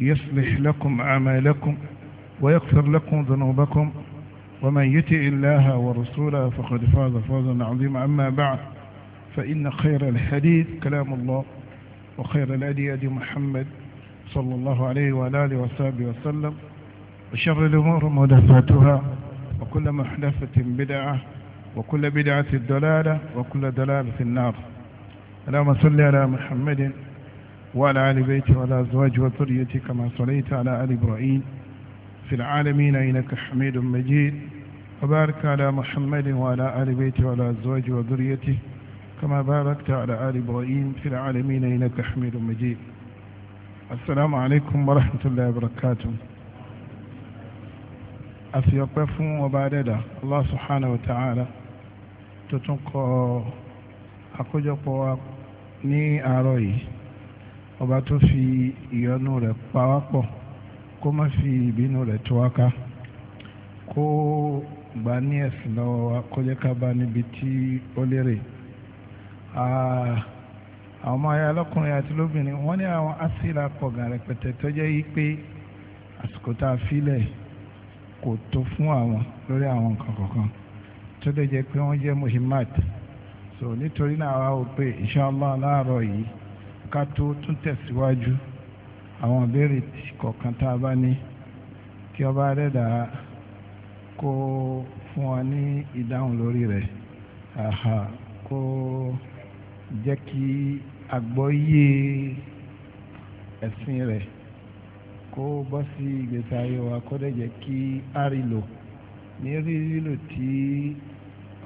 يصلح لكم أعمالكم ويغفر لكم ذنوبكم ومن يطع الله ورسوله فقد فاز فوزا عظيما أما بعد فإن خير الحديث كلام الله وخير الهدي هدي محمد صلى الله عليه وعلى آله وصحبه وسلم وشر الأمور محدثاتها وكل محدثة بدعة وكل بدعة ضلالة وكل ضلالة في النار اللهم صل على محمد وعلى آل بيتي وعلى أزواج وذريته كما صليت على آل إبراهيم في العالمين إنك حميد مجيد وبارك على محمد وعلى آل بيتي وعلى أزواج وذريته كما باركت على آل إبراهيم في العالمين إنك حميد مجيد السلام عليكم ورحمة الله وبركاته أسيقفهم وبعددا الله سبحانه وتعالى تتنقى أقول ní ني أروي ọba tó fi ìyọ́nú rẹ̀ pa wá pọ̀ kó má fi ìbínú rẹ̀ tú wá ká kó gbà ní ẹ̀sìn lọ́wọ́ wa kó jẹ́ ká bá níbi tí ó lérè àwọn ọmọ ayé alọ́kùnrin àti lóbìnrin wọ́n ní àwọn asílà pọ̀gàn rẹpẹtẹ tó jẹ́ yí pé àsìkò tá a filẹ̀ kò tó fún àwọn lórí àwọn nǹkan kọ̀ọ̀kan tó lè jẹ́ pé wọ́n jẹ́ muhimmat so nítorí náà wá wò pé inshallah láàárọ̀ yìí ká tó tún tẹ̀síwájú àwọn ìbéèrè kọ̀ọ̀kan tá a bá ní kí ọba rẹ̀dà kó fún wa ní ìdáhùn lórí rẹ̀ kó jẹ́ kí àgbọ́yé ẹ̀sìn rẹ̀ kó bọ́ sí ìgbésí ayé wa kó dẹ̀ jẹ́ kí á ní rírí lò tí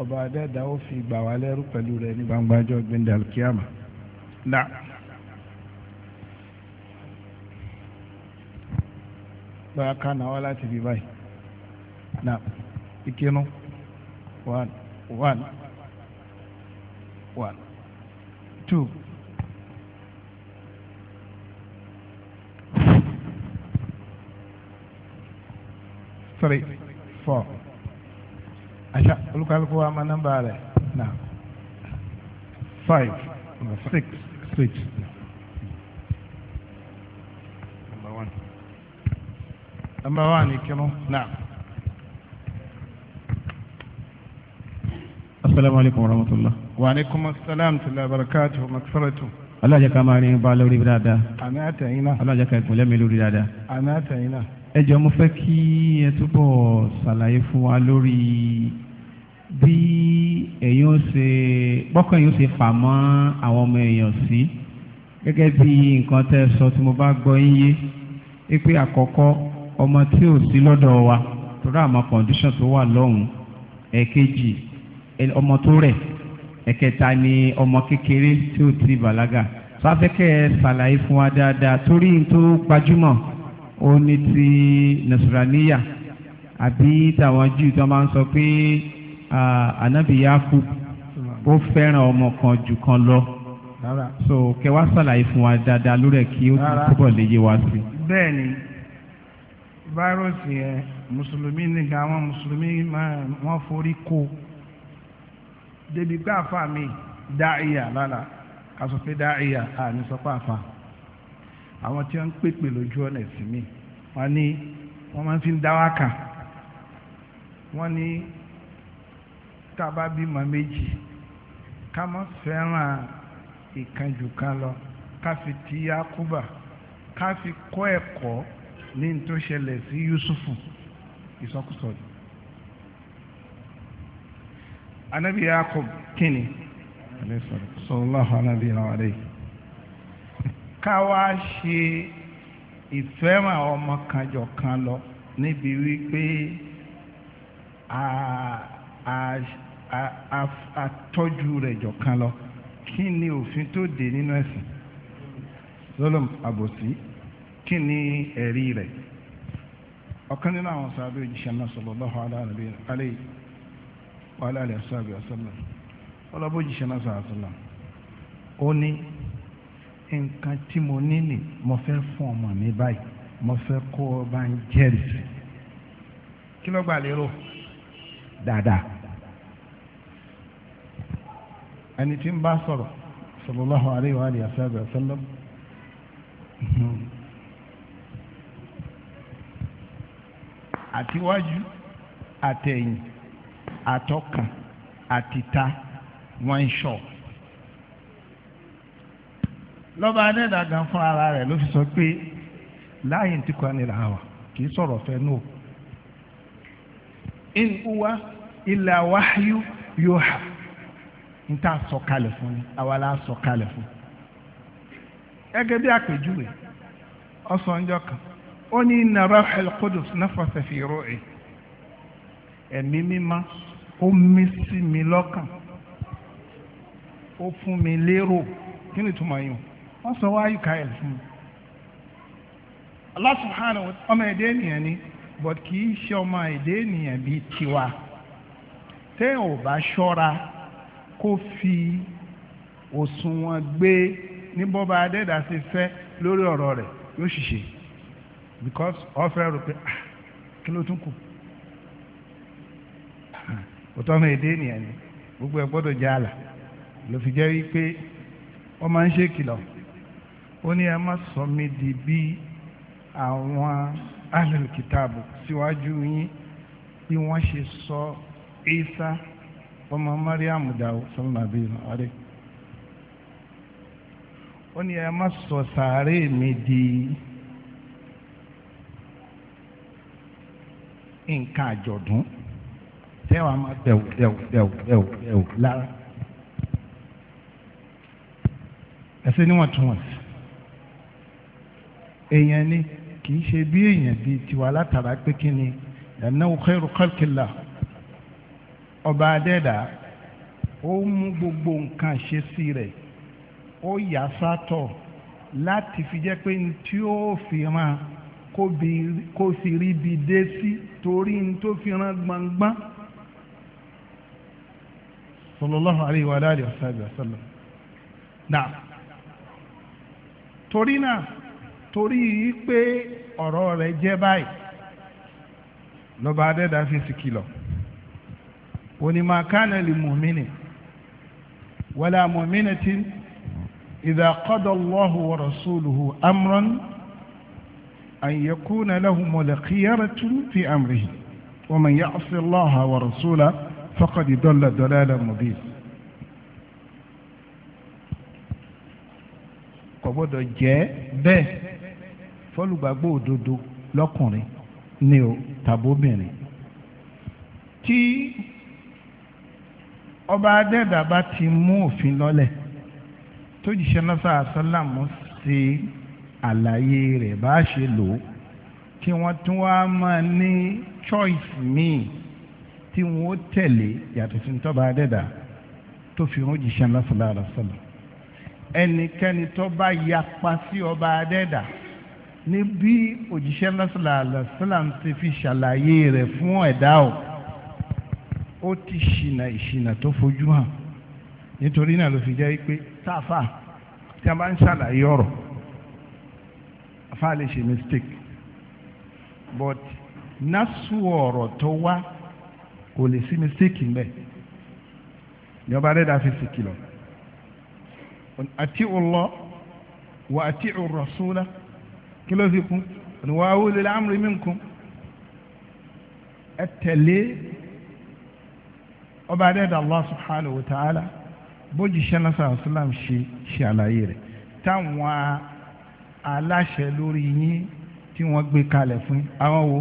ọba adẹ́dàá fi gbà wá lẹ́rú pẹ̀lú rẹ̀ ní gbangba ọjọ́ gbẹ̀ndẹ̀ báyà ká náwó láti bí báyìí na ìkínu one one one two. three four àṣà olùkàlùkù wa máa nọ́mbà rẹ̀ na five six six. ẹmọ wa ní kírun náà. asalaamu alaykum wa rahmatulah. wa aleykum asalaam tila barakati wa makfaratu. alájà ká máa rin ba lórí dáadáa. àmì àtẹ̀yìn náà. alájà ká ìpínlẹ̀ mi lórí dáadáa. àmì àtẹ̀yìn náà. ẹ jọ mo fẹ́ kí ẹ túbọ̀ ṣàlàyé fún wa lórí bí èyàn ó ṣe gbọ́kàn yóò ṣe fà mọ́ àwọn ọmọ èèyàn sí gẹ́gẹ́ bí nǹkan tẹ́ sọ tí mo bá gbọ́ yín yé pé àkọ́kọ́ ọmọ tí ò sí lọ́dọ̀ wa torí àmọ́ condition tó wà lọ́hùn ẹ̀kejì ọmọ tó rẹ̀ ẹ̀kẹta ni ọmọ kékeré tí ò ti bàlágà tó afẹ́kẹ́ ṣàlàyé fún wa dáadáa torí tó gbajúmọ̀ ó ní ti nasaraniya àbí tàwọn jù tó máa ń sọ pé anabi yakub ó fẹ́ràn ọmọ kan jù kan lọ so kẹ wá ṣàlàyé fún wa dáadáa lórí ẹ̀ kí ó túbọ̀ lè yé wa sí. bẹ́ẹ̀ fáírọ́ọ̀sì yẹn mùsùlùmí nìkan àwọn mùsùlùmí wọ́n forí kó débi pé àfa mi dá ìyà lálà kásọ̀ pé dá ìyà àní sọ́pọ̀ àfa àwọn tí wọ́n ń pèpè lójú ọ̀nà ẹ̀sìn mi wọ́n ní wọ́n máa ń dá wá kà wọ́n ní tá a bá bímọ méjì ká má fẹ́ràn ìkànjù kan lọ ká fi ti yá kúbà ká fi kọ́ ẹ̀kọ́. E ní tó ṣẹlẹ̀ sí Yusufu ìsọkúsọ ni anabi Yakub kínni sọlọ́láhu anabi alẹ́ káwa ṣe ìfẹ́ mà ọmọ kan jọ kan lọ níbi wípé àtọ́jú rẹ̀ jọ kan lọ kí ni òfin tó dé nínú ẹ̀sìn lọ́lọ́m àbòsí. kí ni ẹ̀rí rẹ̀ nínú àwọn sàbẹ̀ òjíṣẹ́ náà sallallahu alaihi wa alihi wasallam ọlọ́bọ̀ òjíṣẹ́ náà sọ̀rọ̀ àṣàlá ó ní nǹkan tí mo ní mo fẹ́ fún ọmọ mi báyìí mo fẹ́ o bá ń jẹ́rìí kí ló gbà lérò dáadáa ẹni tí ń bá sọ̀rọ̀ wa Atiwaju, àtẹ̀yìn atọka, atita, one shot. lọ́ba adẹ́dàgàn fún ara rẹ̀ ló fi sọ pé láàyè tí kò ní làwà kì í sọ̀rọ̀ fẹ́ nù. in huwa illa wahyu yuha n ta sọ̀kalẹ̀ fún ni àwa la sọ̀kalẹ̀ fún. gẹ́gẹ́ bí àpèjúwe kan. ó ní nàrà al-Qudus nafasa fi ru'i ẹ̀mí mímá ó mí sí mi lọ́kàn ó fún mi lérò kí ni túmọ̀ yìí wọ́n sọ wá ayùká ẹ̀ fún mi. Allah subhanahu ọmọ ẹ̀dẹ́ ènìyàn ni but kì í ṣe ọmọ ẹ̀dẹ́ ènìyàn bíi tiwa tẹ́ ò bá ṣọ́ra kó fi òṣùwọ̀n gbé ní bọ́ba adẹ́dàá ṣe fẹ́ lórí ọ̀rọ̀ rẹ̀ yóò ṣiṣẹ́ because ọ̀fẹ́ rò pé ah, kí ló tún kù òtọ́ ọmọ èdè nìyẹn ni gbogbo ẹ̀ gbọ́dọ̀ jẹ́ àlà ló fi jẹ́ wípé wọ́n máa ń ṣe kìlọ̀ ó ní ẹ má sọ mí di bí àwọn ahlul síwájú yín bí wọ́n ṣe sọ Isa ọmọ Mariam dàwó sọmọ àbí ọ̀rẹ́ ó ní ẹ má sọ sàárè mi di. nǹkan àjọ̀dún tẹ́wàá máa dẹ̀wù dẹ̀wù dẹ̀wù dẹ̀wù dẹ̀wù lára ẹsẹ̀ níwọ̀ntúnwọ̀nsì èèyàn ni kì í ṣe bí èèyàn bíi tiwa látara pé kí ni ẹ̀náwó khairu khalqillah ọba adẹ́dà ó mú gbogbo nǹkan ṣe sí rẹ̀ ó yà sátọ̀ láti fi jẹ́ pé tí ó fi máa kó sì rí bi dé sí torí n tó fi rán gbangban sallallahu alayhi wa alihi wa sallam náà torí náà torí pé ọ̀rọ̀ rẹ̀ jẹ́ báyìí lọ́ba adẹ́dá fi sì kìlọ̀ onímọ̀ kánà lè mu'minin wala mu'minatin idha qada Allahu wa rasuluhu amran. أن يكون لهم الخيرة في أمره، ومن يعص الله ورسوله فقد ضل ضلالا مبين. kò gbọ́dọ̀ jẹ́ bẹ́ẹ̀ fọlùgbàgbọ́ òdodo lọ́kùnrin ni o tàbóbìnrin tí ọba adẹ́dàá bá ti mú òfin lọ́lẹ̀ tó jíṣẹ́ náà sàásálàmù sí àlàyé rẹ̀ bá ṣe lò ó kí wọ́n tún wá máa ní choice míì tí wọ́n tẹ̀lé yàtọ̀ sí tọ́ba adẹ́dà tó fi hàn jíṣẹ́ lọ́sọ̀lá àlọ́sọ̀lá ẹnikẹ́ni tó yapa sí ọba adẹ́dà ní bí òjíṣẹ́ lọ́sọ̀lá àlọ́sọ̀lá ti fi ṣàlàyé rẹ̀ fún ẹ̀dá o ó ti ṣìnà ìṣìnà tó fojú hàn nítorí náà ló fi jẹ́ pé táfà tí a bá ń ṣàlàyé ọ̀rọ̀ afa lè ṣe mistake but nasu ọ̀rọ̀ tó wá kò lè sí mistake mbẹ ní ọba rẹ̀ dá fi sì kìlọ̀ àti Allah wà àti rasula kí ló fi kún ni wà á wúlò amri minkum ẹ tẹ̀lé ọba rẹ̀ dá Allah subhanahu wa ta'ala bójì sẹ́nà sàlám ṣe ṣe àlàyé rẹ̀ táwọn aláṣẹ lórí yín tí wọ́n gbé kalẹ̀ fún àwọn wo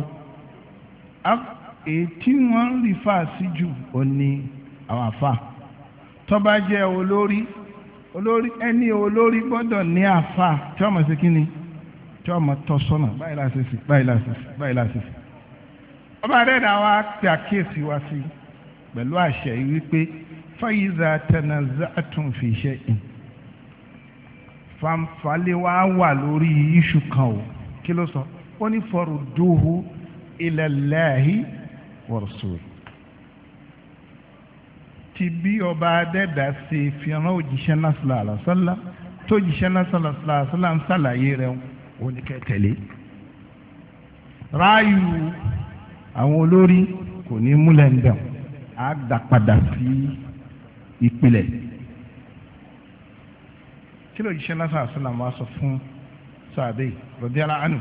èyí tí wọ́n ń rí fà sí jù ó ní àwọn àfà tó bá jẹ́ olórí olórí ẹni olórí gbọ́dọ̀ ní àfà tí wọ́n mọ̀ sí kí ni tí wọ́n mọ̀ tọ́ sọ́nà báyìí láti sí báyìí láti sí báyìí láti sí ọba rẹ̀dá wa pe àkíyèsí wa sí pẹ̀lú àṣẹ yìí wípé fayiza tanaza'tum fi shay'in fanfalẹ̀ wa wà lórí iṣu kan o kí ló sọ ó ní farudduhu ila Allahi wa rasul ti bí ọba adẹ́dà ṣe fìràn òjíṣẹ́ náà sílá àlàsálà tó jíṣẹ́ náà sílá àlàsálà ń ṣàlàyé rẹ̀ oníkẹ́tẹ̀lé ráàyù àwọn olórí kò ní múlẹ̀ ń bẹ̀ á dá padà sí ìpìlẹ̀ kí ló yíṣẹ́ lásán àṣìlám wá sọ fún sàbẹ̀ rọ̀díàlá ànú.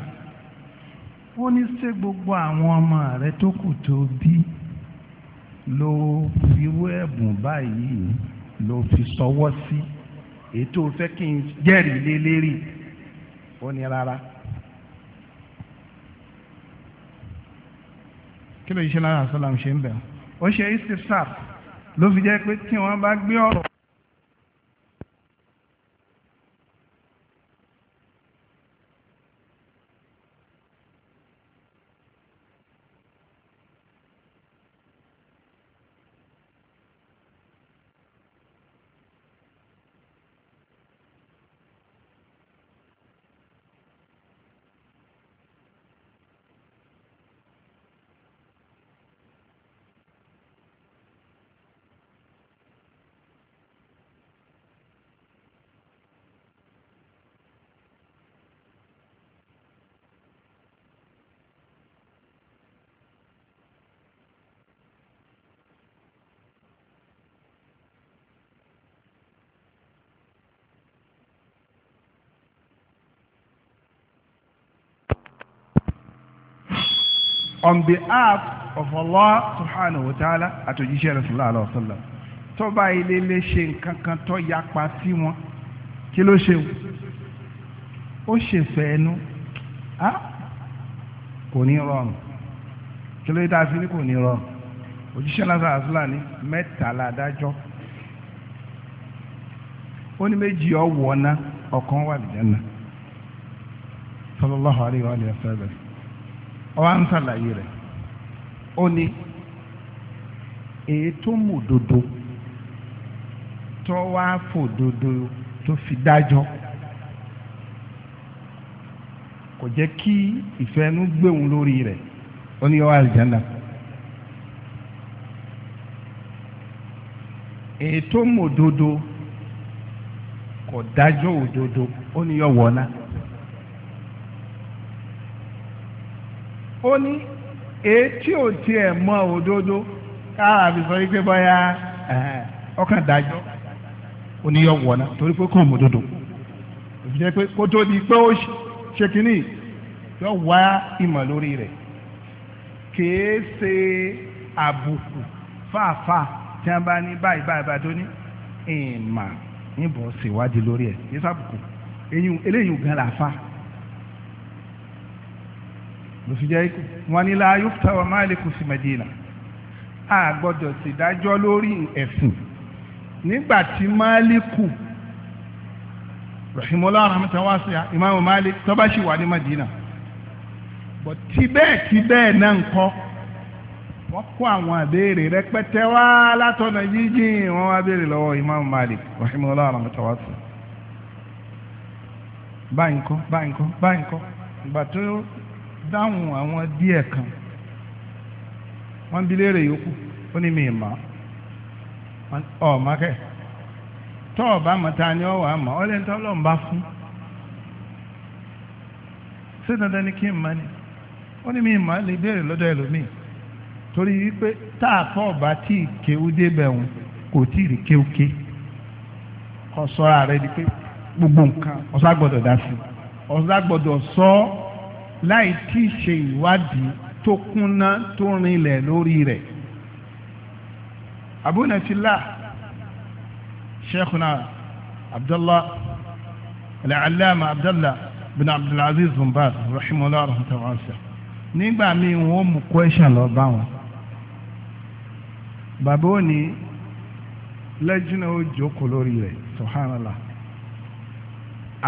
ó ní ṣé gbogbo àwọn ọmọ rẹ tó kù tó bí ló fi wé ẹ̀bùn báyìí ló fi sọwọ́ sí ètò fẹ́ kí n jẹ́rìí lé lérí ó ní rárá. kí ló lásán àṣìlám ṣe ń bẹ̀ ó ṣe istifsar ló fi jẹ́ pé tí wọ́n bá gbé ọ̀rọ̀. on behalf of Allah subhanahu wa ta'ala àtòjíṣẹ́ rẹ̀ sallallahu alaihi wa sallam tó bá ilé lè ṣe nǹkan kan tó yapa sí wọn kí ló ṣe ó ṣe fẹ́ẹ́nu kò ní rọrùn kí ló dá sí ní kò ní rọrùn òjíṣẹ́ lásán àṣìlá ní mẹ́tàlá adájọ́ ó ní méjì ọ̀wọ́ ná ọ̀kan wà lìjẹ́ náà sallallahu alaihi wa sallam. ọwá ń sàlàyé rẹ̀ ó ní èyí tó mú òdodo tó wá fòdodo tó fi dájọ́ kò jẹ́ kí ìfẹ́nu gbéhùn lórí rẹ̀ ó ní ọwọ́ àlìjáná. èyí tó mú òdodo kò dájọ́ òdodo ó ní ọwọ́ náà. ó ní èyí tí ò tiẹ̀ mọ òdodo káàrà fi sọ wípé bọ́yá ọkàn dájọ́ oníyọ̀wọ̀ náà torí pé kàn òdodo òṣìṣẹ́ pé kó tó di pé ó ṣe kínní yóò wá ìmọ̀ lórí rẹ̀ kìí ṣe àbùkù fàáfàá tí wọ́n bá ní báyìí báyìí bá tó ní ìmọ̀ níbọ̀ ṣèwádìí lórí ẹ̀ kìí ṣàbùkù eléyìí gan la fa ló fi jẹ́ wọn ni láàyò tàwọn máàlìkù sí Medina a gbọ́dọ̀ ṣèdájọ́ lórí ẹ̀sìn nígbà tí máàlìkù rahimola rahmata wa ṣe imaamu Malik tó bá ṣì wà ní Medina bọ̀ tí bẹ́ẹ̀ tí bẹ́ẹ̀ náà ń kọ́ wọ́n kó àwọn àbèrè rẹpẹtẹ wá látọ̀nà jíjìn wọ́n wá béèrè lọ́wọ́ imaamu Malik rahimola rahmata wa ṣe báyìí kọ́ báyìí kọ́ báyìí kọ́ ìgbà tó dáhùn àwọn díẹ̀ kan wọ́n bilere léèrè yòókù ó ní mi ìmọ̀ ọ̀ mákẹ́ tọ́ mọ̀ta ni ọ̀wà mọ̀ ọ́ lẹ́ni tọ́lọ́ ń bá fún ṣé dandan ni kí n mọ̀ ni ó ní mi ìmọ̀ lè béèrè lọ́dọ̀ ẹlòmíì torí wípé tá a fọ́ ọ̀bá tí gbogbo nǹkan ọ̀sá gbọ́dọ̀ dá sí sọ láì tí ì ṣe ìwádìí tó kúnná tó rinlẹ̀ lórí rẹ̀ abúnafilá sheikhuna abdullah alaalaama abdullah bin abdulaziz bin baz rahimahullah rahmatulahi nígbà míì wọn ò mú question lọ bá wọn bàbá ò ní lẹ́jìnà ó jókòó lórí rẹ̀ subhanallah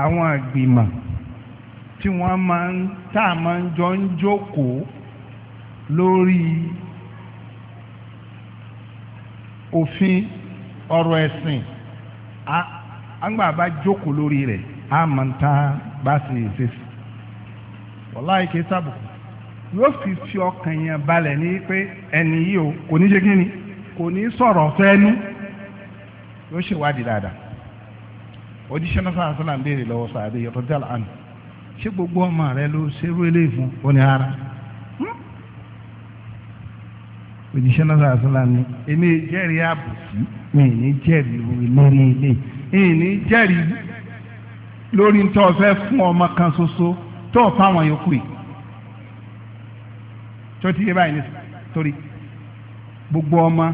àwọn àgbìmọ̀. tí wọ́n máa ń a máa ń jọ ń jókòó lórí òfin ọ̀rọ̀ ẹ̀sìn gbà bá jókòó lórí rẹ̀ a máa ń tá a bá sì ṣe sí wàláì kì sábùkù yóò fi fi ọkàn balẹ̀ ní pé ẹni yìí kò ní ṣe kí kò ní sọ̀rọ̀ fẹ́ẹ́nu yóò ṣèwádìí dáadáa ṣé gbogbo ọmọ rẹ ló ṣerú eléyìí fún ó ní ara òjíṣẹ́ náà sàásùlà ni èmi jẹ́rìí àbùsí mi ní jẹ́rìí lórí ilé ìní jẹ́rìí lórí tó o fẹ́ fún ọmọ kan ṣoṣo tó o fáwọn yòókù yìí tó ti yé báyìí nítorí gbogbo ọmọ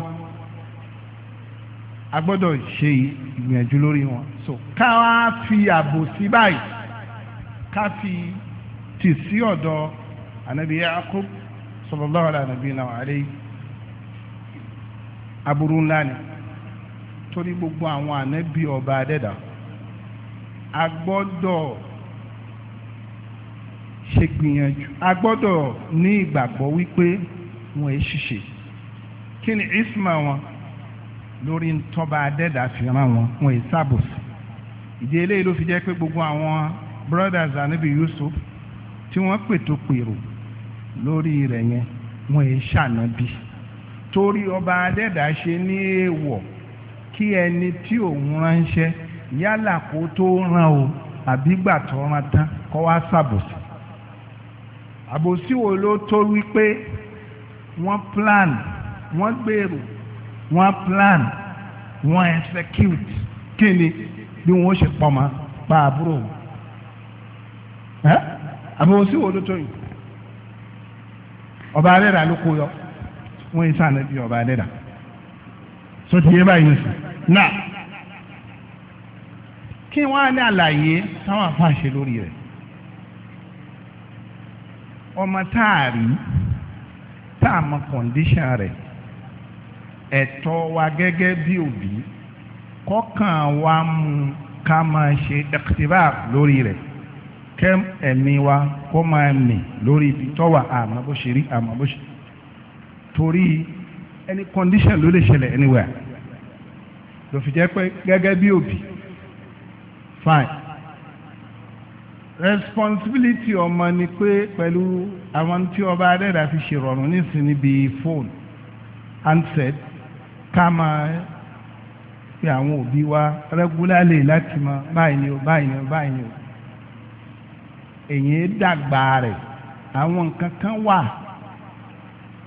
a gbọ́dọ̀ ṣe ìgbìyànjú lórí wọn so ká wá fi àbòsí báyìí ká fi tì sí ọ̀dọ̀ ànábi Yakub sallallahu ala nabina wa alayhi aburú ńlá ni torí gbogbo àwọn ànábi ọba adẹ́dà a gbọ́dọ̀ ṣe gbìyànjú a gbọ́dọ̀ ní ìgbàgbọ́ wípé wọn ẹ ṣiṣẹ́ kí ni isma wọn lórí ntọ́ba adẹ́dà fi ran wọn wọn ẹ sábòsí ìdí eléyìí ló fi jẹ́ pé gbogbo àwọn brothers anabi Yusuf tí wọ́n pètò pèrò lórí rẹ̀ yẹn wọ́n yẹn ṣànábì torí ọba adẹ́dà ṣe ní èèwọ̀ kí ẹni tí òun ránṣẹ́ yálà kó tó rán o àbí gbà tó rán tán kọ́ wá ṣàbòsí àbòsí wo ló tó wípé wọ́n plan wọ́n gbèrò wọ́n plan wọ́n execute kí ni bí wọ́n ṣe pọ̀ mọ́ pa àbúrò wọn àmọ́ òsì wo ló tó yìí ọba adẹ́dà ló kó yọ wọ́n yìí sànà bí ọba adẹ́dà so ti yé báyìí nìsí náà kí wọ́n á ní àlàyé táwọn afáàṣe lórí rẹ̀ ọmọ táàrí táàmù kọ̀ǹdíṣàn rẹ̀ ẹ̀tọ́ wa gẹ́gẹ́ bí òbí kọ́kàn wa mú ká máa ṣe dẹ́kítẹ́bà lórí rẹ̀ kẹ́ ẹ̀mí wa kó máa mì lórí ibi tọ́wà àmọ́ bó torí any condition ló lè ṣẹlẹ̀ anywhere ló fi jẹ́ pé gẹ́gẹ́ bí òbí fine responsibility ọmọ ni pé pẹ̀lú àwọn tí ọba adẹ́dà fi ṣèrọ̀rùn nísìnyí níbi fóònù handset ká máa pe àwọn òbí wa regularly láti mọ báyìí ni o báyìí ni o báyìí ni o èyí dàgbà rẹ̀ àwọn nǹkan kan wà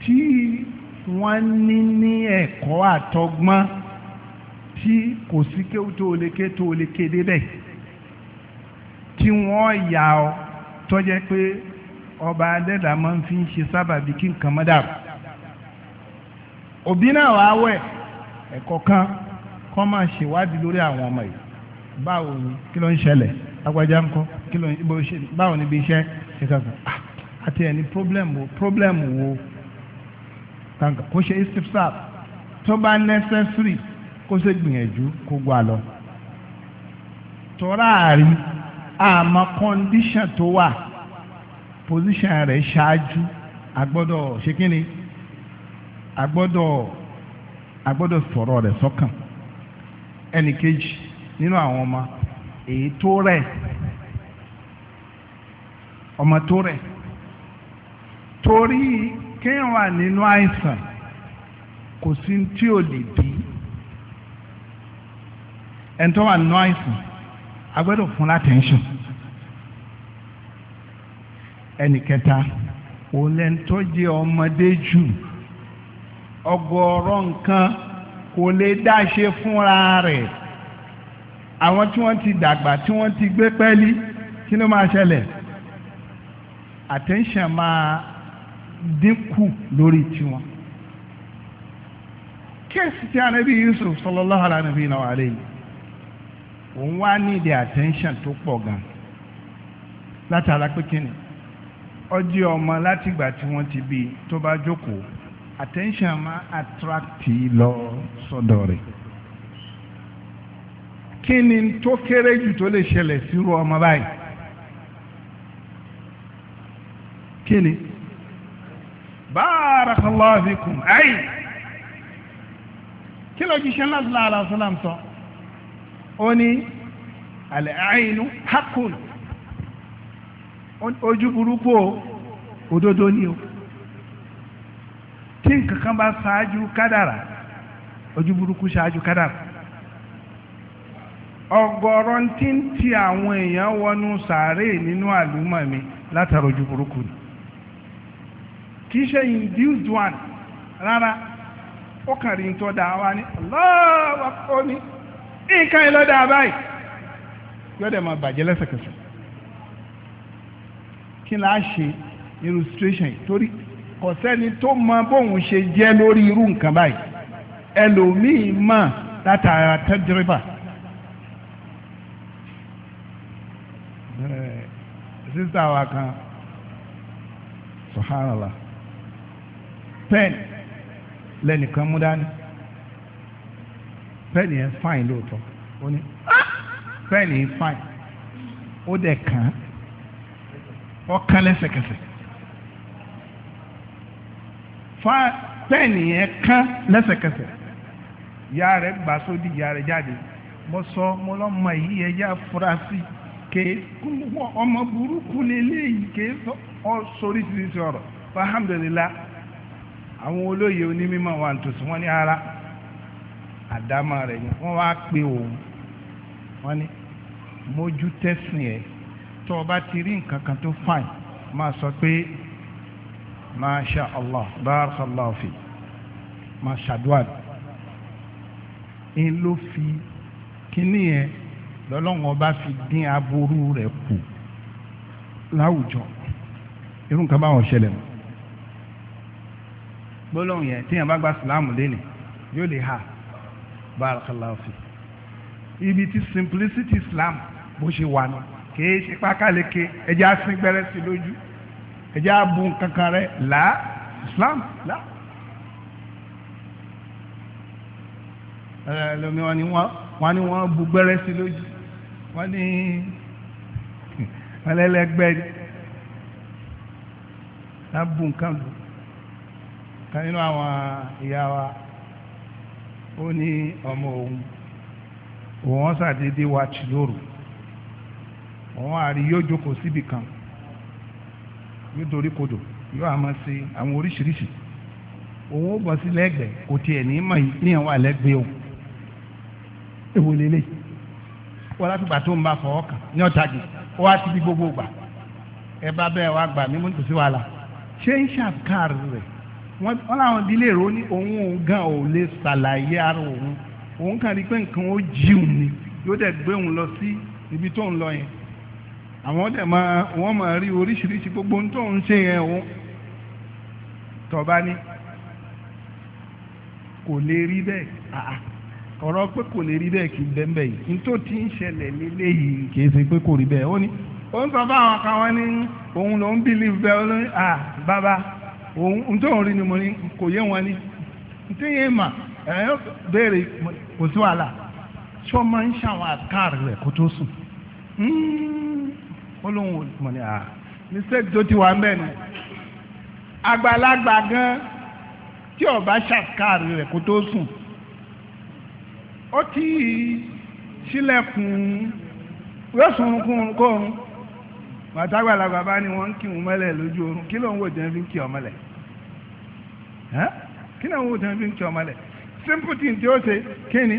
tí wọ́n ní ní ẹ̀kọ́ àtọgbọ́n tí kò sí kéwú tó o lè ké tó o lè ké débẹ̀ tí wọ́n yà ọ́ tọ́jẹ́ pé ọba adẹ́dà máa ń fi ń ṣe sábàbí kí nǹkan má dàrú òbí náà wá wẹ̀ ẹ̀kọ́ kan kọ́ máa ṣèwádìí lórí àwọn ọmọ yìí báwo ni kí ló ń ṣẹlẹ̀ agbájá ńkọ́ kí ló ń bó ṣe báwo ni bí iṣẹ́ ṣe kà sàn àti ẹni problem wo problem wo tàǹkà kó ṣe istifsar tó bá necessary kó ṣe gbìyànjú kó gbà lọ tọ́ra àrí àmọ́ condition tó wà position rẹ̀ ṣáájú agbọ́dọ̀ ṣe kí ni agbọ́dọ̀ agbọ́dọ̀ sọ̀rọ̀ rẹ̀ sọ́kàn ẹnìkejì nínú àwọn ọmọ èyí tó rẹ̀ ọmọ tó rẹ̀ torí kéèyàn wà nínú àìsàn kò sí tí ò lè bí ẹni tó wà nínú àìsàn a gbọ́dọ̀ fún látẹ̀ńṣọ̀n ẹnì kẹta òun lẹ́ni tó jẹ́ ọmọdé jù ọgọ́rọ̀ nǹkan kò lè dá fúnra rẹ̀ àwọn tí wọ́n ti dàgbà tí wọ́n ti gbé pẹ́ẹ́lí kí ló máa ṣẹlẹ̀ attention máa dínkù lórí tiwọn. kéèsì tí anabi yusuf sallallahu ala nabiyina wa alayhi òun wá ní ìdí attention tó pọ̀ gan látara pé kíni ọjọ́ ọmọ látìgbà tí wọ́n ti bí tó bá jókòó attention máa attracti lọ sọ́dọ̀ rẹ̀ kí ni tó kéré jù tó lè ṣẹlẹ̀ sírú ọmọ báyìí. kí ni barakallahu fikum ayi kí ló jíṣẹ́ náà sílá aláṣọ́làm sọ ó ní al-aynu haqqun ojú burúkú òdodo ni o tí nkankan bá ṣáájú kádàrà ojú burúkú ṣáájú kádàrà ọ̀gọ̀rọ̀ tí ń ti àwọn èèyàn wọnú sàárè nínú àlùmọ̀ mi látara ojú burúkú ni kìí ṣe induced one rárá ó kàn rí tó dáa wá ní aláwọ̀ ó ní nǹkan ìlọ́dà báyìí yọ́dẹ̀ máa bàjẹ́ lẹ́sẹ̀kẹsẹ̀ kí láá ṣe illustration torí kò sẹ́ni tó mọ bóun ṣe jẹ́ lórí irú nǹkan báyìí ẹlòmíì mọ̀ látara tẹ́dírẹ́bà. sísá wa kan subhanallah pẹ́ẹ̀nì lẹ́nìkan mú dání pẹ́ẹ̀nì yẹn fáìn lóòótọ́ ó ní ah! pẹ́ẹ̀nì yẹn fáìn ó dẹ̀ kàn án ó kàn lẹ́sẹ̀kẹsẹ̀ pẹ́ẹ̀nì yẹn kàn lẹ́sẹ̀kẹsẹ̀ ìyá rẹ̀ gbà sódì ìyá rẹ̀ jáde mo sọ mo lọ́mọ yìí ẹ yá afurasí kèé ọmọ burúkú lélẹ́yìí kèé sọ ọ sórí ti ti ọ̀rọ̀ alhamdulilayi àwọn olóyè onímọ̀ wà nítòsí wọ́n ní ara àdámà rẹ̀ ni wọ́n wá pe òun wọ́n ní mójú tẹ́sìn ẹ̀ tó o bá ti rí nǹkan kan tó fàìn máa sọ pé masha allah barakallahu fi masha duwan ń ló fi kínní yẹn lọ́lọ́wọ́n bá fi dín aburú rẹ̀ kù láwùjọ irú nǹkan báwọn ṣẹlẹ̀ mọ́ gbólóhùn yẹn tíyàn bá gba sùlámù lẹ́nì yóò lè ha barakallahu fi ibi tí simplicity islam bó ṣe wà ní kìí ṣe pákáleke ẹjẹ́ asín gbẹ́rẹ́ sí lójú ẹjẹ́ abun kankan rẹ̀ là islam là. ẹlòmí wọn ni wọn ni wọn bu gbẹ́rẹ́ sí lójú wọn ni ẹlẹ́lẹ́gbẹ́ ni wọn bu nǹkan kan nínú àwọn ìyá wa ó ní ọmọ òun òun ṣàdédé wa tì lóru òun àrí yóò jókòó síbì kan yóò dorí kodò yóò àmọ́ sí àwọn oríṣiríṣi òun ó bọ̀ sí lẹ́gbẹ̀ẹ́ kò tiẹ̀ ní mọ̀ ní àwọn àlẹ́gbẹ̀ẹ́ òun èwo lélẹ̀ wọ́n láti gbà tó ń bá fọwọ́ kàn ní ọ̀tàgì ó wá síbi gbogbo gbà ẹ bá bẹ́ẹ̀ wá gbà mí tòsí wàhálà ṣé ń ṣàkàrù rẹ̀ wọ́n láwọn dílé rò ní òun òun gan ò lè ṣàlàyé ara òun òun kàn rí pé nǹkan ó jíun ni yóò dẹ̀ gbé òun lọ sí ibi tó ń lọ yẹn àwọn dẹ̀ máa wọ́n máa rí oríṣiríṣi gbogbo ohun tó ń ṣe yẹn òun tọ́ba ní kò lè rí bẹ́ẹ̀ ọ̀rọ̀ pé kò lè rí bẹ́ẹ̀ kì í bẹ́ẹ̀ bẹ́ẹ̀ yìí nítorí tí ń ṣẹlẹ̀ lélẹ́yìí kì í ṣe pé kò rí bẹ́ẹ̀ ó ní ó ń sọ fáwọn kan wọn ní òun lòún bìlíf òun tó rí ni mo ní kò yé wọn ní tí yé mà kò sí wàhálà ṣé wọ́n máa ń ṣàwọn àkáàrì rẹ̀ kó tó sùn hmm. ó lóun mọ̀ ni à mistake tó ti wà ń bẹ̀ ni àgbàlagbà gan tí ó bá rẹ̀ kó tó sùn ó ti ṣílẹ̀kùn yóò sùn màtàgbàlagbà bá ní wọ́n ń kí wọn mọ́lẹ̀ lójú oorun kí ló ń wò jẹ́ fi ń kí ọmọ lẹ̀ kí ló ń wò jẹ́ fi ń kí ọmọ lẹ̀ simple thing tí ó ṣe kí ni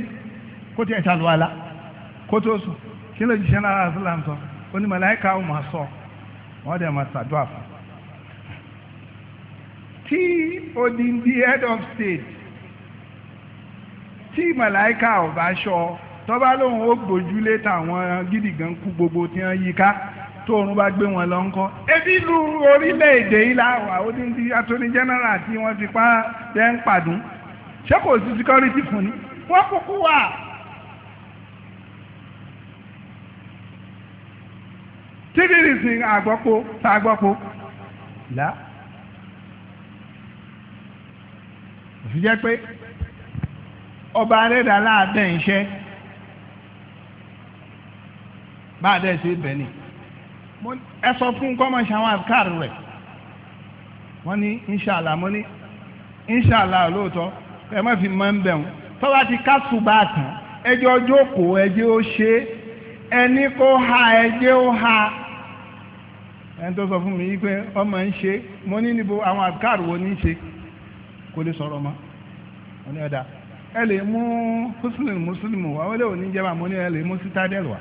kó tiẹ̀ ṣàlùwàlá kó tó sùn kí ló jíṣẹ́ náà àṣìlá ń sọ ó ó máa sọ wọ́n dẹ̀ máa ṣàdúrà fún un. tí odindi head of state tí màláìka ò bá ṣọ tọ́ba lóun ó gbójúlé tàwọn gidi gan kú gbogbo tí wọ́n yí ká tóorun bá gbé wọn lọ ńkọ́ ebi lu orílẹ̀-èdè yìí láwà ó dín dín attorney general tí wọ́n ti pa jẹ́ ń pàdún ṣé kò sí security fún ni wọ́n kúkú wà. tíkìrì sin àgbọ́pọ̀ tá àgbọ́pọ̀ là òfin jẹ́ pé ọba arẹ́dà láàdẹ́ iṣẹ́ bá a dẹ́ ṣe bẹ́ẹ̀ ni ẹ sọ fún kọ́mọ ṣàwọn àkàr rẹ̀ wọ́n ní inṣàlá mo ní inṣàlá lóòótọ́ ẹ má fi máa ń bẹ̀ wọn tó bá ti kásù bá tán ẹjọ́ jókòó ẹjẹ́ ó ṣe ẹni kó ha ẹjẹ́ ó ha ẹni tó sọ fún mi yí pé ọmọ ń ṣe mo ní níbo àwọn àkàr wo ní ṣe kò lè sọ̀rọ̀ mọ́ wọ́n ní ọ̀dà ẹ lè mú húsùlùmù mùsùlùmù wà wọ́n lè ò ní jẹ́ bá mo ní ẹ lè mú sítádẹ́lù wà.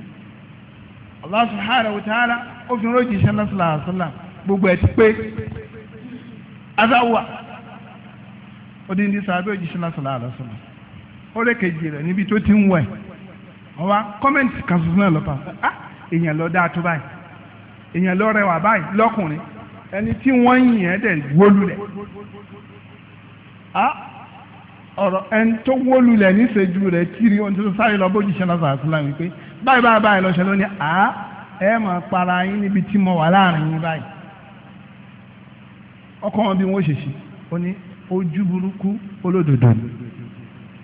Allah subhanahu wa ta'ala ó fi rọ́jì sẹ́lá sàlàsàlà gbogbo ẹ̀ ti pé azáwà ó dín ní sàbẹ̀ òjì sẹ́lá sàlàsàlà ó lè kejì rẹ̀ níbi tó ti ń wẹ̀ wọ́n wá kọ́mẹ́ǹtì kan tuntun náà lọ́pàá ah èèyàn lọ dáa tó báyìí èèyàn lọ rẹwà báyìí lọ́kùnrin ẹni tí wọ́n yìn ẹ́ dẹ̀ wólulẹ̀ ah ọ̀rọ̀ ẹni tó wó lulẹ̀ níṣẹ́jú rẹ̀ kiri ohun tó sáré lọ bójúṣe náà sàrà sílá wípé báyìí báyìí báyìí lọ́sẹ̀ lónìí à ẹ máa para yín níbi tí mo wà láàrin yín báyìí ọkọ wọn bí wọn ṣe ṣe ó ní ojú burúkú olódodo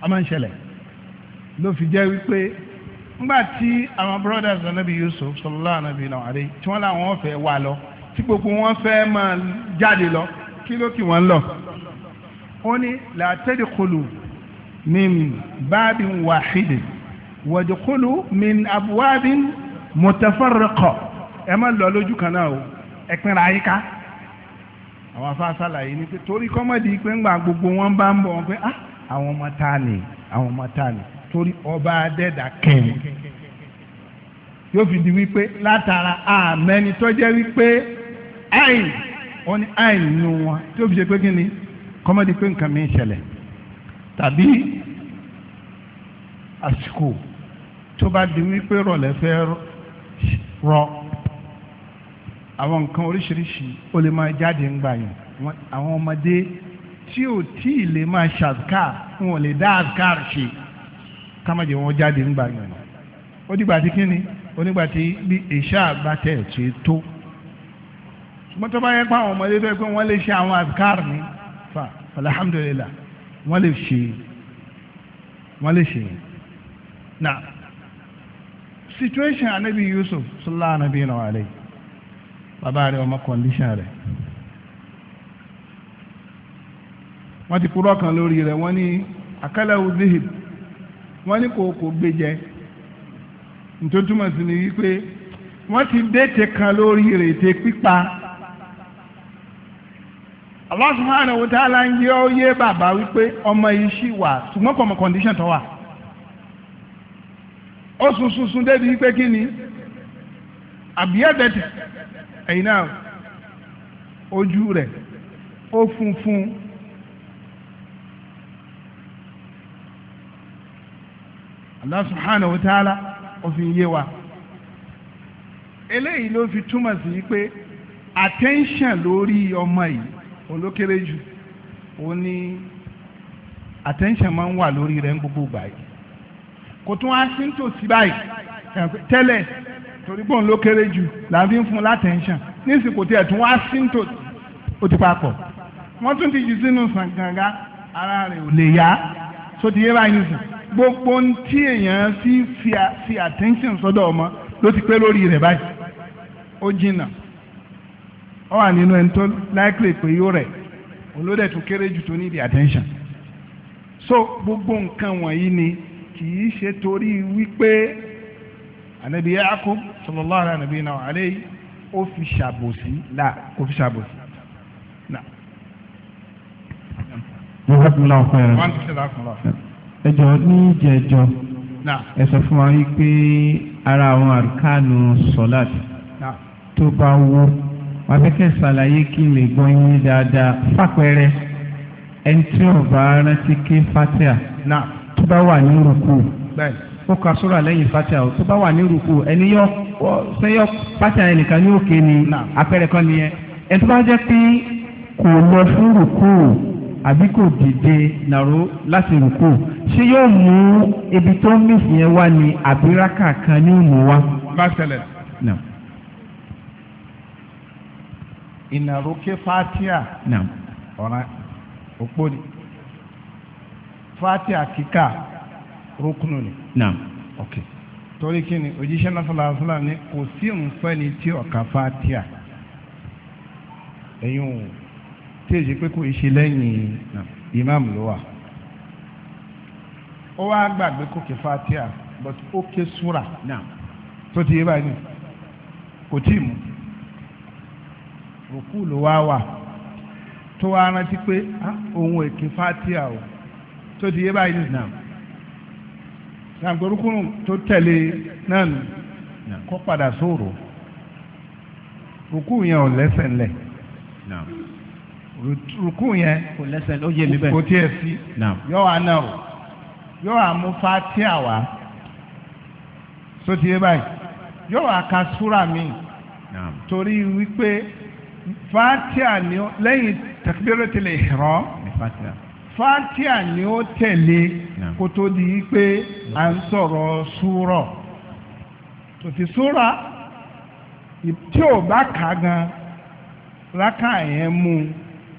a máa ń ṣẹlẹ̀ ló fi jẹ́ wípé ńgbà tí àwọn brothers anabi Yusuf sallallahu anabi náà àdé tí wọ́n láwọn fẹ́ wà lọ tí gbogbo wọn fẹ́ máa jáde lọ kí ló kì wọ́n lọ ó ní làtẹ́dìkọlù min bábin wàhídì wàdìkọlù min abuwabin mutafarriqa ẹ má lọ lójú kan náà o ẹ pinra ayíká àwọn afáṣàlàyé ni pé torí kọ́mọ̀dì pé ńgbà gbogbo wọn bá ń bọ̀ wọn pé ah àwọn ọmọ tá a nì àwọn ọmọ tá a torí ọba adẹ́dà kẹ́hìn yóò fi di wípé látara àmẹ́ni tó wípé àìn wọn ni àìn nù wọn tí ó fi ṣe pé kí ni kọ́mọ́dé pé nǹkan mi ń ṣẹlẹ̀ tàbí àsìkò tó bá di wípé rọ̀lẹ́ fẹ́ rọ àwọn nǹkan oríṣiríṣi ó lè máa jáde ń gbà yàn àwọn ọmọdé tí ò tí ì lè máa ṣàzkár wọn ò lè dá àzkár ṣe kámọ́dé wọn jáde ń gbà yàn ó dìgbà tí kí ó dìgbà tí bí ìṣá àgbàtẹ̀ ṣe tó ṣùgbọ́n tó bá yẹ pé àwọn ọmọdé fẹ́ pé wọ́n lè ṣe àwọn àzkár ni. wa alhamdulillah wọ́n lè ṣe wọ́n na situation anabi yusuf sallallahu ọmọ condition wọ́n kan lórí wọ́n ní akálẹ̀wò zihib wọ́n ní sí kan lórí rẹ̀ ètè pípa. Allah subhanahu wa ta'ala ń yẹ ó yé bàbá wípé ọmọ yìí ṣì wà ṣùgbọ́n kọ̀mọ̀ condition tó wà ó sun sun débi wípé kí ni àbíyẹ́dẹ̀tì ẹ̀yìn ojú rẹ̀ ó funfun Allah subhanahu wa ta'ala ó fi yé wa eléyìí ló fi túmọ̀ sí pé attention lórí ọmọ òun ló kéré jù òun ní attention máa ń wà lórí rẹ̀ ń gbogbo ìgbà yìí kò tún á sí nítòsí báyìí tẹ́lẹ̀ torí pé òun ló kéré jù là ń fi ń fún un látẹ̀ǹṣàn níìsín kò tiẹ̀ tún wá sí nítòsí ó ti papọ̀ wọ́n tún ti jù sínú sàngàngà ara rẹ̀ ò lè yá so ti yé báyìí nìsín gbogbo tí èèyàn fi fi attention sọ́dọ̀ ọmọ ló ti pé lórí rẹ̀ báyìí ó jìnnà ọ wà nínú ẹni tó likely pé yóò rẹ̀ olódẹ̀ tó kéré jù tó ní the attention so gbogbo nǹkan wọ̀nyí ni kì í ṣe torí wípé anabi yaakub sallallahu alaihi anabi náà alẹ́ ó fi ṣàbòsí là ó fi ṣàbòsí nà. ẹ jọ̀ọ́ ní ìjẹ́jọ́ ẹ sọ fún wa wípé ara àwọn àrùkánu sọ́láàtì tó bá wó. wọ́n fẹ́ kẹ́ ṣàlàyé kí fapere lè yín dáadáa fàpẹ́rẹ́ ẹni tí ò bá rántí kí fatia náà tó bá wà ní rúkú ó ka sóra lẹ́yìn fatia tó bá wà ní rúkú ẹni yọ sẹ́yọ fatia ní òkè ni àpẹẹrẹ kan nìyẹn ẹni tó bá jẹ́ pé kò lọ fún rúkú àbí kò dìde nàró láti rúkú ṣé yóò mú ibi tó ń ni ìnàrókè fatia ọ̀ràn òpó ni fatia kika rukunu ni. Okay torí kí ni òjíṣẹ́ náà ni kò sí nǹkan ẹni tí ọ̀kà fatia ẹ̀yin o tí èyí pé kò ṣe lẹ́yìn imam ló wà ó wá gbàgbé kò fatia but ó ké súra tó ti yé báyìí kò tí ì mú. rùkú ló wá wà tó wá rántí pé òun èké fatia o tó ti yé báyìí nìyà sàǹgbórúkú tó tẹ̀lé náà nù kó padà sóòrò rùkú yẹn ò lẹ́sẹ̀ ńlẹ̀ rùkú yẹn kò lẹ́sẹ̀ ó yé mi bẹ́ẹ̀ kò tiẹ̀ sí yọ wá náà o yọ wá mú fatia wá tó ti yé báyìí yọ wá ka súra mi torí wípé fatia ni ó lẹ́yìn takbiratul ihram fatia ni ó tẹ̀lé kó tó di pé à ń sọ̀rọ̀ súrọ̀ tòtí súra tí ò bá kà gan rákà yẹn mú un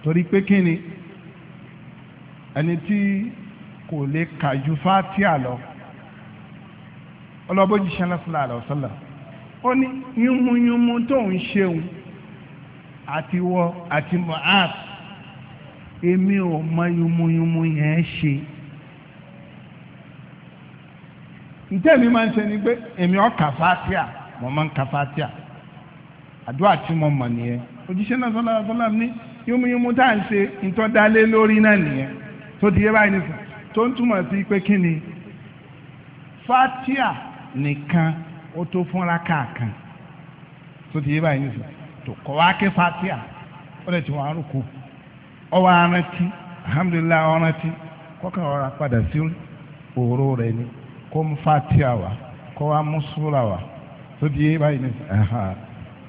torí pé kí ni ẹni tí kò lè kà ju fatia lọ ọlọ́bọ̀jì sẹ́lẹ̀ fúlà rẹ̀ ọ̀sọ́là ó ní yúnmúyúnmú tó ń ṣeun àti wọ àti Mu'adh èmi ò mọ yumuyumu yẹn ṣe ntẹ́ mi máa ń ṣe ni pé èmi ò ka Fátíà mo máa ń ka Fátíà àdúrà tí mo mọ̀ nìyẹn òjíṣẹ́ náà sọ́lá sọ́lá ní yumuyumu tá à ń ṣe ntọ́dálé lórí náà nìyẹn tó di yé báyìí nìkan tó ń túmọ̀ sí pé kí ni Fátíà nìkan ó tó fúnra káàkan tó di yé báyìí nìkan. sòkòtò kọ ké fatia ó lè ti wọn arúgbó ọwọ arántí alhamdulilayi arántí kọkàn padà sí òru rẹ ni kó fatia wa kó wá tó di yé báyìí ní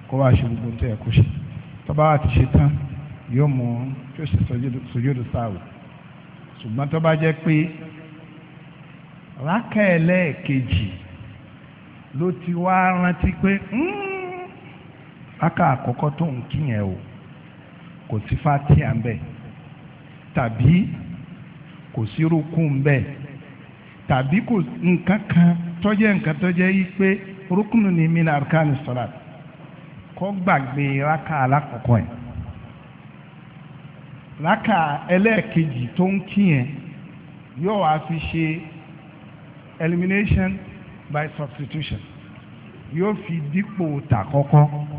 kó wá ṣe gbogbo tó kó ṣe tọ́ba wa ti ṣe tán yóò mú tó ṣe sojúdu aka àkọ́kọ́ tó ń kí o kò sí fatia ń bẹ̀ tàbí kò sí rúkú ń bẹ̀ tàbí kò nǹkan kan tọ́jẹ́ nǹkan tọ́jẹ́ yí pé rúkúnù ní mina arkani salat kọ́ gbàgbé rákà alákọ̀ọ́kọ́ yẹn rákà ẹlẹ́ẹ̀kejì tó ń yóò wá fi ṣe elimination by substitution yóò fi dípò tàkọ́kọ́.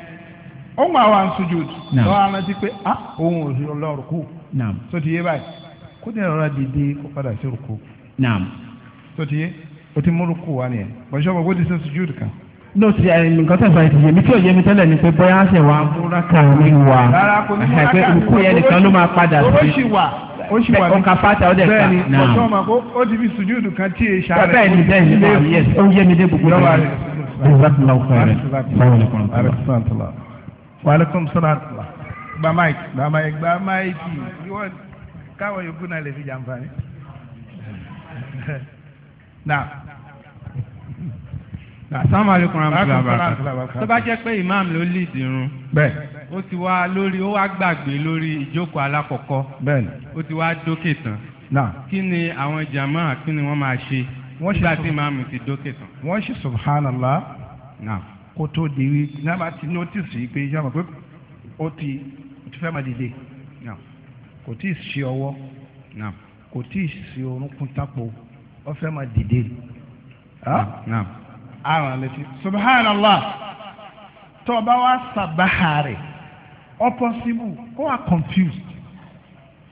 ó ń wà wà ń sujud lọ́wọ́ aláǹtí pé ah òun ò sí ọlọ́run kù tó ti yé báyìí kó ní ọ̀rọ̀ dìde kó padà sí rúkú tó ti yé o ti mú rúkú wá nìyẹn bọ́sọ̀ bọ́ kó ti sẹ́ sujud kan ló ti ẹ nǹkan tó fà ìtìyẹ mi tí òye mi tẹ́lẹ̀ ni pé bóyá ṣe wà múraka mi wà àgbẹ̀ òkú yẹn nìkan ló máa padà sí. ó sì wà o sì wà ní bẹ́ẹ̀ ni ọ̀ṣọ́ ọmọ kó ó ti fi sùjúdù kan tí èyí ṣàrẹ̀. bẹ́ẹ̀ ni bẹ́ẹ̀ ni ó yé mi dé gbogbo rẹ̀ wàhálẹ́kùn sọ́nàtìlá gba máìkì gba máìkì gba máìkì yíwọ́n káwọn yòókù náà lè fi jàǹfààní. náà sàmàlíkùn ramkìlábà tó bá jẹ́ pé imam ló lead irun bẹ́ẹ̀ ó ti wá lórí ó wá gbàgbé lórí ìjókòó alákọ̀ọ́kọ́ bẹ́ẹ̀ ó ti wá dókè tán kí ni àwọn jàmáà kí ni wọ́n máa ṣe nígbà tí imam ti dókè tán. wọ́n ṣe subhanallah. Nah kó tó di wí nàbà ti notice yìí pé yàrá pé ó ti ti fẹ́ máa dìde kò tí ì sí ọwọ́ kò tí ì sí orúnkún tápò ó fẹ́ máa dìde àwọn àlejò subhanallah tó o bá wá sàbáhà rẹ̀ ó possible ó wà confused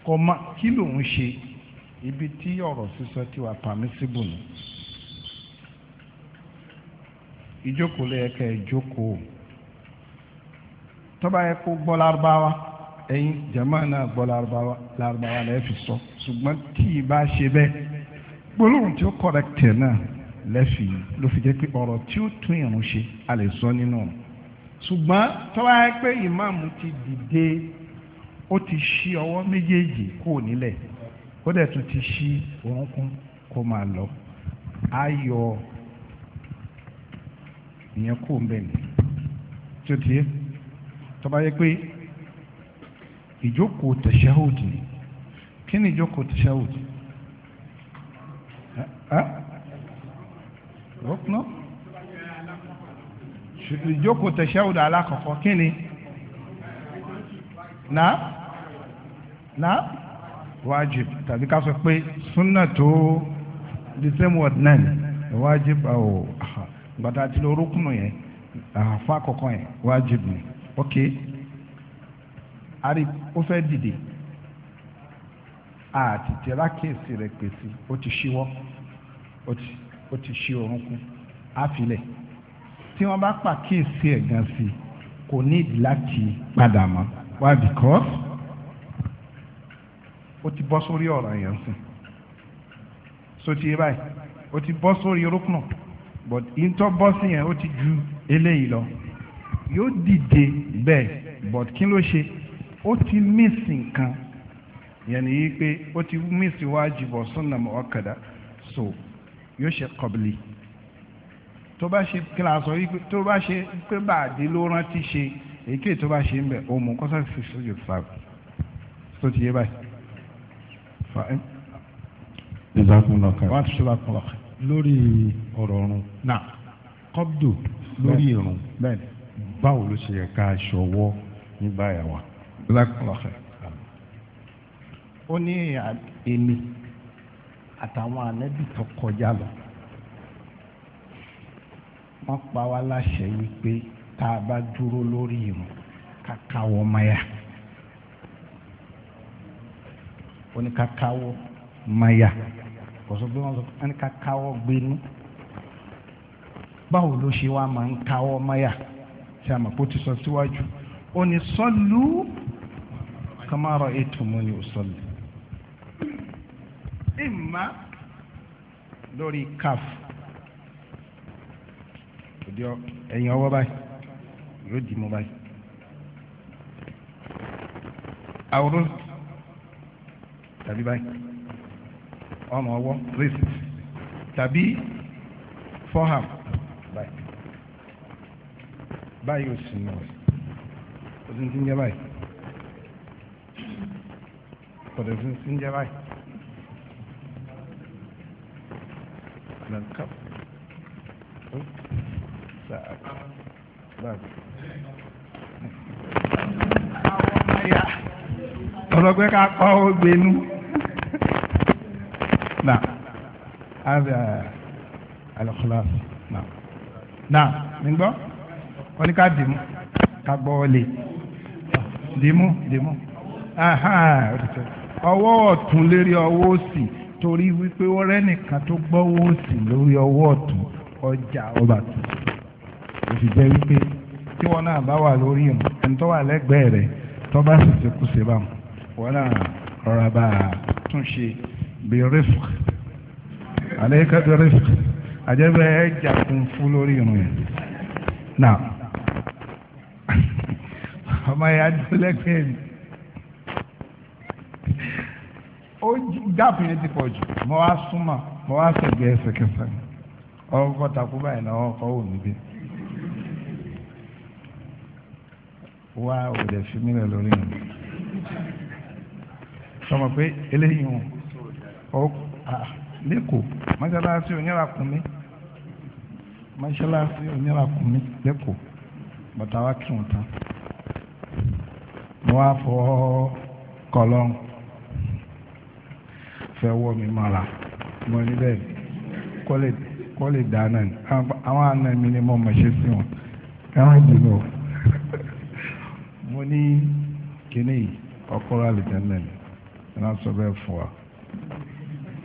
kò mọ kí lòun ṣe ibi tí ọ̀rọ̀ sísọ ti wà permissible nù ìjókòó lè kẹ́ ẹ̀ jókòó tọ́ba yẹ kó gbọ́ lárúbáwá ẹ̀yin jama náà gbọ́ lárúbáwá lárúbáwá lè fi sọ ṣùgbọ́n tí ì bá ṣe bẹ́ẹ̀ gbólóhùn tí ó kọ̀rẹ́kítẹ̀ náà lẹ́fì ló fi jẹ́ pé ọ̀rọ̀ tí ó tún ìrun ṣe a lè sọ nínú ọ̀rọ̀ ṣùgbọ́n tọ́ba yẹ pé ìmáàmù ti dìde ó ti ṣí ọwọ́ méjèèjì kò nílẹ̀ ó dẹ̀ tún ti ṣí orúnkún kó máa lọ ayọ̀ ìyẹn kò ń bẹ̀ ni tí ó ti yẹ tó bá yẹ pé ìjókòó tẹ̀síáhùdì ni kí ni ìjókòó tẹ̀síáhùdì ìjókòó tẹ̀síáhùdì alákọ̀ọ́kọ́ kí ni na na wajib tàbí ká sọ pé súnà tó the same word nine wajib àwọn gbàtà àti lórí kùnú yẹn àfa àkọ́kọ́ yẹn wájib ni ok ari ó fẹ́ a àti tẹ̀lá kéèsì rẹ̀ pèsè ó ti ṣíwọ́ ó ti ṣí orúnkún àfilẹ̀ tí wọ́n bá pàkíyèsí ẹ̀ gan sí kò ní láti padà mọ́ why because ó ti bọ́ sórí ọ̀ràn yẹn sìn so ti yé báyìí ó ti bọ́ sórí orúnkún but ìtọ́ bọ́sì yẹn ó ti ju eléyìí lọ yóò dìde bẹ́ẹ̀ but kí ló ṣe ó ti mísì nǹkan yẹn ni yìí pé ó ti mísì wájibọ̀ sunna muakkada so yóò ṣe qabli tó bá ṣe kíláàsọ yìí pé tó bá ṣe pé bàdí ló rántí ṣe èyíkéyìí tó bá ṣe ń bẹ̀ òun kọ́sà fi sójú fàbí tó ti yé báyìí. Jazakumullah khair. Wa jazakumullah khair. lórí ọ̀rọ̀ ọ̀run náà kọ́bdù lórí ìrun báwo ló ṣe yẹ ká ṣọwọ́ nígbà yàwá. ó ní èmi àtàwọn ànẹ́bí tó kọjá lọ wọ́n pa wá láṣẹ wípé tá a bá dúró lórí ìrùn ká maya ó ní ká káwọ́ kò sọ pé wọ́n sọ pé ká káwọ́ gbénú báwo ló ṣe wá máa ń káwọ́ mọ́yà tí a mọ̀ kó ti sọ síwájú ó ní sọ́lù kọ́mọ́rọ̀ ètò mọ́ ni ò sọ́lù. ìmá lórí caf òdi ẹ̀yìn ọwọ́ báyìí yóò dì mú báyìí. àwòrán tàbí báyìí ọrùn ọwọ́ wrist tàbí forearm báyìí báyìí ò sì nà ọ́ ó ti ń ti ń jẹ́ báyìí kò dẹ̀ ti ń jẹ́ báyìí. Thank you ọlọgbẹ ká kọ نعم هذا الخلاص نعم نعم من بقى wọ́n ní ká dìmú ká gbọ́ wọlé dìmú dìmú ọwọ́ ọ̀tún lérí ọwọ́ òsì torí wípé ó rẹ́nìkan tó gbọ́wọ́ òsì lórí ọwọ́ ọ̀tún ọjà ọba tó òsì jẹ́ wípé tí wọ́n náà bá wà lórí ìrùn ẹni tó wà lẹ́gbẹ̀ẹ́ rẹ̀ tó bá sì ti kú sí báwọn wọ́n náà rọra bá a tún ṣe birifq risk. birifq àjẹ́bẹ́ ẹ̀jà kún fún lórí irun yẹn náà Na. ẹ̀yà dúlẹ́gbẹ̀ẹ́ mi ó gáàpù yẹn ti pọ̀ jù mo wá súnmọ́ mo wá sẹ̀gbẹ́ ẹsẹ̀kẹsẹ̀ takuba takú báyìí sọmọ lẹ́kọ̀ọ́ mọ́ṣáláṣí oníràkúnmí mọ́ṣáláṣí oníràkúnmí lẹ́kọ̀ọ́ bàtà wa kírun tán mo wá fọ kọlọ́n fẹ́ wọ́ mi mọ́ra mo ní bẹ́ẹ̀ dáná ni àwọn àna mi ni mo mọ̀ sí wọn káwọn jùlọ ni sọ bẹ́ẹ̀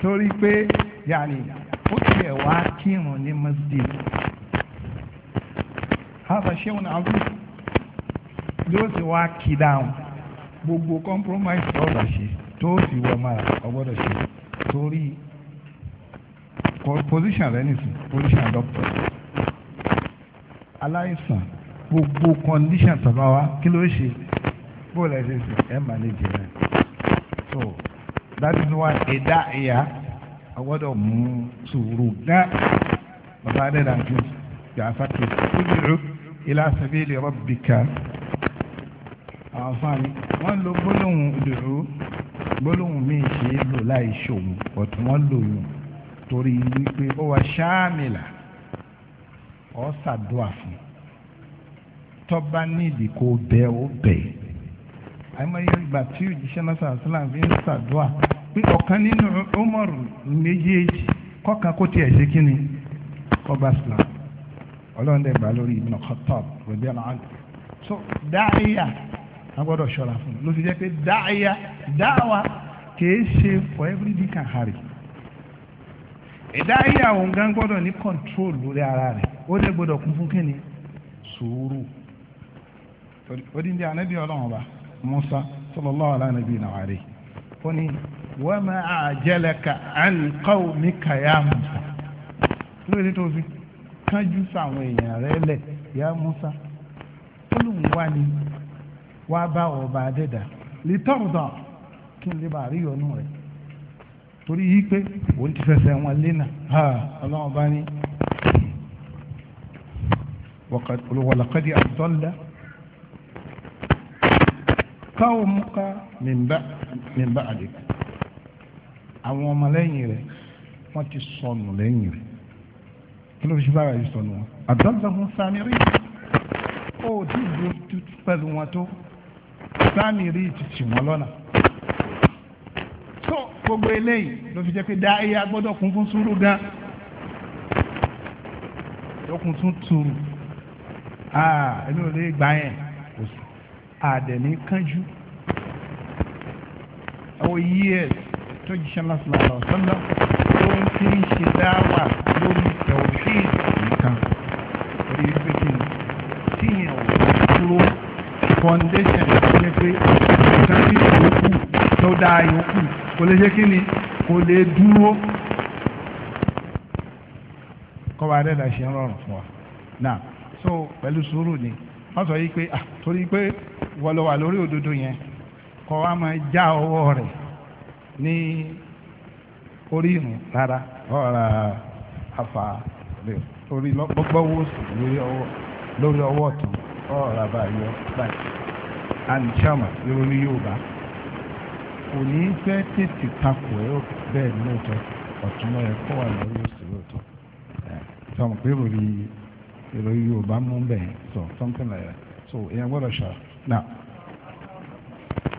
torí pé yàrá ó tiẹ̀ wá kírun ní masjid hàtà ṣéun àbú yóò sì wá kí dáhùn gbogbo compromise ọ̀rọ̀ ṣe tó sì wọ́n máa ọgbọ́dọ̀ ṣe torí position rẹ nìsín position doctor aláìsàn gbogbo condition tọ́ba wa kí ló ṣe bó lẹ́sẹ̀ sí ẹ̀ máa lè jẹ́ rẹ̀ so that is why ẹ̀dá ẹ̀yà ọgbọ́dọ̀ mú sùúrù gán bàbá adẹ́dà ju gàfà tó kúndùrú ilá sabili rabbika àwọn fáàní wọ́n lo gbólóhùn dùrú gbólóhùn míì ṣe é lò láì ṣòwò ọ̀tún wọ́n lò yùn torí wípé ó wà ṣáàmìlà ọ̀ ṣàdúà fún tọ́ba nídìí kó bẹ́ẹ̀ ó bẹ́ẹ̀ àìmọye ìgbà tí òjíṣẹ́ náà sàásìlà fi ń ṣàdúà pé ọ̀kan nínú Umar méjèèjì kọ́kan kó tiẹ̀ ṣe kí ni kọ́gbà sílá ọlọ́run dẹ̀ gbà lórí Ibn Khattab rẹ̀bí aláàdù so dáìyà a gbọ́dọ̀ ṣọ́ra fún un ló fi jẹ́ pé dáìyà dáwà kìí ṣe for every day can harry ìdáìyà òun gan gbọ́dọ̀ ní control lórí ara rẹ̀ ó dẹ̀ gbọ́dọ̀ kún fún kí ni sùúrù ó dín dí anábì ọlọ́run ọba musa sallallahu ala nabiyina wa alayhi ó ní wa ma ajalaka an qawmika ya musa lórí tó fi kánjú sáwọn èèyàn rẹ lẹ ya musa ó lóun wá ní wá bá ọba adẹ́dà lítọ́rọ̀dọ̀ kí n lè bá rí ọ̀nù rẹ̀ torí yìí pé òun ti fẹsẹ̀ wọn léna ọlọ́run bá ní wọ́n wọ́n lọ́kọ́ di àdọ́lá qawmuka min ba'dik àwọn ọmọlẹ́yìn rẹ̀ wọ́n ti sọnù lẹ́yìn rẹ̀ kí ló fi ṣe bára yìí sọnù wọn àdọ́gbọ̀n sami rí ó ti dùn tutù pẹ̀lú wọn tó sami rí ti tì wọ́n lọ́nà tó gbogbo eléyìí ló fi jẹ́ pé dá ẹyà gbọ́dọ̀ kún fún sùúrù gan lókun tún tùrù ah èmi ò lè gbà yẹn àdẹ̀ní kánjú àwọn years tó jíṣẹ́ lásìlára ọ̀sánná tó ń tí ń ṣe dáwà lórí ẹ̀wọ̀sí nìkan orí pé kí ni tí yẹn ò dúró foundation ṣe pé nǹkan tí yòókù tó dáa yòókù kò lè ṣe kí ni kò lè dúró kọ́ba adẹ́dàṣe ń rọrùn fún wa náà so pẹ̀lú sùúrù ni wọ́n sọ yìí pé à ah, torí pé wọ́n lọ wà lórí òdodo yẹn kọ́ wa máa já ọwọ́ rẹ̀ ní orí ìrùn rárá ọ̀rà àfà rẹ̀ torí lọ́gbọ́gbọ́ wò sùn lórí ọwọ́ lórí ọwọ́ ọ̀tún ọ̀rà báyọ̀ báyìí àníṣàmà lórí Yorùbá kò ní fẹ́ tètè takò ẹ́ bẹ́ẹ̀ lóòótọ́ ọ̀tún mọ́ ẹ kọ́ wà lórí òsì lóòótọ́ ẹ̀ sọ̀rọ̀ pé rò rí i. èrò yorùbá mú bẹ́ẹ̀ so something like that so gbọ́dọ̀ ṣá now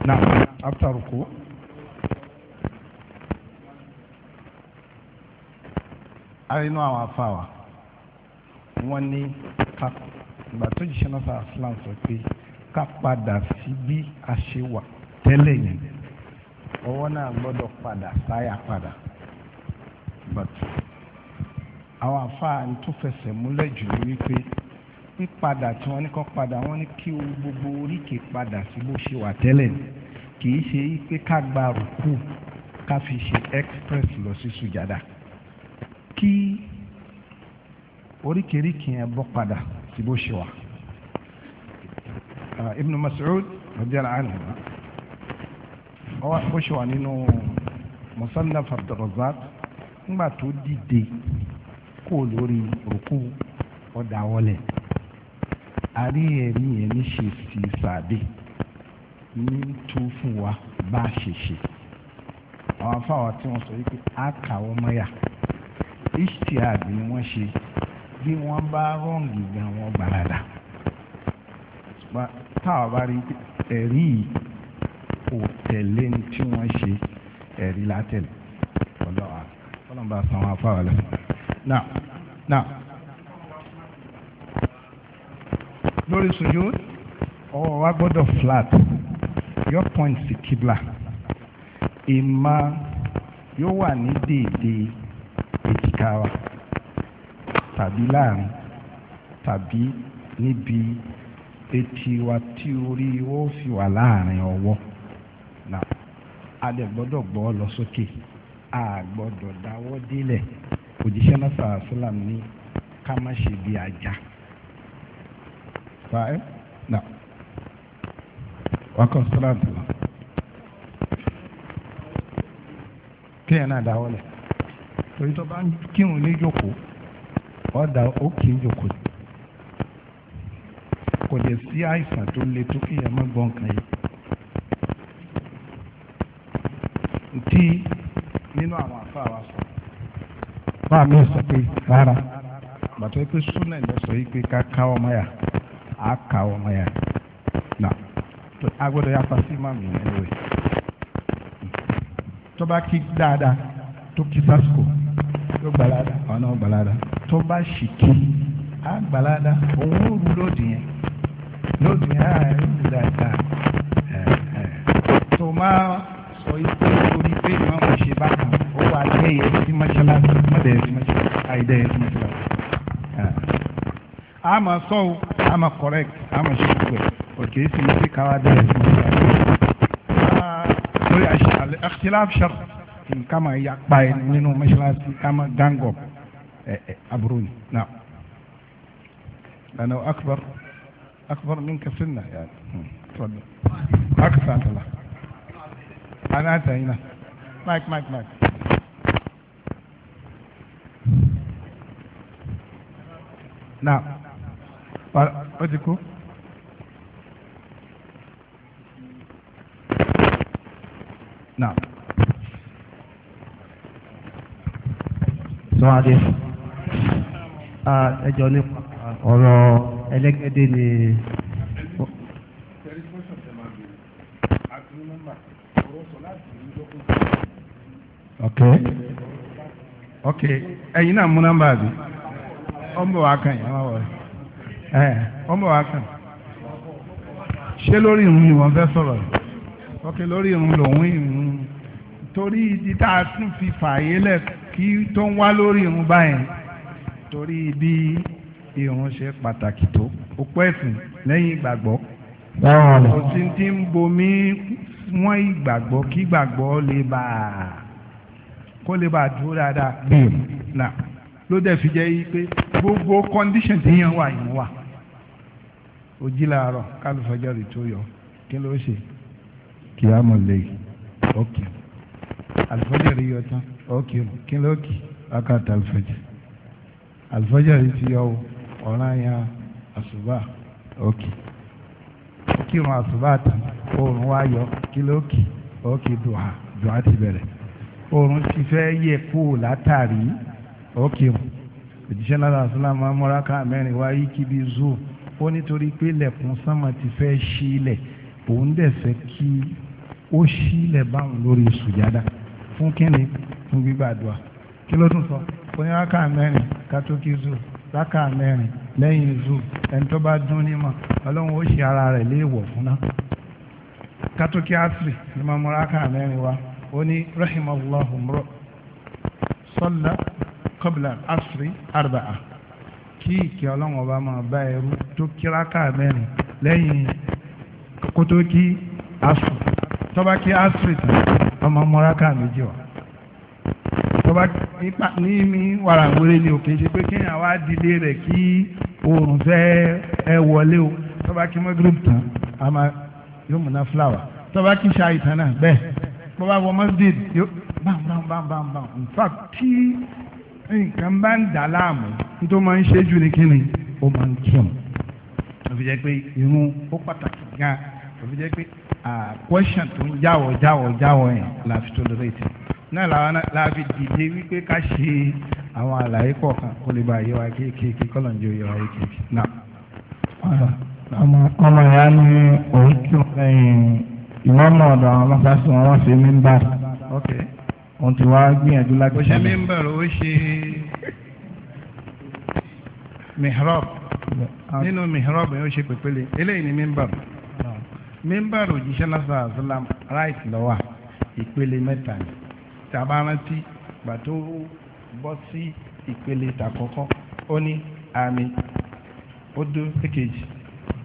now after ruku. ìgbà tó náà sọ sọ a ṣe wà tẹ́lẹ̀ yẹn ọwọ́ náà gbọ́dọ̀ padà sáyà àwọn àfáàní tó fẹsẹ̀ múlẹ̀ jù ní wípé pípadà tí wọ́n ní kọ́ padà wọ́n ní kí o gbogbo oríkèé padà sí bó ṣe wà tẹ́lẹ̀ kì í ṣe pé ká gba rùkú ká fi ṣe express lọ sí sùjádà kí oríkèéríkèé yẹn bọ́ padà sí bó ṣe wà. Ibn Mas'ud radiyallahu anhu ó ṣe wà nínú Musannaf Abdurrazzaq nígbà tó dìde kú lórí òkú ọ̀dà wọlé àrí ẹ̀rí ẹ̀mí ṣe sí sàdé ní tú fún wa bá a ṣe ṣe àwọn afáwọn tí wọ́n sọ wípé a kà wọ́n mọ́yà htr ni wọ́n ṣe bí wọ́n bá rọ́ǹgì gan wọ́n gbàràdà táwọn bá rí ẹ̀rí kò tẹ̀lé ní tí wọ́n ṣe ẹ̀rí látẹ̀lé ọlọ́wàá ọlọ́run bá san wọn afáwà lẹ́sìn. náà náà lórí sujud ọwọ́ wa gbọ́dọ̀ flat yọ point sí kíbla ìmọ̀ yóò wà ní déédéé èjìká wa tàbí láàrin tàbí níbi etí wa tí orí ó fi wà láàrin ọwọ́ náà a lè gbọ́dọ̀ gbọ́ lọ sókè. So a gbọ́dọ̀ dáwọ́ délẹ̀ òjíṣẹ́ náà sàásùlàm ní ká má ṣe bí ajá. Fàáyé nà wákọ̀ sọ́láàtì lọ. Kéèyàn náà dáwọ́ lẹ̀. Torí tó bá ń kírun ní ìjókòó, ọ̀ dà ó kì í jókòó. Kò lè sí àìsàn tó le tó kéèyàn má gbọ́n kan yìí. Tí nínú àwọn àfa wa sọ máa mi sọ pé rárá bàtọ́ pé súnà ẹ̀ lọ́sọ̀ yìí pé ká ọmọ yà á ká ọmọ yà nà a gbọ́dọ̀ yàtọ̀ sí màmí ẹ̀rọ yìí tó bá kí dáadáa tó kí sásìkò yóò gbalada ọ̀nà gbalada tó bá sì kí á gbalada òun ò rú lóde yẹn lóde yẹn á rí dáadáa tó máa sọ yìí pé orí ẹ̀yìn ẹ̀yìn sí mọ́ṣáláṣí mọ́dẹ̀ ẹ̀yìn mọ́ṣáláṣí àìdẹ̀ ẹ̀yìn mọ́ṣáláṣí. a máa sọ o a máa correct a máa ṣe gbogbo ẹ̀ òkè sí ní kíkà wá dẹ̀ ẹ̀yìn mọ́ṣáláṣí. lórí àṣàlẹ̀ ẹ̀kítíláàfù ṣàkó nǹkan máa ya pa ẹ̀ nínú mọ́ṣáláṣí ká máa gángọ̀ aburú ni náà. lànà akbar akbar minka sinna yàrá tọ́lá akbar tọ́lá. أنا أتى هنا مايك مايك مايك na ó ti kú. na. sọ adé ẹjọ́ nípa ọ̀rọ̀ ẹlẹ́gẹ́dẹ́ ni. ok ok ẹ̀yin náà mú nọ́mbà bi ọmọ wa kàn yín ọmọ wa kàn ṣé lórí ìrún ni wọ́n fẹ́ sọ̀rọ̀ yìí ọkẹ lórí ìrún lòun ìrún torí ibi tá a tún fi fààyè lẹ̀ kí tó ń wá lórí ìrún báyìí torí ibi ìrún ṣe pàtàkì tó òpó ẹ̀sìn lẹ́yìn ìgbàgbọ́ o sí ti ń bomi wọ́n ìgbàgbọ́ kí ìgbàgbọ́ lè bá kó lè bá dúró dáadáa. ló dẹ̀ fi jẹ́ yí pé gbogbo condition ti yàn wà yàn wà ojí làárọ̀ kálífọ́jọ́ tó yọ kí ló ṣe kí á mọ̀ lè ọkì àlùfọ́jọ́ yọ tán ọkì kí ló kì ákàtà àlùfọ́jọ́ àlùfọ́jọ́ ti yọ ọ̀ràn ya àṣùbà ọkì kírun àṣùbà tán oòrùn wá yọ kí ló kì ọkì ti bẹ̀rẹ̀ oòrùn ti fẹ́ yẹ ókè o òjíṣẹ́ lára àṣìlá máa múra ká mẹ́rin wá yí kíbi zoo ó nítorí pé lẹ̀kùn sánmà ti fẹ́ ṣí ilẹ̀ òun dẹ̀ fẹ́ kí ó ṣí ilẹ̀ báwọn lórí sùjádà fún kíni fún gbígbàdúrà kí ló tún sọ ó ráká mẹ́rin kátókì zoo ráká mẹ́rin ẹni tó bá dún ní mọ̀ ọlọ́run ó ṣe ara rẹ̀ léèwọ̀ fún ná kátókì asiri ni mẹ́rin wá ó kọ́bìlà asiri arba'a kí ìkẹ́ ọlọ́run ọba máa bá ẹrú tó kíráká mẹ́rin lẹ́yìn kótó kí asiri tọ́ba kí asiri tán ọmọ mọ́ráká méjì wá tọ́ba ní mi wàrà wéré ni òkè ṣe pé kéèyàn wá dilé rẹ̀ kí oòrùn fẹ́ ẹ wọlé o tọ́ba kí mọ́gírìbù tán a máa yóò múná fúláwà tọ́ba kí ṣe àìsàn náà bẹ́ẹ̀ bọ́ba wọ mọ́sídìí yóò bámbámbámbámbám in fact tí nǹkan bá ń dà láàmú tó máa ń ṣe jù ní kíni ó máa ń tún òfin jẹ́ pé irun ó pàtàkì gan òfin jẹ́ pé question tó ń jáwọ́ jáwọ́ jáwọ́ yẹn la fi tolerate náà làwọn la fi dìde wípé ká ṣe àwọn àlàyé kọ̀ọ̀kan kó lè bá yé wa kéékèèké kọ́lọ̀ ń jẹ́ òye wa kéékèèké náà. ọmọ ìyá ni òun kí wọn lẹ́yìn ìmọ̀ọ́mọ̀ ọ̀dọ̀ àwọn ọmọ fásitì wọn wọ́n fi mí ń wọ́n ti wá gbìyànjú láti ṣe. ọ̀sẹ̀ mímbàr ó ṣe mihrab nínú mihrab yóò ṣe pèpele eléyìí ni mímbàr mímbàr òjíṣẹ́ lásà àṣàlám right lọ́wọ́ ìpele mẹ́ta ni tàbá rántí bọ́ sí ìpele tàkọ́kọ́ ó ní àmì ó dó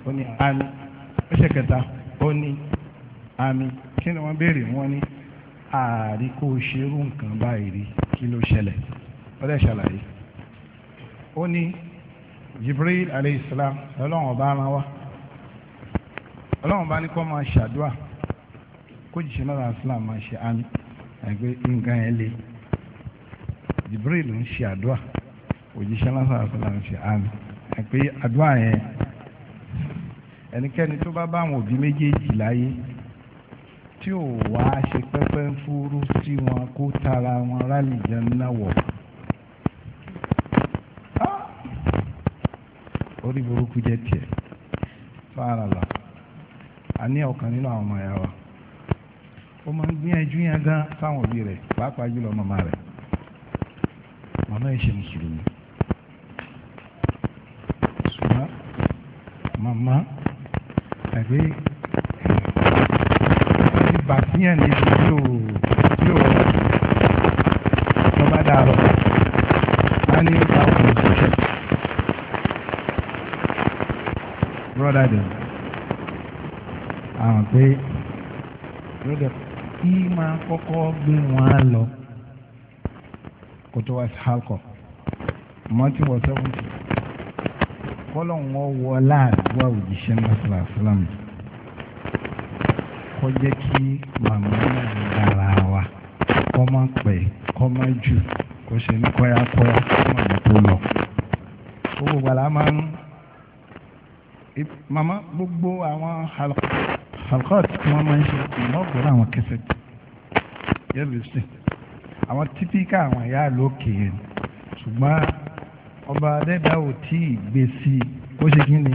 ó ní àmì ó ṣe kẹta ó ní àmì kí ni wọ́n béèrè wọ́n ní. ààrí kó o ṣerú nǹkan báyìí rí kí ló ṣẹlẹ̀ ó ṣàlàyé ó ní Jibril aleyhisselam ọlọ́run ọba ara wa ọlọ́run bá ní kó máa ṣàdúà kó jìṣẹ́ náírà islam máa ṣe àmì ẹgbẹ́ nǹkan ẹ̀ lé Jibril ń ṣe àdúà òjíṣẹ́ náírà islam ṣe àmì ẹgbẹ́ àdúà yẹn ẹnikẹ́ni tó bá bá àwọn òbí méjèèjì láyé tí ò wá ṣe pẹ́pẹ́ fúrú sí wọn kó tara wọn rálì jẹ́nà wọ̀. orí burúkú jẹ́ tiẹ̀ fáàràlà a ní ọ̀kan nínú àwọn ọmọ ẹ̀yà wa ó máa ń gbìyànjú yẹn gan fáwọn òbí rẹ̀ pàápàá jùlọ màmá rẹ̀ màmá ẹ̀ ṣe mùsùlùmí ṣùgbọ́n màmá ẹ̀gbẹ́ tíyàn níbi tí ò tí ò lọ́ba dàrọ̀ á ní ìta òkú òṣìṣẹ́ broda dem àwọn pé broda kí máa kọ́kọ́ gbé wọn lọ kó tó wá sí halkọ mọ́tí wọ́n sẹ́wọ́n kọ́lọ́ wọn wọ láàdúrà òjíṣẹ́ náà sàlàsílámù kọjá kí màmá náà dára wa kọ́ má pẹ́ kọ́ má jù kó ṣe ní kọ́yákọ́yá kọ́ má ní tó lọ. gbogbo gbàlá máa ń màmá gbogbo àwọn halkọ́t tí wọ́n máa ń ṣe ìmọ̀ gbọ́dọ̀ àwọn kẹsẹ̀ yẹ́lò sí àwọn típíkà àwọn ìyá lókè yẹn ṣùgbọ́n ọba adẹ́dáwò tí ì gbé sí i kó ṣe kí ni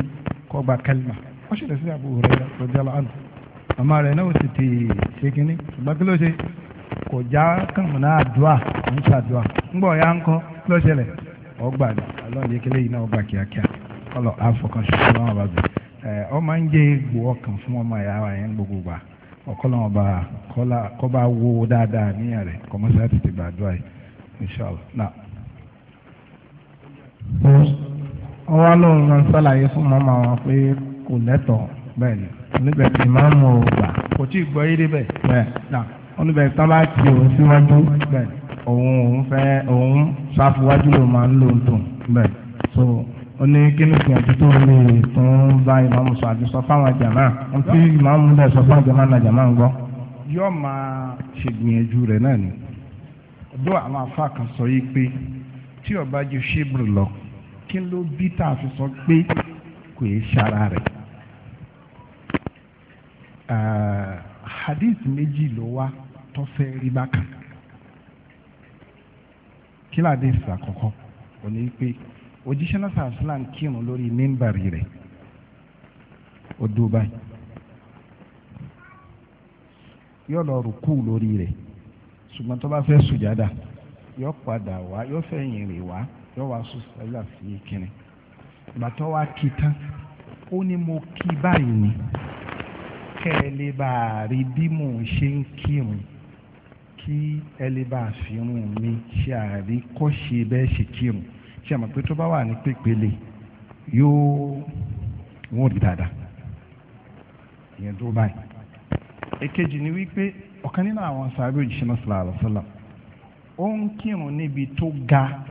kọ́ gba kálímà wọ́n ṣẹlẹ̀ sí àbúrò rẹ̀ lọ́jọ́ lọ́nà. a a náà sì ti ṣe kínní ṣùgbọ́n kí ló ṣe kò já kàmùnà àdúà ń ṣàdúà ńgbọ̀ ya ń kọ́ kí ló ṣẹlẹ̀ ọgbà ni ọlọ́run yékelé yìí náà ọgbà kíákíá kọlọ àfọkànṣoṣo láwọn bá bẹ ẹ ọmọ ń jẹ egbò ọkàn fún ọmọ gbogbo gbà wo dáadáa níyà rẹ̀ re, tètè bá àdúà yìí na. náà ọwọ́ lóun máa ń fún wọn pé kò lẹ́tọ̀ọ́ bẹ́ẹ̀ ni níbẹ̀ tí máa ń mú o gbà. kò tí ì gbọ́ yé débẹ̀. bẹ́ẹ̀ náà wọ́n níbẹ̀ tán bá ti òun síwájú òun òun fẹ́ òun sáfúwájú ló máa ń lò ń tò bẹ́ẹ̀ so ó ní kíni ìgbìyànjú tó lè tún bá ìmáàmù sọ àti sọ fáwọn jàmá wọn tí ìmáàmù dẹ̀ sọ fáwọn jàmá náà jàmá ń gbọ́. yóò máa ṣègbìyànjú rẹ̀ náà ni ọdún àwọn afa sọ yìí pé tí ó ju ṣébùrù lọ kí ló bí tá a fi sọ pé kò í ṣara rẹ̀. Eh, hadith méjì ló wá tó fẹ́ rí bákan kí ló hadith àkọ́kọ́ òní pé òjíṣẹ́ náà sàásìlám kírun lórí mímbàrí rẹ̀ ó dó báyìí yóò lọ rùkú lórí rẹ̀ ṣùgbọ́n tó bá fẹ́ sùjádà yóò padà wá yóò fẹ́ yìn rè wá yóò wá sùn sẹ́lá sí kínní ìgbà wá kí tán ó ní mo kí báyìí ni kẹ́ ẹ lè bá a rí bí mò ń ṣe ń kírun kí ẹ lè bá a fi rún mi ṣe àríkọ́ṣe bẹ́ẹ̀ ṣe kírun ṣe àmọ̀ pé tó bá wà ní pèpele yóò wọ́n rí dáadáa ìyẹn tó báyìí. èkejì ni wípé ọ̀kan nínú àwọn sàbẹ̀ òjíṣẹ́ náà sallallahu alaihi wasallam ó ń kírun níbi tó ga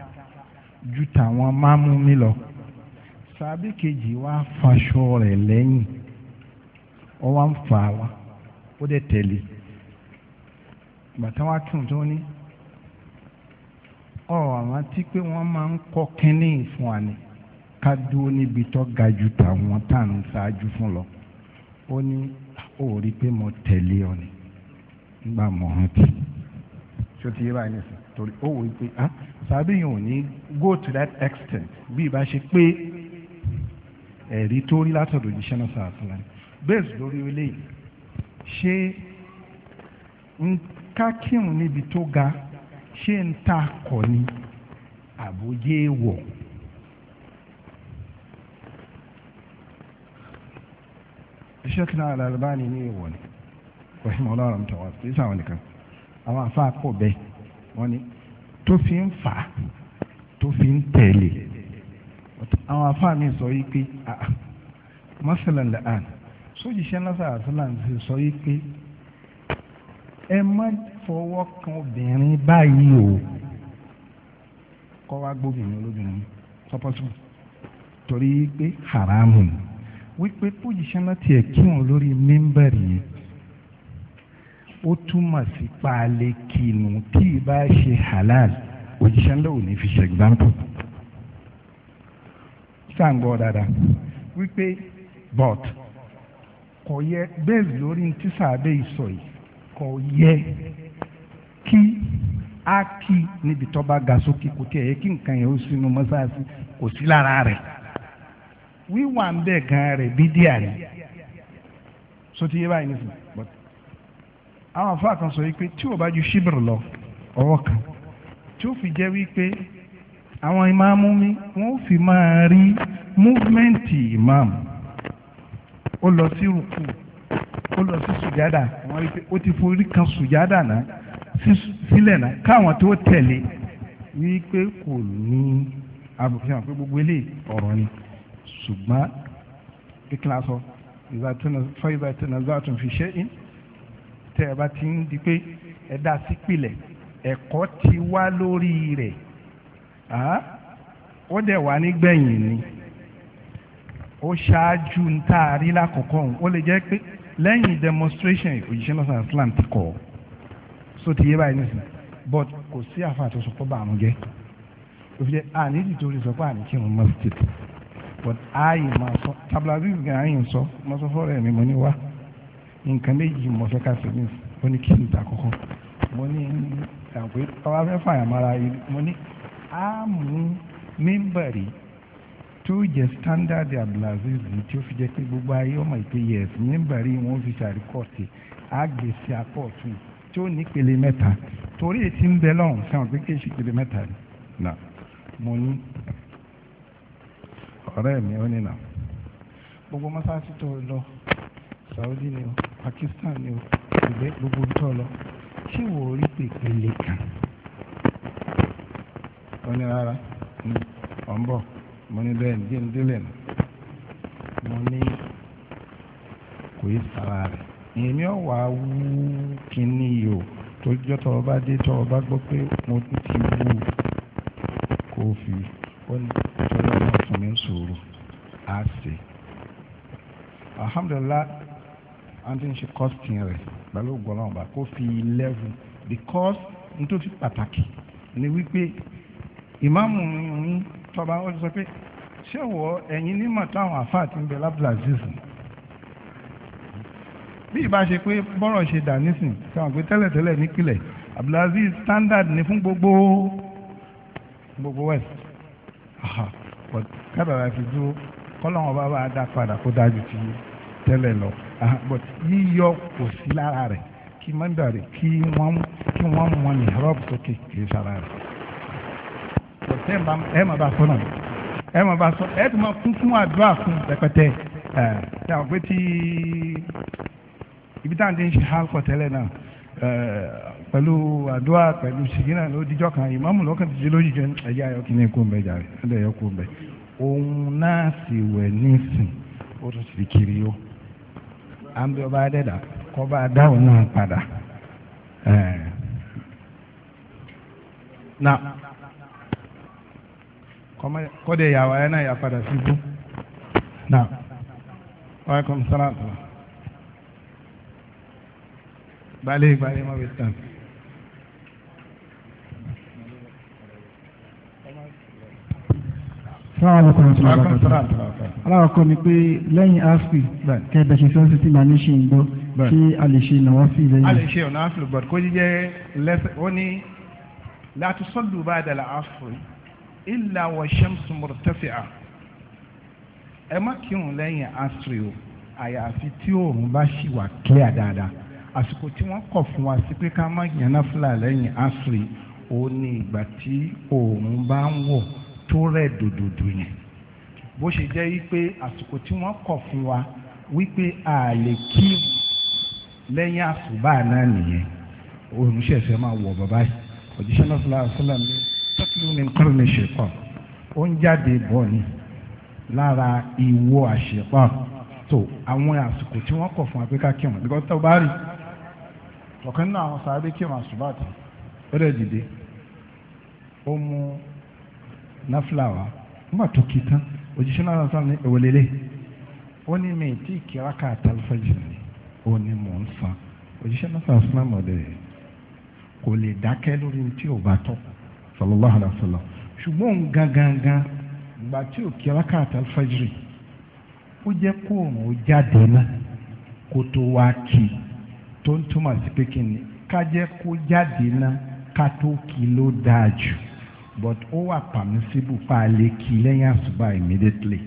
ju tàwọn máàmú mi lọ sàbẹ̀ kejì wá faṣọ rẹ̀ lẹ́yìn wọ́n wá ń fa wa ó dẹ̀ tẹ̀lé bàtà wa tún tó ní ọ àwọn tí pé wọ́n máa ń kọ́ kínní fún wa ni ká dúró níbi tó ga ju tàwọn tá à ń ṣáájú fún lọ ó ní ó rí i pé mo tẹ̀lé ọ ni nígbà mọ̀ ọ́n ti ṣó ti yé báyìí nìsín torí ó wò ó pé ah sábẹ́ yìí ò ní go to that extent bí ìbá ṣe pé ẹ̀rí tó rí látọ̀dọ̀ òjíṣẹ́ náà sàásùn lẹ́nu bẹ́ẹ̀sì lórí eléyìí ṣé ń ká kírun níbi tó ga ṣé ń ta kọ́ ni àbójé wọ̀. ṣẹ́kìnà Al-Albani ní ìwọ̀ ni rahim ọlọ́run tó wá sí sáwọn nìkan àwọn afáà pọ̀ bẹ́ẹ̀ wọ́n ní tó fi ń fà á tó fi ń tẹ̀lé àwọn afáà mi sọ yìí pé ah, ah, masalan la'an sójìṣẹ́ lásán àtúnlá ń fi sọ yí pé ẹ má fọwọ́ kan obìnrin báyìí o kọ́ wa gbóbìnrin olóbìnrin sọpọ́tù torí pé haramu ni wípé pójìṣẹ́ láti ẹ̀ kírun lórí mímbẹ̀rì yẹn ó túmọ̀ sí paálé kinu tí ì bá ṣe halal òjìṣẹ́ ńlá ò ní fi ṣe example sáà ń gbọ́ dáadáa wípé but kò yẹ bẹ́ẹ̀ lórí tí sàbẹ̀ ìsọ yìí kò yẹ kí á kí níbi tó bá ga sókè kò tiẹ̀ yẹ kí nǹkan yẹn ó sínú mọ́sáàsì kò sí lára rẹ̀ wíwà ń bẹ̀ gan rẹ̀ bídíà ni so ti yé báyìí nísìnyí but àwọn afa kan sọ wípé tí o bá ju ṣíbìrì lọ ọwọ́ kan tí ó fi jẹ́ wípé àwọn ìmáàmù mi wọ́n fi máa rí múfúmẹ́ǹtì ìmáàmù ó lọ sí rùkù ó lọ sí sùjádà àwọn rí pé ó ti forí kan sùjádà náà sílẹ̀ náà káwọn tó tẹ̀lé wí pé kò ní àbùkù pé gbogbo eléyìí ọ̀rọ̀ ni ṣùgbọ́n kíkìlá sọ fáyìbá tí nàzá tún fi ṣe é tẹ́ ẹ bá ti ń di pé ẹ dá sí pilẹ̀ ẹ̀kọ́ ti wá lórí rẹ̀ ó dẹ̀ wá nígbẹ̀yìn ni ó ṣáájú ń rí lákòókò ó lè jẹ́ pé lẹ́yìn demonstration òjíṣẹ́ lọ́sàn islam ti kọ̀ ọ́ so ti yé báyìí nísìn but kò sí àfàà tó sọ pé bàánú jẹ́ òfìjẹ́ àní ti torí sọ pé àní kí n mọ́ sí but ààyè máa sọ tabla gan ààyè ń sọ mo sọ fọ́ọ̀rọ̀ ẹ̀mí ní wá nǹkan méjì mo fẹ́ ká sí ní ó ní kí n ta kọ́kọ́ mo ní àpé ọba fẹ́ fàyàmára mo ní á mú tí ó jẹ standard abdulaziz tí ó fi jẹ pé gbogbo ayé ọmọ ìpè yes níbàrí wọn fi ṣàríkọọtì àgbèsè apọ ọtún tí ó ní ìpele mẹ́ta torí ètí ń bẹ lọ́hùn sàn pé kí èsì ìpele mẹ́ta ni nà mo ní ọ̀rẹ́ mi ó ní nà gbogbo mọ́sáàsì tó lọ Saudi ni o Pakistan ni o ìgbẹ́ gbogbo tó lọ ṣé wò ó rí pèpele kan ó ní rárá ọ̀n bọ̀ mo ní bẹ́ẹ̀ ní jẹ́ ní délẹ̀ nù mo ní kò yí sara rẹ̀ èmi ò wá wú kínní yìí o tójọ́ tó o bá dé tó o bá gbọ́ pé mo ti wú kó o fi ó ní tọ́lá náà fún mi sòrò á sè alhamdulilah àǹtí ń ṣe kọ́sìtìn rẹ̀ pẹ̀lú ògbọ́nà ọba kó fi eleven because n tó fi pàtàkì ni wípé ìmáàmù yín tọba ó sọ pé ṣé wọ ẹ̀yin nímọ̀ táwọn àfáà ti ń bẹ lábúlàzíz bí ìbá ṣe pé bọ́rọ̀ ṣe dà nísìn táwọn pé tẹ́lẹ̀tẹ́lẹ̀ nípìnlẹ̀ abdulaziz standard ni fún gbogbo gbogbo west kádàrà fi dúró kọ́lọ́wọ́n bá bá dá padà kó dájú ti tẹ́lẹ̀ lọ but yíyọ kò sí lára rẹ̀ kí mọ́ndà rẹ̀ kí wọ́n mọ ní rọ́ọ̀bù sókè kì í sára rẹ̀ ẹ máa bá sọ náà ẹ máa bá sọ ẹ tún máa kún fún àdúrà fún pẹpẹtẹ ẹ ṣe àwọn pé tí ibi táwọn ti ń ṣe hálkọ tẹ́lẹ̀ náà pẹ̀lú àdúrà pẹ̀lú ṣìgí náà ló dijọ́ kan ìmáàmù lọ́kàn ti di lójijì ẹ̀jẹ̀ ayọ̀ kìíní kó ń bẹ jàre ẹ̀jẹ̀ ayọ̀ kó ń bẹ òun náà sì wẹ̀ nísìn ó tún sì kiri yó à ń bẹ ọba adẹ́dà kọ́ bá a dáhùn náà padà. Now, kọ́dẹ̀ ìyàwó ayé náà yà padà sí ibú náà wàá kọ́ sọ́nà àtàlà gbalẹ̀ gbalẹ̀ mọ́ bẹ́ẹ̀ tán. aláwọ̀kọ́ ni pé lẹ́yìn aspi kẹ́ẹ̀bẹ̀ ṣe sọ́ọ́sì tí màá ní ṣe ń gbọ́ kí a lè ṣe ìnáwó sí lẹ́yìn. a lè ṣe ọ̀nà aspi bọ̀d kó jíjẹ́ lẹ́sẹ̀ ó ní látúnṣọ́dù bá dàlà aspi illa wa shamsu murtafi'a ẹ má kírun lẹ́yìn asiri àyàfi tí oòrùn bá ṣì wà clear dáadáa àsìkò tí wọ́n kọ̀ fún wa sí pé ká má yàn náfìlà lẹ́yìn asiri ó ní ìgbà tí oòrùn bá ń wọ̀ tó rẹ̀ dòdòdò yẹn bó ṣe jẹ́ wípé àsìkò tí wọ́n kọ̀ fún wa wípé a lè kí lẹ́yìn àsùbà náà nìyẹn oòrùn ṣẹ̀ṣẹ̀ máa wọ̀ bàbá yìí òjíṣẹ́ náà fúnra sílẹ̀ mi tọ́tìlú mi kọ́ mi ṣèkọ́ ó ń jáde bọ̀ ni lára ìwọ àṣepọ̀ tó àwọn àsìkò tí wọ́n kọ̀ fún apẹ́ká kí wọn bíkọ́ tó bá rí ọ̀kan nínú àwọn sàábé kí wọn àṣùbàtì ó dẹ̀ dìde ó mú náfìlà wá nígbà tó kì tán òjíṣẹ́ náà sọ ní ìwọlélẹ̀ ó ní mi tí ìkíra ká àtàlùfẹ́jì ni ó ní mò ń san òjíṣẹ́ náà sọ àṣùnà mọ̀dẹ̀ kò lè dákẹ́ lórí tí ò bá tọ́ sallallahu alayhi wa sallam ṣùgbọ́n gangan gba tí ò kí alákàtà alfajiri ó jẹ́ kó òun ó jáde náà kó tó wá kí tó ń túmọ̀ sí pé kí ni ká jẹ́ kó jáde náà ká tó kí ló dáa jù but ó wà permissible pa lè kí lẹ́yìn àsùbá immediately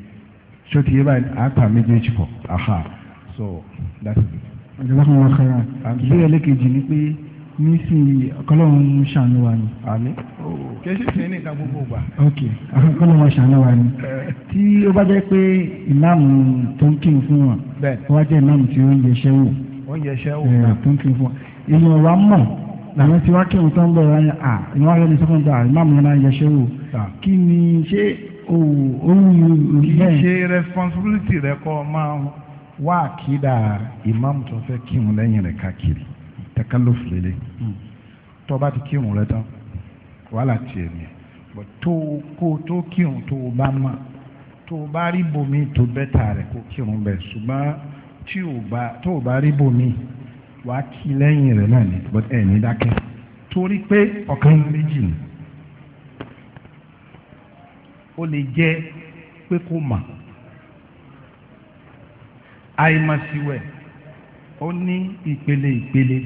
ṣó ti yé báyìí à ń pa méjèèjì pọ̀ aha so that's it. ọ̀jọ̀gbọ́n mi wá kọ́ra ìbéèrè lẹ́kẹ̀jì ni pé ní sí ọ̀kọ́lọ́run ṣàánú wa ni. àmín kẹ́sì sí ní ìka gbogbo gbà. ok ọ̀kọ́lọ́run ṣàánú wa ni. Eh. tí ó bá jẹ́ pé ìmáàmù tó ń kírun fún wọn ó wá jẹ́ ìmáàmù tí ó ń yẹṣẹ́ wò. ó ń yẹṣẹ́ wò. ẹ̀ eh, tó ń kírun fún wọn. èèyàn wa mọ̀ làwọn tí wá kírun tó ń bọ̀ wọn à ìwọ́n rẹ̀ ní sọ́kàn gbà ìmáàmù yẹn náà yẹṣẹ́ wò. kí ni ṣé òun yìí ṣe responsibility rẹ kọ́ máa wá àkídà ìmáàmù tó fẹ́ takalluf lélẹ̀ hmm. tó bá ti kírun rẹ tán wàhálà tiẹ̀ ni tó kó tó kírun tó bá mọ̀ tó bá rí bomi tó bẹ́tà rẹ̀ kó kírun bẹ̀ ṣùgbọ́n tí ò bá tó bá rí bomi wà á kí lẹ́yìn rẹ̀ náà ni ẹ̀ ní dákẹ́ torí pé ọ̀kan méjì ni ó lè jẹ́ pé kó mà àìmọ̀síwẹ̀ ó ní ìpele ìpele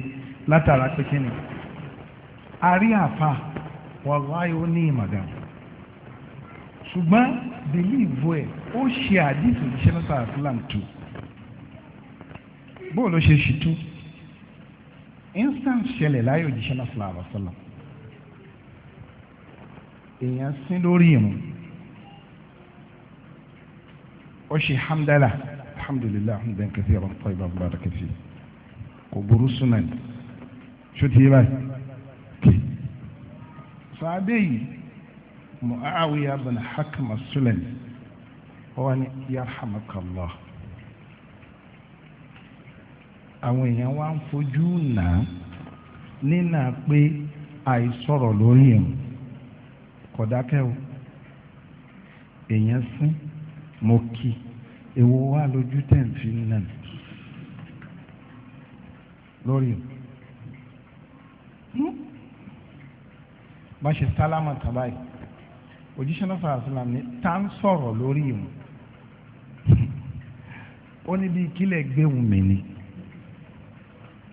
látara pé kí ni a rí àfa wàláyé ó ní ìmọ̀gá ṣùgbọ́n bìlíìvù ẹ̀ ó ṣe àdìsí òjíṣẹ́ náà sáà fúlàn tù bóò ló ṣe ṣì tú instance ṣẹlẹ̀ láyé òjíṣẹ́ náà fúlàn àbọ̀sọ́là èèyàn sín lórí ìrun ó ṣe hamdala alhamdulilayi hamdan kathira tayyiban mubarak kathira kò burú súnà ni. ṣòtì yé báyìí. sàádé yìí Mu'awiya bin Hakam as-Sulami wọ́n ní yarhamakallah àwọn èèyàn wá ń fojú nà nínà pé àìsọ̀rọ̀ lórí ẹ̀mú kọ̀dákẹ́ o èèyàn sín mo fi nà lórí Hmm? bá ṣe sálámà tàbá yìí òjíṣẹ́ náà sọ̀rọ̀ sílám ní tá ń sọ̀rọ̀ lórí ìwọ̀n ó ní bí kílẹ̀ gbéhùn mi ni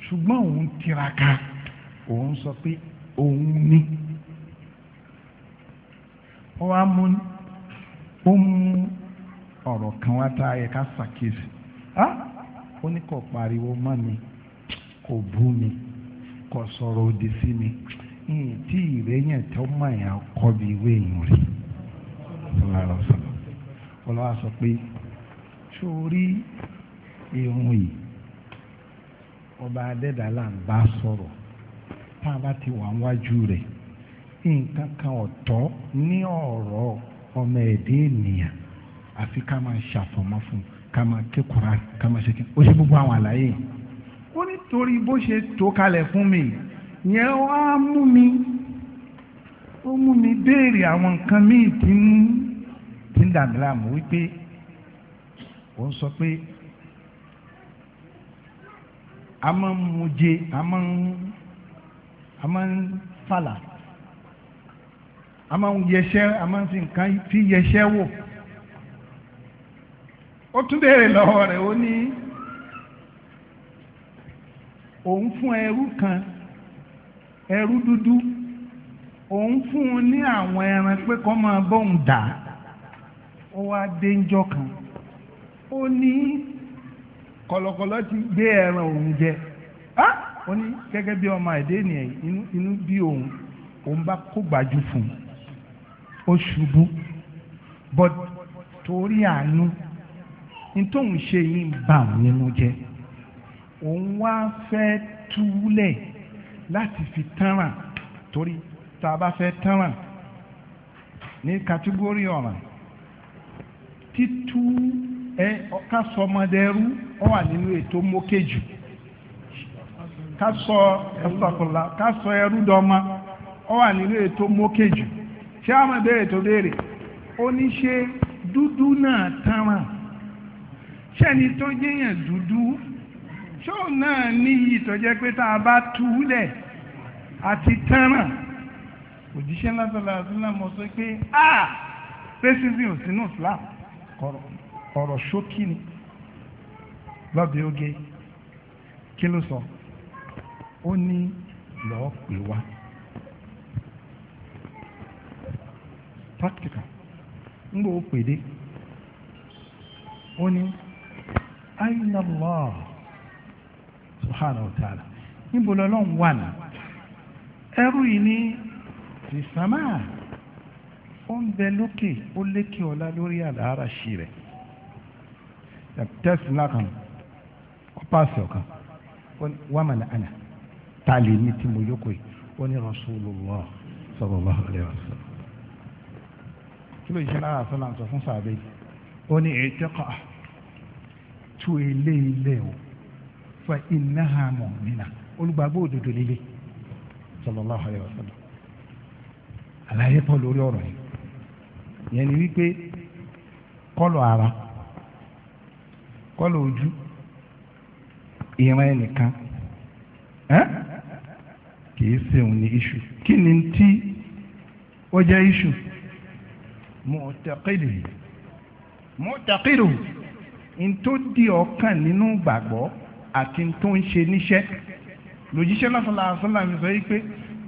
ṣùgbọ́n òun tiraka òun sọ pé òun ní ó wá mú ó mú ọ̀rọ̀ kan wá tá a yẹ ká ṣàkíyèsí ah! ó ní kò pariwo mọ́ mi kò bú mi. kò sọ̀rọ̀ si sí mi yìí tí ìrẹ́yìn tó mọ̀ yà bí ìwé yìí rí ọlọ́wà sọ pé sórí irun ọba adẹ́dàlá ń bá sọ̀rọ̀ tá bá ti wà wájú rẹ̀ nǹkan kan ọ̀tọ̀ ní ọ̀rọ̀ ọmọ fún ká máa ká máa ṣe kí ó ṣe gbogbo ó nítorí bó ṣe tó kalẹ̀ fún mi yẹn wá mú mi ó mú mi béèrè àwọn nǹkan míì tí ń tí ń dàmí láàmú wípé ó ń sọ pé a máa ń mu je a máa ń a máa ń fàlà a máa ń yẹsẹ́ a máa ń fi nǹkan fi yẹsẹ́ wò ó tún béèrè lọ́wọ́ rẹ̀ ó ní. òun fún ẹrú kan ẹrú dúdú òun fún un ní àwọn ẹran pé kọ́ máa bóun dà ó wá dé ńjọ́ kan ó ní kọlọkọlọ ti gbé ẹran òun jẹ ó ní gẹ́gẹ́ bí ọmọ ẹ̀dẹ́ ènìyàn inú bí òun òun bá kó gbájú fún un ó ṣubú but torí àánú ní tóun ṣe yìí ń bà òun nínú jẹ́. òun wá fẹ́ túlẹ̀ fi tánràn torí tá a bá fẹ́ tánràn ní kàtígórì ọ̀ràn títú ẹ ká sọ ọmọdé ẹrú ọ wà nínú ètò mókè ká sọ ẹsọkùnlá ká sọ ọ wà nínú ètò ṣé àwọn ìbéèrè ṣó náà níyì tó jẹ́ pé tá a bá túlẹ̀ àti tẹ́ràn òjíṣẹ́ lásọ̀lá àdúrà mọ̀ sọ pé a racism ò sínú Islam ọ̀rọ̀ ṣókí ni lọ́bẹ̀ oge kí ló sọ ó ní lọ́ọ́ pè wá practical ń gbọ́ ó ó ní aina subhanahu wa ta'ala níbo lọ́lọ́run wà ní ẹrú yìí ní ìsàmà ó ń bẹ lókè ó lékè ọ̀la lórí àlàárà sí rẹ̀ tẹ́sí ńlá kan ó pàṣẹ ọ̀kan wàmà ní àná ta lè ní tí mo yókò yìí ó ní rasulullah sallallahu alaihi wasallam kí ló yẹ lára sọ́nà sọ fún sàbẹ̀ yìí ó ní ètò kan tu ilé ilé o. fa innaha mu'mina olùgbàgbọ́ òdodo líle sallallahu alayhi wa àlàyé pọ̀ lórí ọ̀rọ̀ yìí yẹn ni wípé kọ́lọ̀ ara kọ́lọ̀ ojú ìran ẹnìkan kìí sèun ní iṣu kí ni tí ó jẹ́ iṣu mọ̀tàkìlì mọ̀tàkìlì ntó di ọ̀kan nínú gbàgbọ́. àti tó ń ṣe níṣẹ́ lòjíṣẹ́ náà sọ̀rọ̀ mi sọ wípé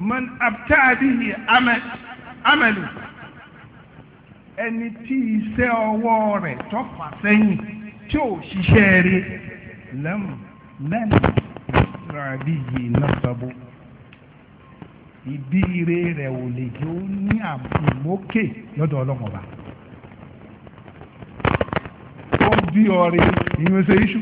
man abtadihi amẹ́lù ẹni tí iṣẹ́ ọwọ́ rẹ̀ tọ́fà sẹ́yìn tí ò ṣiṣẹ́ rí lẹ́mù lẹ́nu ràbíyì nasabu ìdí ire rẹ̀ ò lè jẹ́ ó ní àbùmókè lọ́dọ̀ ọlọ́run ọba ó bí ọrẹ ìyẹn ṣe iṣu.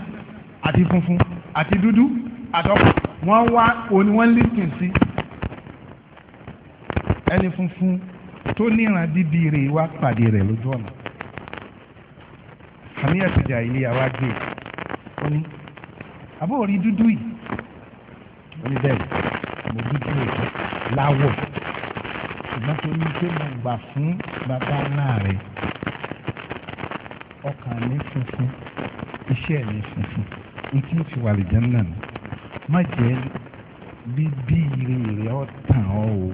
àti funfun àti dúdú àtọ́kù wọ́n wá òní wọ́n listen sí ẹni funfun tó níran dídì rè wá pàdé rẹ̀ lójú ọ̀nà àmì ẹ̀sìnjà ilé àwa gbé ó ní àbúrò rí dúdú yìí ó ní bẹ́ẹ̀ mo dúdú rẹ̀ láwọ̀ ṣùgbọ́n tó ní pé mo gbà fún bàbá náà rẹ̀ ọkàn mi funfun iṣẹ́ mi funfun ìtí ti wà lè jẹun náà má jẹ́ bí bí ire rẹ̀ ọ̀ tàn o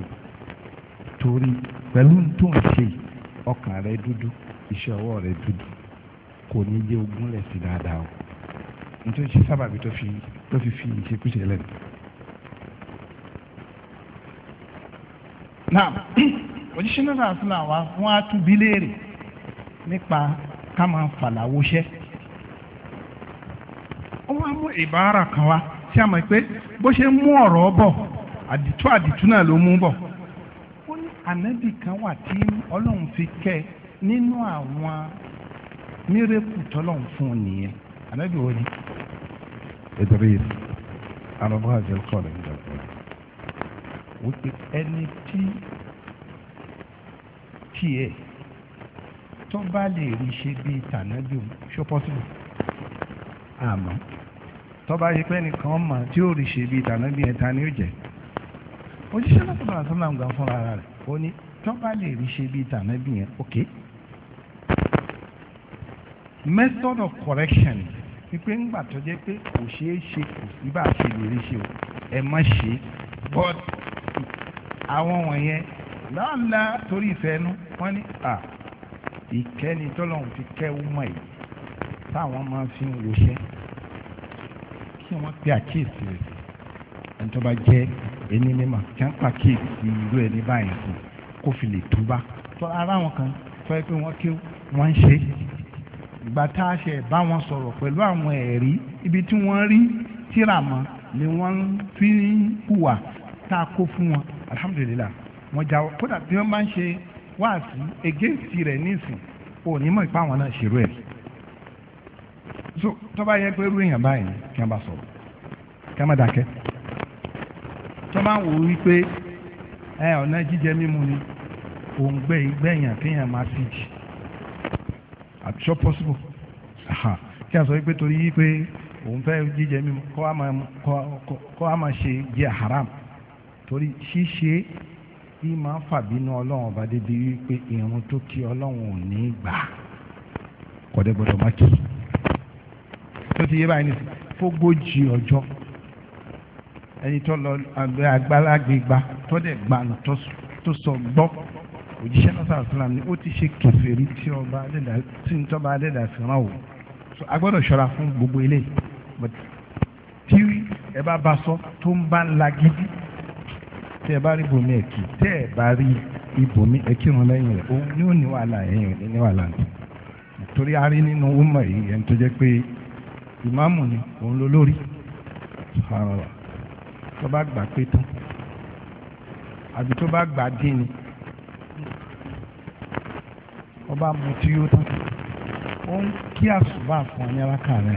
torí pẹ̀lú tó ń ṣe ọkàn rẹ̀ dúdú iṣẹ́ ọwọ́ rẹ̀ dúdú kò ní jẹ́ ogún lẹ̀ sí dáadáa o nítorí ṣe sábàbí tó fi tó fi fi ìṣekúṣe lẹ̀. náà òjíṣẹ́ náà sàásùn náà wá wọ́n á tún bí léèrè nípa ká máa fàlàwọ́ ìbára kan wá tí a mọ̀ pé bó ṣe ń mú ọ̀rọ̀ bọ̀ àdìtú àdìtú náà ló mú bọ̀ ó ní ànábì kan wà tí ọlọ́run fi kẹ́ nínú àwọn mírèkù tọ́lọ́run fún un nìyẹn ànábì wo ni. Idris arọ́bọ́ àjẹkọ́ rẹ̀ ń dàgbà wípé ẹni tí tiẹ̀ tó bá lè rí ṣe bíi tànájú ṣó pọ́sibú àmọ́ tọ́ba yìí pé nìkan mà tí ó rí ṣe bíi tànà bíi ẹ̀ta ni ó jẹ́ òjíṣẹ́ náà sọ̀rọ̀ àtúnlá nǹkan fúnra rẹ̀ ó ní tọ́ba lè rí ṣe bíi tànà bíi yẹn ok method of correction wípé ńgbà tó jẹ́ pé kò ṣeé ṣe kò sí bá a ṣe lè rí ṣe o ẹ má ṣe but àwọn wọ̀nyẹn lọ́la torí ìfẹ́ nu wọ́n ní à ìkẹ́ni tọ́lọ́hún fi kẹ́ wúmọ̀ yìí táwọn máa fi ń woṣẹ́ kí wọ́n pe àkíyèsí rẹ̀ ẹni tó bá jẹ́ ẹni mímọ̀ kí wọ́n pa àkíyèsí irú ẹni báyìí fún kó fi lè túbá tó ara wọn kan tó yẹ pé wọ́n ké wọ́n ń ṣe ìgbà tá a ṣe bá wọn sọ̀rọ̀ pẹ̀lú àwọn ẹ̀rí ibi tí wọ́n rí tíra ni wọ́n fi ń hùwà tá a kó fún wọn alhamdulilayi wọ́n jáwọ́ kódà bí wọ́n bá ń ṣe wáàsí egéǹsì rẹ̀ nísìn òní mọ̀ ìpá àwọn náà ṣèrú ẹ̀ tó bá yẹ pé irú èèyàn báyìí kí wọ́n bá sọ̀rọ̀ kí wọ́n má dákẹ́ tó máa wò wípé ẹ ọ̀nà jíjẹ mímu ni òun gbẹ ìgbẹ́yàn kéèyàn máa fi jì àtúnṣe possible kí a sọ wípé torí wípé òun fẹ́ jíjẹ mímu kọ́ a máa ṣe jẹ haram torí ṣíṣe yìí máa ń fàbínú ọlọ́run ọba débi wípé irun tó kí ọlọ́run ò ní gbà kọ́dẹ́ má kí tó ti yé báyìí nìsí fógójì ọjọ́ ẹni tó lọ agbálagbègbà tó dẹ̀ gbanà tó sọ gbọ́ òjíṣẹ́ náà sàlám ni ó ti ṣe kẹfẹ́rí tí ọba adẹ́dà tí ń tọ́ba adẹ́dà fìràn o so a gbọ́dọ̀ ṣọ́ra fún gbogbo eléyìí but tí ẹ bá ba sọ tó ń bá ń la gidi tẹ ẹ bá rí ibòmí ẹkì tẹ ẹ bá rí ibòmí ẹkì ràn lẹ́yìn rẹ̀ òun ni ó ní wàhálà ẹ̀yìn ní wàhálà nù a rí nínú ọmọ yìí ẹni tó jẹ́ pé ìmáàmù ni òun ló lórí subhanallah tó bá gbà pé tán àbí tó bá gbà dín ni ọba mu tí yóò tán ó ń kí àsùbà fún ọ ní alákàrẹ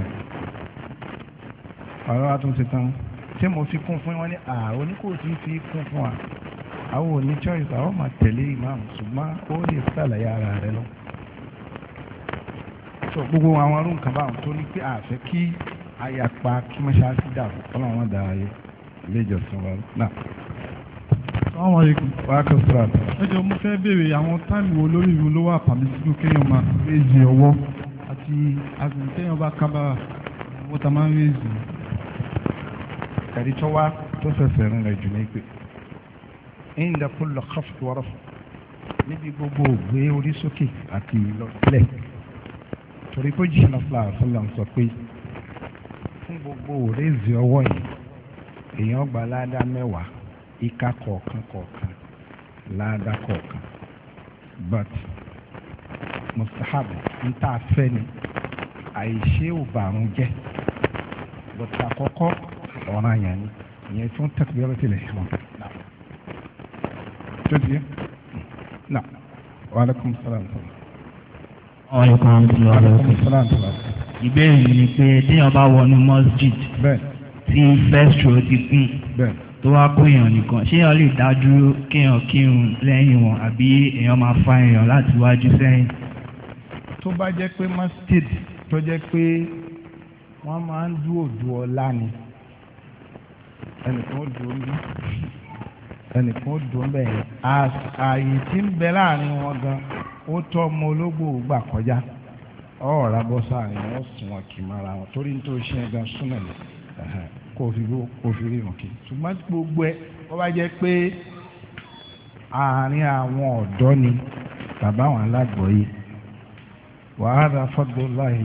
ọ̀rọ̀ àtúntì tán ṣé mo fi kún fún wọn ní àwọn oníkóòtù fi kún fún wa àwọn ò àwọn máa tẹ̀lé ìmáàmù ṣùgbọ́n ó lè ṣàlàyé ara rẹ lọ sọ gbogbo àwọn arúgbó kan báwọn tó ní pé àfẹ́ kí àyàpá kí mọ́ṣáláṣí dàrú ọlọ́run wọn dàrá yẹ ilé ìjọsìn wa náà. Assalamu alaikum. wákò sọ̀rọ̀ àtọ̀. ẹ jọ mo fẹ́ béèrè àwọn táìmù olórí ìlú ló wà pàmì sínú kéèyàn máa rézì ọwọ́ àti àgùn kéèyàn bá kábàrà owó tá a máa ń rézì. kàdí tó wá tó fẹsẹ̀ rìn rẹ̀ jù ní pé ń dàpọ̀ lọ́kàfù wọ́rọ̀ níbi gbogbo ògbé orí sókè àti ìlọlẹ̀ torí pé jíṣẹ́ náà fúlà fúlà ń sọ pé fún gbogbo òrèzì ọwọ́ yìí èèyàn gba ládàá mẹ́wàá ìka kọ̀ọ̀kan kọ̀ọ̀kan ládàá kọ̀ọ̀kan but mustahab ń tà fẹ́ ni àìṣe ò bàrún jẹ́ but àkọ́kọ́ ọ̀ràn yẹn ni ìyẹn tún tẹ̀síwájú tilẹ̀ hàn. tó di yẹ? na wàhálà kùmù sàlámù ọ̀rẹ́kan tó lọ rẹ̀ ìbéèrè mi ni pé téèyàn bá wọnú masjid tí first row ti kún tó wá kó èèyàn nìkan ṣé èèyàn lè dádúró kéèyàn kírun lẹ́yìn wọn àbí èèyàn máa fa èèyàn láti wájú sẹ́yìn. tó bá jẹ́ pé masjid tó jẹ́ pé wọ́n máa ń dúró du ọlá ni ẹnìkan ó dúró ní ẹnìkan ó dúró bẹ́ẹ̀ ààyè tí ń bẹ láàrin wọn gan-an ó tọ́ ọmọ ológbò gbà kọjá ọ̀ọ́ra bọ́ sáàrin wọn sùn wọn kì í mara wọn torí ní tó ṣe é gan súnmọ̀ ní kò fi kò fi rí wọn kì ṣùgbọ́n gbogbo ẹ wọ́n bá jẹ́ pé àárín àwọn ọ̀dọ́ ni bàbá àwọn alágbọ̀ọ́yé wàhálà fọdúláì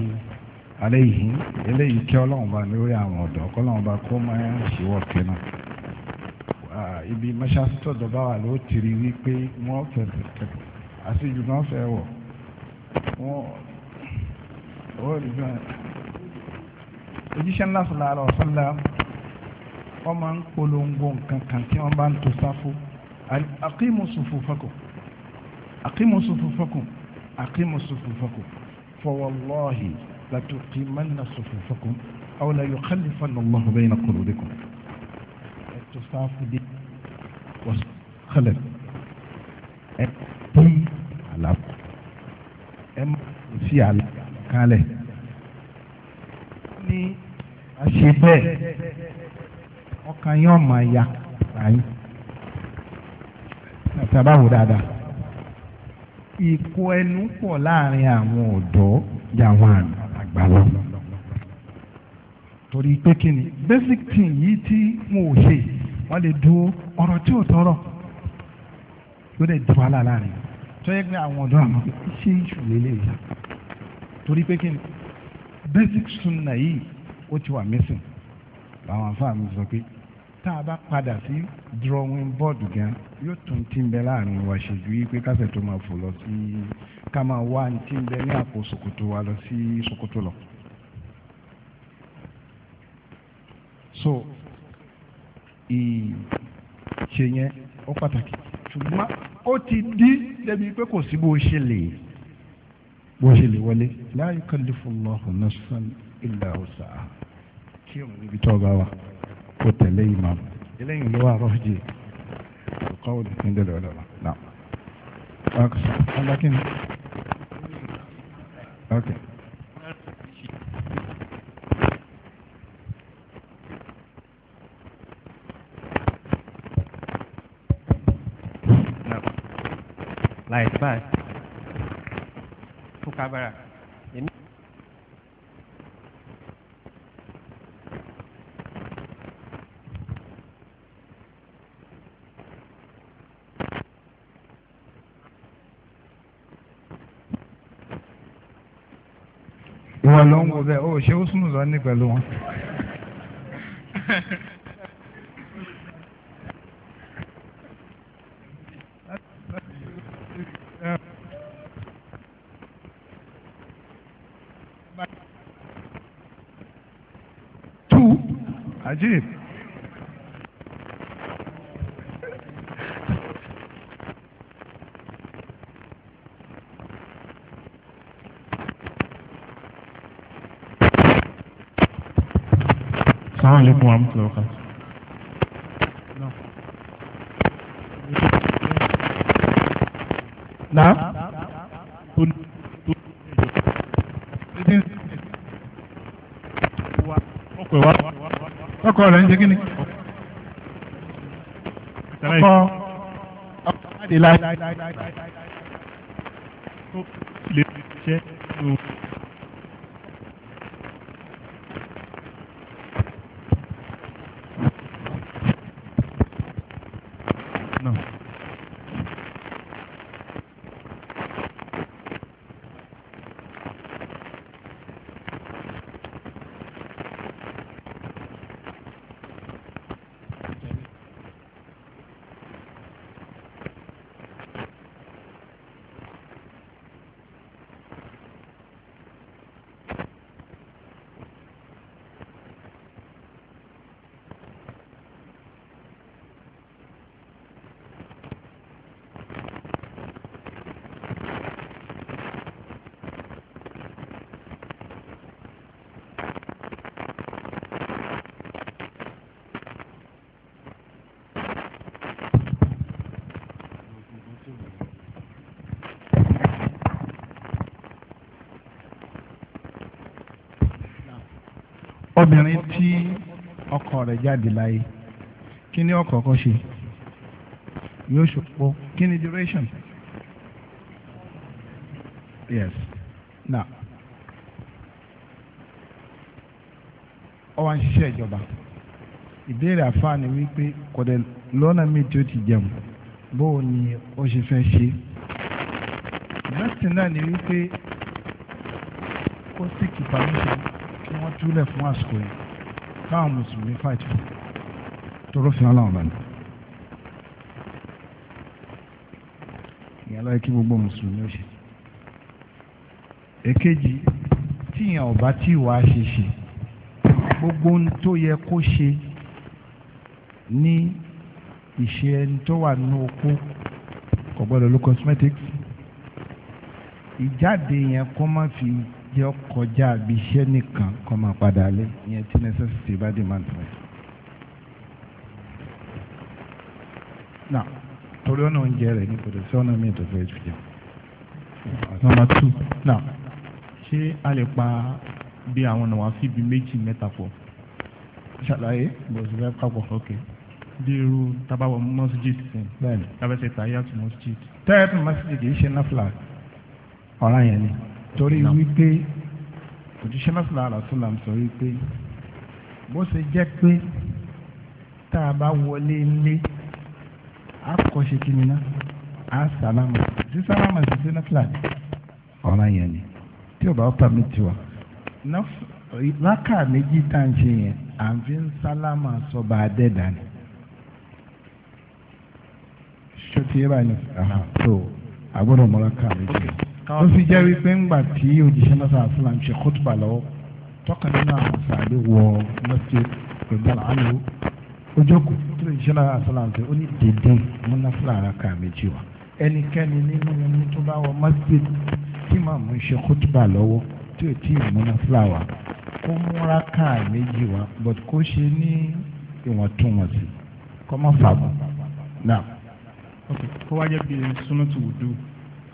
aléyìí eléyìí kí ọlọ́run bá lórí àwọn ọ̀dọ́ kọ́lọ́run bá kó máa ń ṣíwọ́ kẹ́nà ibi mọ́ṣáláṣí tọ̀dọ̀ bá wà ló tiri wípé wọ́n fẹ̀rẹ̀ kẹ̀kẹ́ àṣejù kan fẹ́ wọ̀ wọ́n ọwọ́ rí gan ojúṣe ńlá sọ̀rọ̀ àlọ́ sọ́lá wọ́n máa ń polongo nǹkan kan tí wọ́n bá ń to sáfó àkímù sùfùfakùn àkímù sùfùfakùn àkímù sùfùfakùn fọwọ́lọ́hì látòkìmánà sùfùfakùn àwọn ayọ̀kálẹ̀ fanàlọ́hùn bẹ́ẹ̀ ní kòlódé kan ẹ̀ to sáfó dé wọ́n kálẹ̀ ẹ bí àlàfo ẹ má fi àlàfo kalẹ̀ ní àṣẹ bẹ́ẹ̀ ọkàn yóò máa ya àyè tàbáwò dáadáa ìkó ẹnu pọ̀ láàrin àwọn ọ̀dọ́ yàwọn àgbà lọ torí pé kí ni basic thing yìí tí wọn ò ṣe wọn lè dúró ọ̀rọ̀ tí ò tọrọ yóò dẹ̀ di wàhálà láàrin tó yẹ pé àwọn ọ̀dọ́ àmọ́ ṣé ìṣù lélẹ̀ yìí torí pé kí ni basic sunna yìí ó ti wà missing làwọn afáàmì sọ pé tá a bá padà sí drawing board gan yóò tún ti ń bẹ láàrin wa ṣe ju pé kásẹ̀ tó máa fò lọ sí ká máa wá ní ti ń bẹ ní àpò ṣòkòtò wa lọ sí ṣòkòtò lọ. so ìṣe yẹn ó pàtàkì ṣùgbọ́n ó ti dí débi pé kò sí bó ṣe lè bó ṣe lè wọlé la yukallifullahu nafsan illa wus'aha kí òun níbi tó bá wà kó tẹ̀lé ìmọ̀ eléyìí ló wà rọ́ọ̀jì ọ̀kọ́wò ní dẹ̀lẹ̀ ọ̀dọ̀ náà. ok. like that fún kábàrà. ìwọ ló ń wo bẹ́ẹ̀ oh, ó ṣe ó súnmù lọ ní pẹ̀lú wọn. warahmatullahi wabarakatuh. Now? ọkọ rẹ̀ ń ṣe kí ni. ọkọ ọkọ adìlá. obìnrin tí ọkọ rẹ̀ jáde láyé kí ni ọkọ kọ́ ṣe yóò ṣòpọ̀ kí ni duration yes now ọ wá ń ṣiṣẹ́ ìjọba ìbéèrè àfáàní wípé kò lọ́nà mi tí ó ti jẹun bóò ni ó ṣe fẹ́ ṣe bẹ́sẹ̀ náà ni wípé kó sì kìpa níṣẹ́ tí wọ́n túlẹ̀ fún àsìkò yẹn káwọn mùsùlùmí fight fún tóró fi hàn láwọn bá ní. ìyẹn lọ́yẹ kí gbogbo mùsùlùmí ó ṣe. èkejì tíyẹn ọba tí wàá ṣe ṣe gbogbo ohun tó yẹ kó ṣe ní ìṣe ẹni tó wà nínú okó kò gbọ́dọ̀ lo cosmetics ìjáde yẹn kó má fi jẹ́ kọjá àbí iṣẹ́ nìkan kọ́ máa padà lé ìyẹn tí necessity bá demand rẹ̀. na torí ọ̀nà oúnjẹ rẹ̀ ní kòtò sí ọ̀nà míì tó fẹ́ jù jẹun. number two nà ṣé a lè pa bí àwọn ọ̀nà wá sí ibi méjì mẹ́ta pọ̀. ṣàlàyé bó ṣe fẹ́ papọ̀. ok bí irú tábàwọ̀ mọ́síjìd sí. bẹ́ẹ̀ni tábẹ́sẹ̀ tàyà tó mọ́síjìd. tẹ́ẹ̀tì kì í ṣe náfìlà ọ̀ràn yẹn ni torí wípé òjíṣẹ́ mẹ́sàlá àlàsílà sọ wípé bó ṣe jẹ́ pé tá a bá wọlé lé a kọ́ ṣe kí ni ná a sàlámà sí sàlámà sí sí náfìlà ni ọ̀ràn yẹn ni tí o bá pàmì tiwa lákà méjì tá à ń ṣe yẹn à ń fi ń sálámà sọba adẹ́dà ni ṣé tí yẹ bá yẹn so àgbọ̀dọ̀ mọ́ra ká méjì yẹn ló fi jẹ́ wípé ńgbà tí òjíṣẹ́ náà sàásùlà ń ṣe kótópà lọ́wọ́ tọ́kàn nínú àwọn sàádé wọ mọ́síd pẹ̀lú àánú ojókòó tó òjíṣẹ́ náà sàásùlà ń ṣe ó ní dèdè múnáfìlà ara kà méjì wá ẹnikẹ́ni nínú ẹni tó bá wọ mọ́síd tí màmú ń ṣe kótópà lọ́wọ́ tí ò tí ì múnáfìlà wá kó múra kà méjì wá bọ̀t kó ṣe ní ìwọ̀ntúnwọ̀nsì kọ́ mọ́ fàgùn náà. kó wá jẹ́ bí sunatu wudu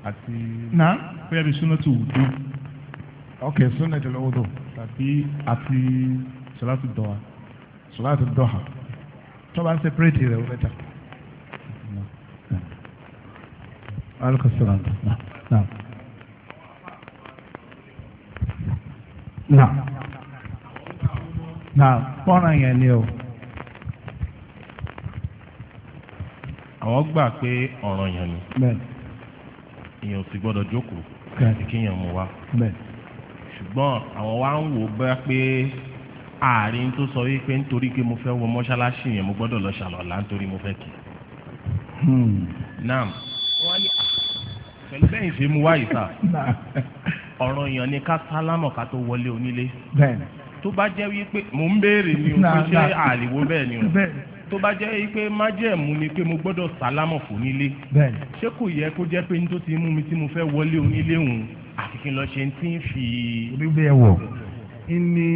àti. na. bóyá bí súnà ti wùdú. ok súnà ti lọ́wọ́dọ̀. tàbí àti sọláàtì dọ̀hà. sọláàtì dọ̀hà. tọ́ba ń sẹpẹ́rẹ́tì rẹ̀ wọ́n mẹ́ta. alukasalaam. naam. naam. naam. pọ́nrán yẹn ni o. àwọn gbà pé ọ̀rọ̀ yẹn ni èèyàn sì gbọ́dọ̀ jókòó àti kéèyàn mú wa ṣùgbọ́n àwọn wa ń wò bá pé ààrin tó sọ wípé nítorí pé mo fẹ́ wọ mọ́ṣáláṣí yẹn mo gbọ́dọ̀ lọ ṣàlọ́lá nítorí mo fẹ́ kí. Hmm. naam wọ́n ní pẹ̀lú bẹ́yìn ṣe mú wá yìí sá ọ̀rọ̀ èèyàn ni ká sálámọ̀ ká tó wọlé onílé tó bá jẹ́ wípé mò ń béèrè ni o pé ṣé àlìwo bẹ́ẹ̀ ni o tó bá jẹ́ pé májẹ̀mú ni pé mo gbọ́dọ̀ sálámọ̀ fún nílé ṣé kò yẹ kó jẹ́ pé ní tó ti mú mi tí mo fẹ́ wọlé onílé òun àti kí n lọ ṣe ti ń fi. gbígbé ẹ̀wọ̀ ní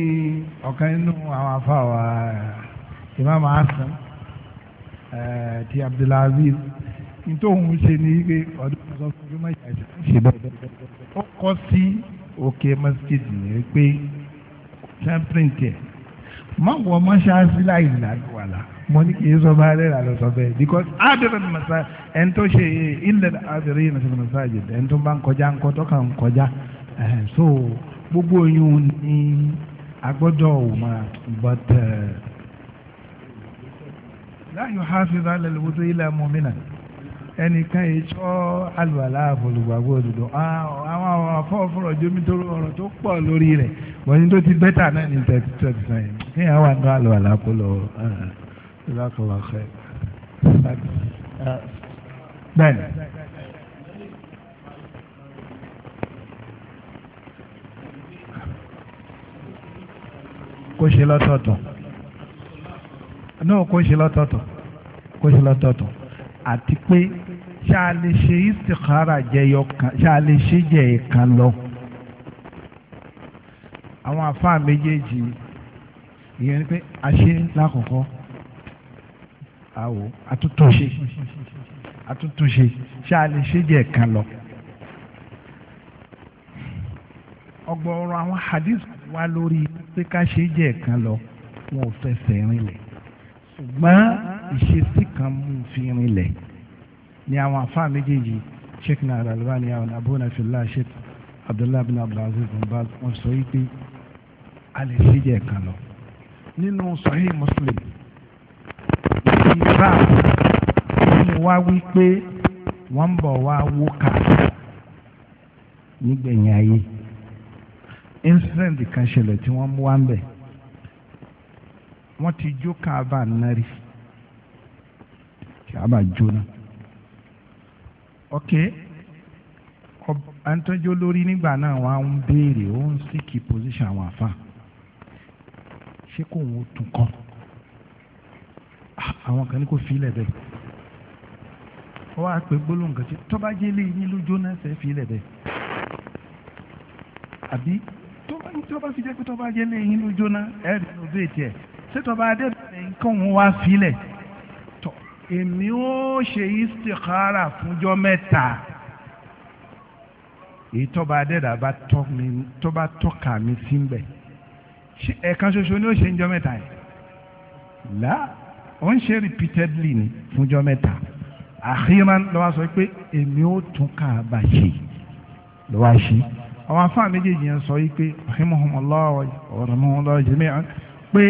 ọ̀kan nínú àwọn afáwà Imam Hasan eh, ti Abdulaziz nítòhún ṣe ní pé ọdún ọsọ fún ọdún mẹ́ta ìṣẹ̀lẹ̀ ṣe bẹ́ẹ̀ ó kọ́ sí òkè masjid ní pé tẹ́ḿpìrìntì mọ̀wọ́ mọ́ṣáláṣí láì lálùwàlà mo ní kì í sọ bá rẹ̀ lọ sọ bẹ́ẹ̀ because adìrẹ́ ní masa ẹni tó ṣe ilẹ̀ adìrẹ́ yìí ní masajid ẹni tó bá ń kọjá ń kọtọ́ kan kọjá so gbogbo oyún ni agbọ́dọ̀ wùmọ̀ but uh, láyò hafiz alẹ́ lóko tó ilẹ̀ mọ́mìnà ẹnìkan yìí tsọ́ alùwàlà àfọlùgbàgbọ́ òdodo àwọn afọ́fọ́rọ̀ jomitoro ọ̀rọ̀ tó pọ̀ lórí rẹ̀ wọ́n ní tó ti bẹ́tà náà ní thirty thirty nine kéèyàn wà nínú àlọ́ àlàkó lọ ìlàkọ̀wà fẹ́. bẹ́ẹ̀ni. kó ṣe lọ́tọ̀ọ̀tọ̀ náà kó ṣe lọ́tọ̀ọ̀tọ̀ kó ṣe lọ́tọ̀ọ̀tọ̀ àti pé ṣáà lè ṣe istikhara jẹyọ kan ṣáà lè ṣe jẹ ìkan lọ àwọn àfáà méjèèjì ìyẹn ni pé àṣe lákọ̀ọ́kọ́ àwò àtúntòṣe àtúntòṣe ṣá lè ṣe jẹ́ kan lọ. ọ̀gọ̀ọ̀rọ̀ àwọn hadith wá lórí pé ká ṣe jẹ́ kan lọ wọn ò fẹsẹ̀ rinlẹ̀ ṣùgbọ́n ìṣesí kan mú un fi rinlẹ̀ ni àwọn àfáà méjèèjì sheikh nahar albani àwọn abúnafillah sheikh abdullahi bin abdulaziz bin baz wọn sọ yìí pé a lè ṣe jẹ́ kan lọ nínú sahih muslim ti ram nínú wa wí pé wọ́n ń bọ̀ wá wó ká nígbẹ̀yìn ayé incident kan ṣẹlẹ̀ tí wọ́n mú wá ń bẹ̀ wọ́n ti jó káàbà nárí káàbà jóná ok ẹni tó jó lórí nígbà náà wọ́n á ń béèrè ó ń síkì position àwọn àfáà ṣé kò ń tún kọ́ ah, àwọn kan ní kò fi ilẹ̀ bẹ́ẹ̀ wọ́n á pè gbólóhùn kan tí tọ́ba jẹ́ lé yín ló jóná ṣe fi ilẹ̀ bẹ́ẹ̀ àbí tọ́ba ní tọ́ba fi jẹ́ pé tọ́ba jẹ́ lé yín ló jóná ẹ̀rí ló bẹ́ẹ̀ tiẹ̀ ṣé tọ́ba adébẹ̀rẹ̀ nǹkan òun wá fi tọ́ èmi ó ṣe istikhara fúnjọ́ mẹ́ta èyí tọ́ba adẹ́dàá bá tọ́ka mi sí mbẹ́ ẹ̀ẹ̀kan ṣoṣo ni ó ṣe ń jọ mẹ́ta yìí là ó ń ṣe repeatedly ni fún jọ mẹ́ta àhírán lọ́wọ́ sọ pé èmi ó tún káàbà ṣe lọ́wọ́ ṣe àwọn afáà méjèèjì yẹn sọ yìí pé rahimahumallah rahimahumallah jami'an pé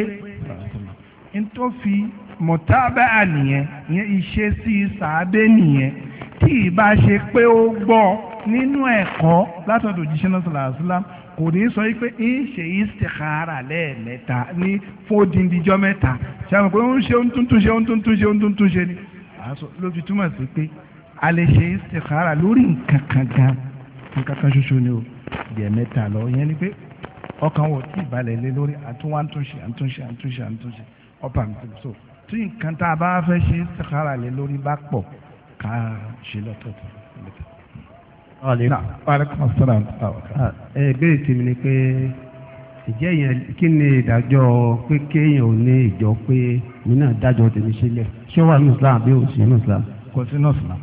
n tó fi mọ̀tábà nìyẹn ìyẹn ìṣesí sàábé nìyẹn tí ì bá ṣe pé ó gbọ́ nínú ẹ̀kọ́ látọ̀dọ̀ òjíṣẹ́ náà sọ̀rọ̀ àṣìlá kò ní sọ pé ń ṣe istikhara lẹ́ẹ̀mẹ́ta ní fódìndíjọ́ mẹ́ta ṣàmì pé ń ṣe ń tuntun ṣe ń tuntun ni ló fi túmọ̀ sí pé a lè ṣe istikhara lórí nǹkan kan gan nǹkan kan ṣoṣo ni o jẹ́ mẹ́ta lọ yẹn ni pé ọkàn wọ̀ tí ìbalẹ̀ lé lórí àtúwántúnṣe àtúnṣe àtúnṣe àtúnṣe ọ̀pá mi tó tí nǹkan tá a bá fẹ́ ṣe istikhara lé lórí bá pọ̀ ká ṣe lọ́tọ̀ọ̀tọ̀ Ah, ẹgbẹ́ ìtìmí ni pé ìjẹ́ yẹn kí ni ìdájọ́ pé kéèyàn ò ní ìjọ pé mi náà dájọ́ tèmi sílẹ̀ ṣé wà ní Islam bí òsì ní Islam. kò sínú Islam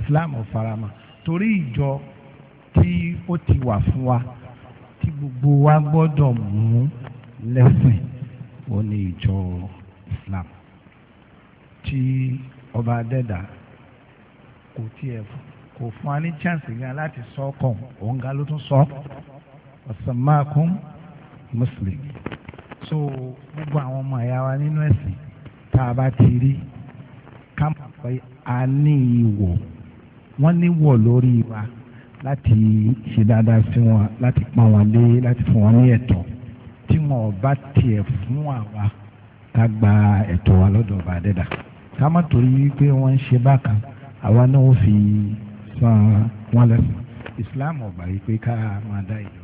Islam ò farama torí ìjọ tí ó ti wà fún wa tí gbogbo wa gbọ́dọ̀ mú lẹ́sìn ó ní ìjọ Islam tí ọba adẹ́dà kò tiẹ̀ fún kò fún wa chance gan láti sọ kàn òun gan ló tún sọ ọ̀sánmákùn muslim so gbogbo àwọn ọmọ ẹ̀yà wa nínú ẹ̀sìn tá a bá ti rí ká mọ̀ pé a ní ìwọ̀ wọ́n ní wọ̀ lórí wa láti ṣe dáadáa sí wọn láti pọ́n wọn lé láti fún wọn ní ẹ̀tọ́ tí wọn bá tiẹ̀ fún àwa ká gba ẹ̀tọ́ wa lọ́dọ̀ ọba ká má torí wípé wọ́n ń ṣe bákan àwa náà ó fi san wọn lẹ́sìn islam ọ̀gbà yìí pé ká máa dá ìjọ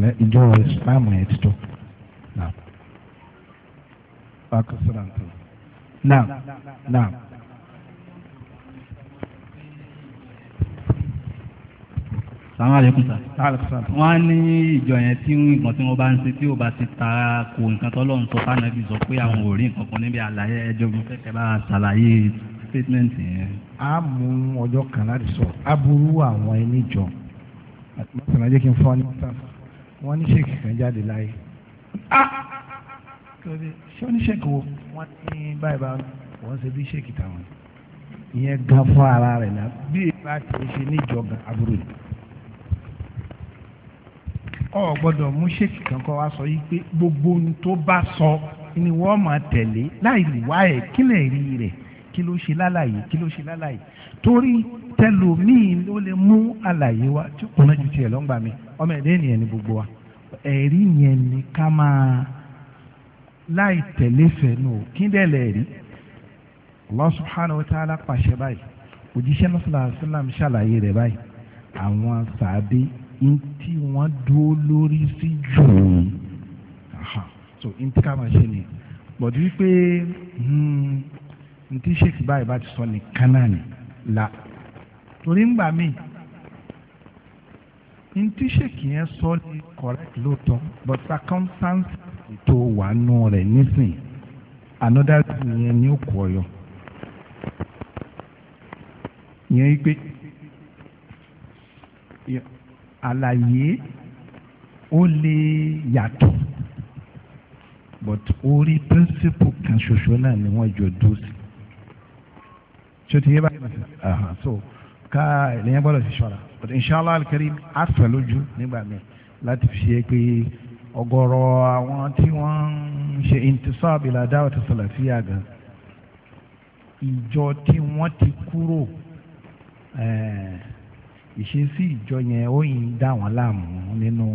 rẹ̀ ìjọ islam yẹn ti tó. Naam. Naam. sàmà àlékún sà. wọ́n á ní ìjọ yẹn tí nǹkan tí wọ́n bá ń ṣe tí ó bá ti ta ko nǹkan tọ́lọ́run sọ fánàbí sọ pé àwọn ò rí nǹkan kan níbi àlàyé ẹjọ́ mi fẹ́ kẹ́ bá ṣàlàyé statement yẹn. a mú ọjọ́ kan láti sọ aburú àwọn ẹni jọ mọ̀sánà jẹ́ kí n fọ́ ní wọ́n ní ṣèkì kan jáde láyé. ṣé wọ́n ní ṣèkì wo wọ́n ní báyìí báyìí wọ́n ṣe bí ṣèkì táwọn ìyẹn gan fún ara rẹ̀ náà bí èyí bá ti ṣe níjọ gan aburú yìí ọ gbọ́dọ̀ mú ṣèkì kankan wá sọ yìí pé gbogbo ohun tó bá sọ ni wọ́n máa tẹ̀lé láì wá ẹ kílẹ̀ rí rẹ̀ kí ló ṣe lálàyé kí ló ṣe lálàyé torí tẹlòmíín ló lè mú àlàyé wa tí kò náà ju tiẹ̀ lọ́ngbà mi ọmọ ẹ̀dẹ́ ènìyàn ni gbogbo wa ẹ̀rí yẹn ni ká máa láì tẹ̀lé fẹ̀nu o kí dẹ̀ lẹ̀ rí Allah subhanahu wa ta'ala pàṣẹ báyìí òjíṣẹ́ náà sàlám ṣàlàyé rẹ̀ báyìí àwọn sàbí ntí wọ́n dúró lórí sí jù ú so ntí ká máa ṣe nìyẹn bọ̀dú wípé. Hmm, ntí sèkì báyìí bá ti sọ nìkan náà la torí ńgbà mí ntí sèkì yẹn sọ ní correct lóòótọ́ but circumstance ètò wàánu rẹ̀ nísìnyí another thing yẹn ni ó kọ ọyọ yẹn yí pé àlàyé ó lè yàtọ̀ but orí principle kan ṣoṣo náà ni wọ́n jọ dúró sí tí ó ti yé báyìí mẹ́sàn-án so ká ìlẹ́yìn gbọ́dọ̀ sí ṣọ́ra but inshallah alkarim á fẹ́ lójú nígbà míì láti fi ṣe pé ọ̀gọ̀rọ̀ àwọn tí wọ́n ń ṣe intisab ila da'wat salafiyya gan ìjọ tí wọ́n ti kúrò eh, ìṣesí ìjọ yẹn ó yìn dá wọn láàmú nínú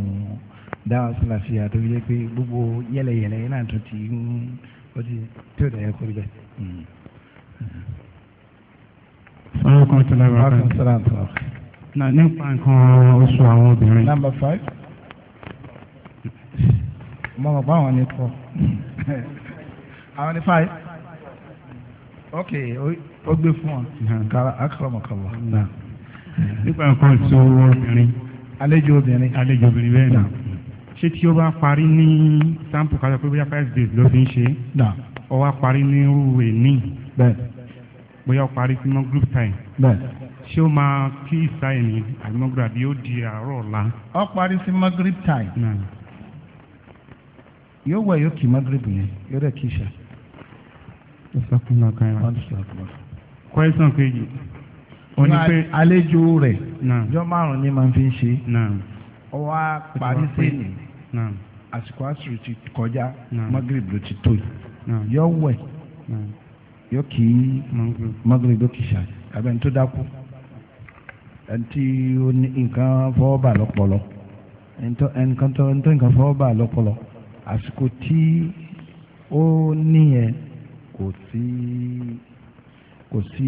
da'wat salafiyya tó fi jẹ́ pé gbogbo yẹlẹyẹlẹ yẹn náà tó ti ń tí ò dẹ̀ yẹ kó rí bẹ́ẹ̀. Hmm. Hmm. Ọlọ́kan tí lára rẹ̀. Ọlọ́kan tí lára rẹ̀. Na oṣù àwọn obìnrin. Number five. Mo mọ̀ pé àwọn ni four. Àwọn ni five. Ok, ó gbé fún wa. Kàrà akọ̀rọ̀mọ̀kọ̀rọ̀. Nípa nǹkan oṣù obìnrin. Àlejò obìnrin. Àlejò obìnrin bẹ́ẹ̀ náà ṣé tí ó bá parí ní sample kájọ pé bóyá five days ló fi ń ṣe ó wá parí ní rúwe ní bóyá ó parí sí mọ́ group time. bẹ́ẹ̀ ṣé ó máa kí ìsáyìn ní àgbọ̀ngbà bí ó di àárọ̀ ọla? ó parí sí magrib time. yóò wẹ̀ yóò kí magrib yẹn yóò dẹ̀ kí ìṣá. ó kan yàrá. question kejì. márùn ni màá fi ń ṣe. ó wá parí sí àsìkò àsìrò ti kọjá magrib ló ti tó yìí. yóò yóò kí magrib yóò kì í ṣá àbẹ̀ ní tó dákú ẹni tí ó ní nǹkan fọwọ́ bà lọ́pọ̀lọ́ ẹni tó nǹkan fọwọ́ bà lọ́pọ̀lọ́ àsìkò tí ó níyẹn kò sí kò sí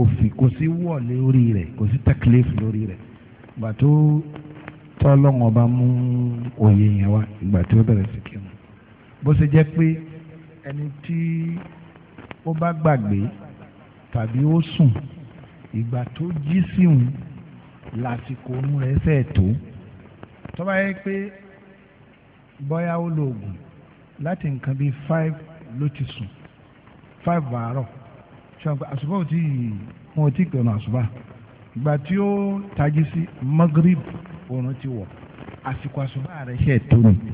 òfin kò sí wọ̀ lórí rẹ̀ kò sí taklif lórí rẹ̀ ìgbà tó tọ́lọ́wọ́n bá mú òye yẹn wá ìgbà tó bẹ̀rẹ̀ sí kí n bó ṣe jẹ́ pé ẹni tí ó bá gbàgbé tàbí ó sùn ìgbà tó jí síhun lásìkò òun rẹ̀ ṣe tó tó bá yẹ pé bóyá ó lo oògùn láti nǹkan bíi five ló ti sùn five àárọ̀ ṣùgbọ́n àṣùbà ò tí wọn ò tí pẹ̀lú àṣùbà ìgbà tí ó tají sí magrib oòrùn ti wọ̀ àsìkò àṣùbà rẹ̀ ṣe tó ni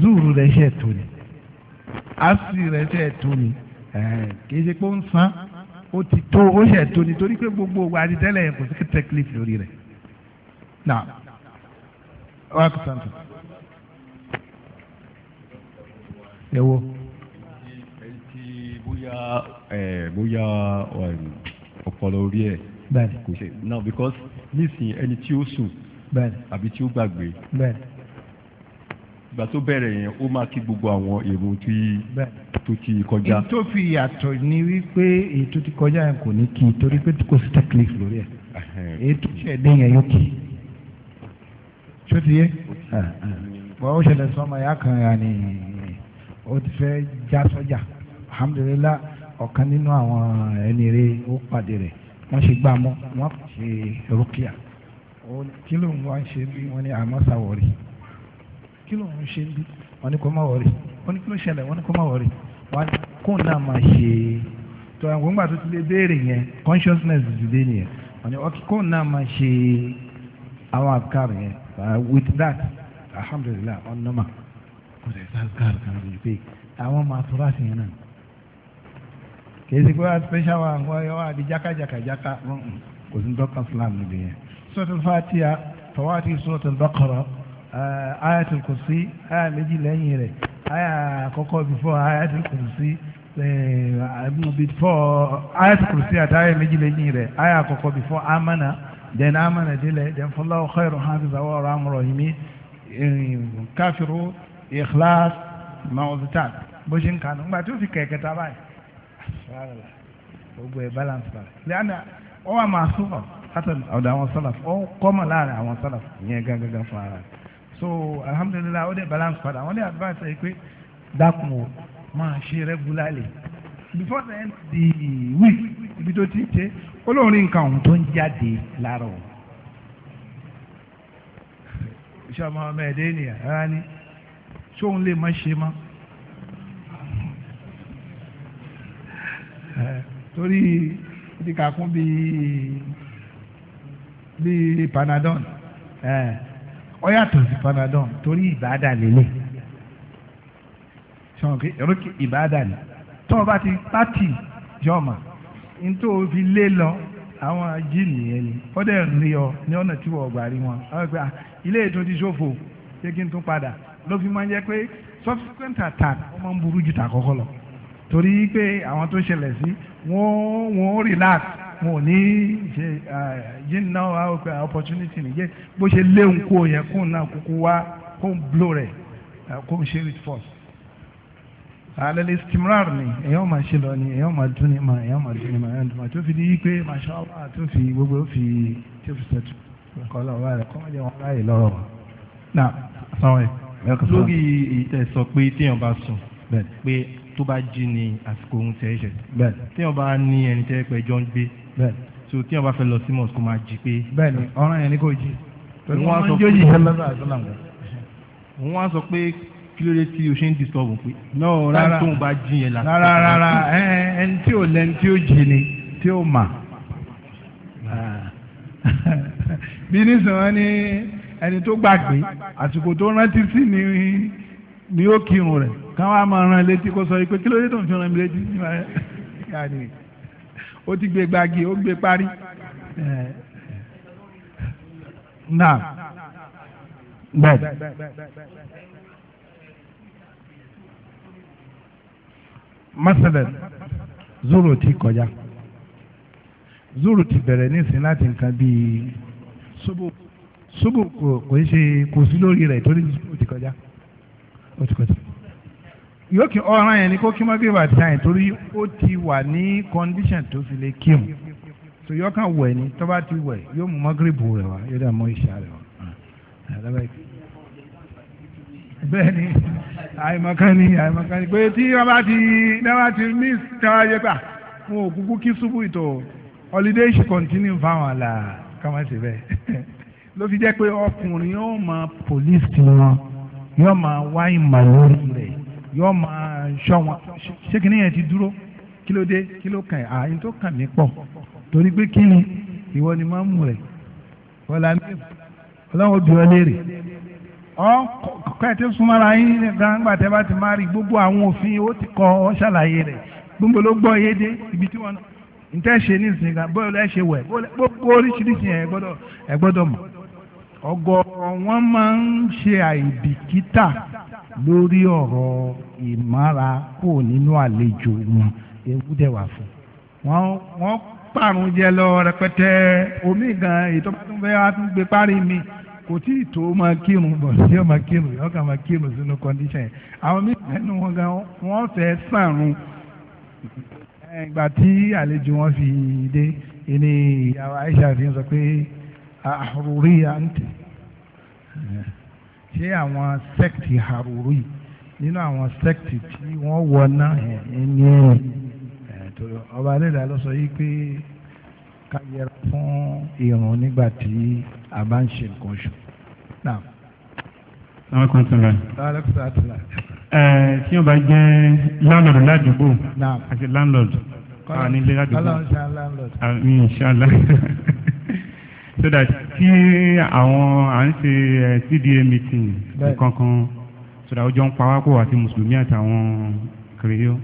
zuru rẹ̀ ṣe tó ni asiri rẹ̀ ṣe tó ni. Eh, kì í ṣe pé ó ń san ó ti tó ó ṣe tó nítorí pé gbogbo ògbà àti tẹ́lẹ̀ yẹn kò sí tẹ́kílì lórí rẹ̀ náà wà á kó santo. ẹ wo. èyí tí bóyá bóyá um, ọpọlọ orí ẹ kò ṣe now because nísìnyí ẹni tí ó sùn àbí tí ó gbàgbé ìgbà tó bẹ̀rẹ̀ yẹn ó máa kí gbogbo àwọn èrò tí. bẹ́ẹ̀ tó ti kọjá. tó fi yàtọ̀ ni wípé èyí tó ti kọjá yẹn kò ní kí torí pé kò sí tẹ́kílì lórí ẹ̀ èyí tó ṣe ẹ̀dẹ́ yẹn yóò kí ṣó ti yé wọ́n ó ṣẹlẹ̀ sọ́mọ ya kan ya ni ó ti fẹ́ já sọ́jà alhamdulilah ọ̀kan nínú àwọn ẹni rẹ̀ ó pàdé rẹ̀ wọ́n ṣe gbà mọ́ wọ́n ṣe rúkìá kí ló ń wá ṣe bí wọ́n ní àmọ́ sáwọ́rì kí ló ń ṣe bí wọ́n ní kó má wọ̀rì wọ́n ní kí ló ṣẹlẹ̀ wọ́n ní kó má wọ̀rì. wá kóun náà máa ṣe tó àwọn gbọ́ngbà tó ti consciousness ti dé nìyẹn wọ́n ní ọkì kóun náà máa ṣe àwọn uh, with that alhamdulilah. ọ̀n nọ́mà kò sẹ̀ sàkàrà kan lójú pé àwọn máa tó láti yẹn náà kèsì pé wá special wa wọ́n yọ wá di jákàjákàjáká kò sí dọ́kàn Islam níbi uh, ayatul kursi aya méjì lẹ́yìn àyà àkọ́kọ́ before ayatul kursi eh, before ayatul kursi àti àyà méjì lẹ́yìn rẹ̀ àyà àkọ́kọ́ before amana then amana délẹ̀ then fallahu khairu hafiza wa rahmu rahimi eh, kafiru ikhlas ma'uzitan bó ṣe ń kànú gbà tó fi kẹ̀kẹ́ ta báyìí gbogbo ẹ̀ balance balance lẹ́yìn ọ wà máa sọ̀rọ̀ látọ̀ ọ̀dọ̀ àwọn sọ̀làf ọ kọ́mọ̀ láàrin àwọn sọ̀làf yẹn gángangán fún ara so alhamdulilayi ó dẹ̀ balance padà wọ́n dẹ̀ advice ẹ pé dákun o máa ṣe regularly before the end of the week ibi tó ti ń ṣe olórin nǹkan ọ̀hún tó ń jáde lára o. iṣẹ́ ọmọ ọmọ ẹ̀dẹ́ ènìyàn rárá ni ṣóun lè má ṣe mọ́. torí ti bíi bíi panadol. Eh ọ yàtọ̀ sí panadol torí ìbáàdà lélẹ̀ sọ̀rọ̀ ìrókè ìbáàdà ni tó o bá ti pátì jọ̀ọ̀mà nítorí o fi lé lọ àwọn jíìnì yẹn ni ó dẹ̀ rí ọ ní ọ̀nà tí wọ́n gbà rí wọn àwọn ah, ilé ètò ti ṣòfò ṣé kí n tún padà ló fi máa ń jẹ́ pé subsequent attack ó máa ń burú ju tàkọ́kọ́ lọ torí pé àwọn tó ṣẹlẹ̀ sí wọ́n wọ́n relax wọn ò ní ṣe yìí náà wá ó pe opportunity nìyẹn bó ṣe léwu kó yẹ kó náà kúkú wá kó ń blow rẹ̀ kó ń ṣe with force alẹ́lẹ́ istimrar ni èyàn máa ṣe lọ ni èyàn máa dún ní ma èyàn máa dún ní ma èyàn dún ma tó fi di pé masha Allah tó fi gbogbo fi tó fi sẹ́tù kọ́lá wa rẹ̀ kọ́mọ́jẹ́ wọn láàyè lọ́rọ̀ wa. na sáwọn ẹ̀ lórí èyí tẹ̀ sọ pé téèyàn bá sùn pé tó bá jí ni àsìkò ohun tẹ̀ ṣẹ̀ bẹ́ẹ̀ so tí wọn bá fẹ́ lọ sí mosque máa jí pé. bẹ́ẹ̀ni ọ̀ràn yẹn ni kò jí wọn máa ń jó yìí sẹlẹsà àtúnlàmù. wọn á sọ pé kí ló dé tí o ṣe ń disturb pé. no rárá táwọn tó ń bá jí yẹn la. rárá rárá ẹni tí ò lẹni tí ó jí ni tí ó mà. bí nísìnyí ni ẹni tó gbàgbé àsìkò tó rántí sí ni ni ó kírun rẹ̀ káwọn á máa ran létí kó sọ pé kí ló dé tó ń fi ran mi létí. ó ti gbé gbági ó gbé parí. Eh, eh. náà bẹ́ẹ̀ masalan zoro ti kọjá zoro ti bẹ̀rẹ̀ nísìn láti nǹkan bíi ṣubú ṣubú kò kò ń ṣe kò sí lórí rẹ̀ torí zoro ti kọjá ó ti kọjá yóò kí ọ̀ràn yẹn ni kó kí mọ́gìrì bá tàn torí ó ti wà ní condition tó fi lè kí mu so yóò kàn wẹ̀ ni tó bá ti wẹ̀ yóò mú mọ́gìrì bù rẹ̀ wá yóò dà mọ́ ìṣá rẹ̀ wá ah, bẹ́ẹ̀ ni àìmọ̀kan ni àìmọ̀kan ni pé tí wọ́n bá ti wọ́n bá ti miss tẹ́wọ́n yẹ pà ah, wọn ò kí ṣubú ìtò holiday should continue fáwọn àlà kàmá sí bẹ́ẹ̀ ló fi jẹ́ pé ọkùnrin yóò máa police tiwọn yóò máa wá ìmọ̀ rẹ̀ yóò máa ṣọ́ wọn ṣé kí nìyẹn ti dúró kí ló dé kí ló kàn ààyè tó kàn mí pọ̀ torí pé kí ni ìwọ ni máa ń mú rẹ̀ ọ̀là mi ọlọ́wọ́ bí ọ léèrè ọ kẹ́ẹ̀tẹ́ súnmọ́ra yín gbangba tẹ́ bá ti máa rí gbogbo àwọn òfin ó ti kọ́ ọ ṣàlàyé rẹ̀ gbogbo ló gbọ́ yé dé ibi tí wọ́n ntẹ́ ṣe ní ìsìn kan bóyá ẹ ṣe wẹ̀ gbogbo oríṣiríṣi yẹn ẹ gbọ́dọ̀ mọ̀ ọ̀gọ̀ọ̀rọ̀ wọn máa ń ṣe àìbìkítà lórí ọ̀rọ̀ ìmára kò nínú àlejò wọn ewu dẹ̀ wà fún wọn wọn pààrùn jẹ lọ rẹpẹtẹ omi gan ètò bá tún bẹ́ẹ̀ wá tún gbé parí mi kò tí ì tó máa kírun bọ̀ sí ọmọ kírun yọ ká máa kírun sínú kọ́ndíṣàn àwọn wọn gan wọ́n fẹ́ sàrun ìgbà tí àlejò wọn fi dé Aisha fi sọ pé àrùrí à ń tẹ̀. tí àwọn sẹ́kìtì haruru yìí nínú àwọn sẹ́kìtì tí wọ́n wọ náà ẹ̀ ní ẹ̀ tó ọba alẹ́dàá lọ sọ yìí pé ká yẹra fún irun nígbà tí a bá ń ṣe nǹkan oṣù náà. àwọn kan sọ̀rọ̀ ẹ̀. alẹ́kùsọ̀ àtìlá. ẹ tí wọn bá jẹ landlord ládùúgbò àti landlord àwọn ilé ládùúgbò àmì inshallah. so that tí àwọn à ń ṣe cda meeting kankan so that ó jọ ń pawápọ̀ àti mùsùlùmí àtàwọn kìrìyó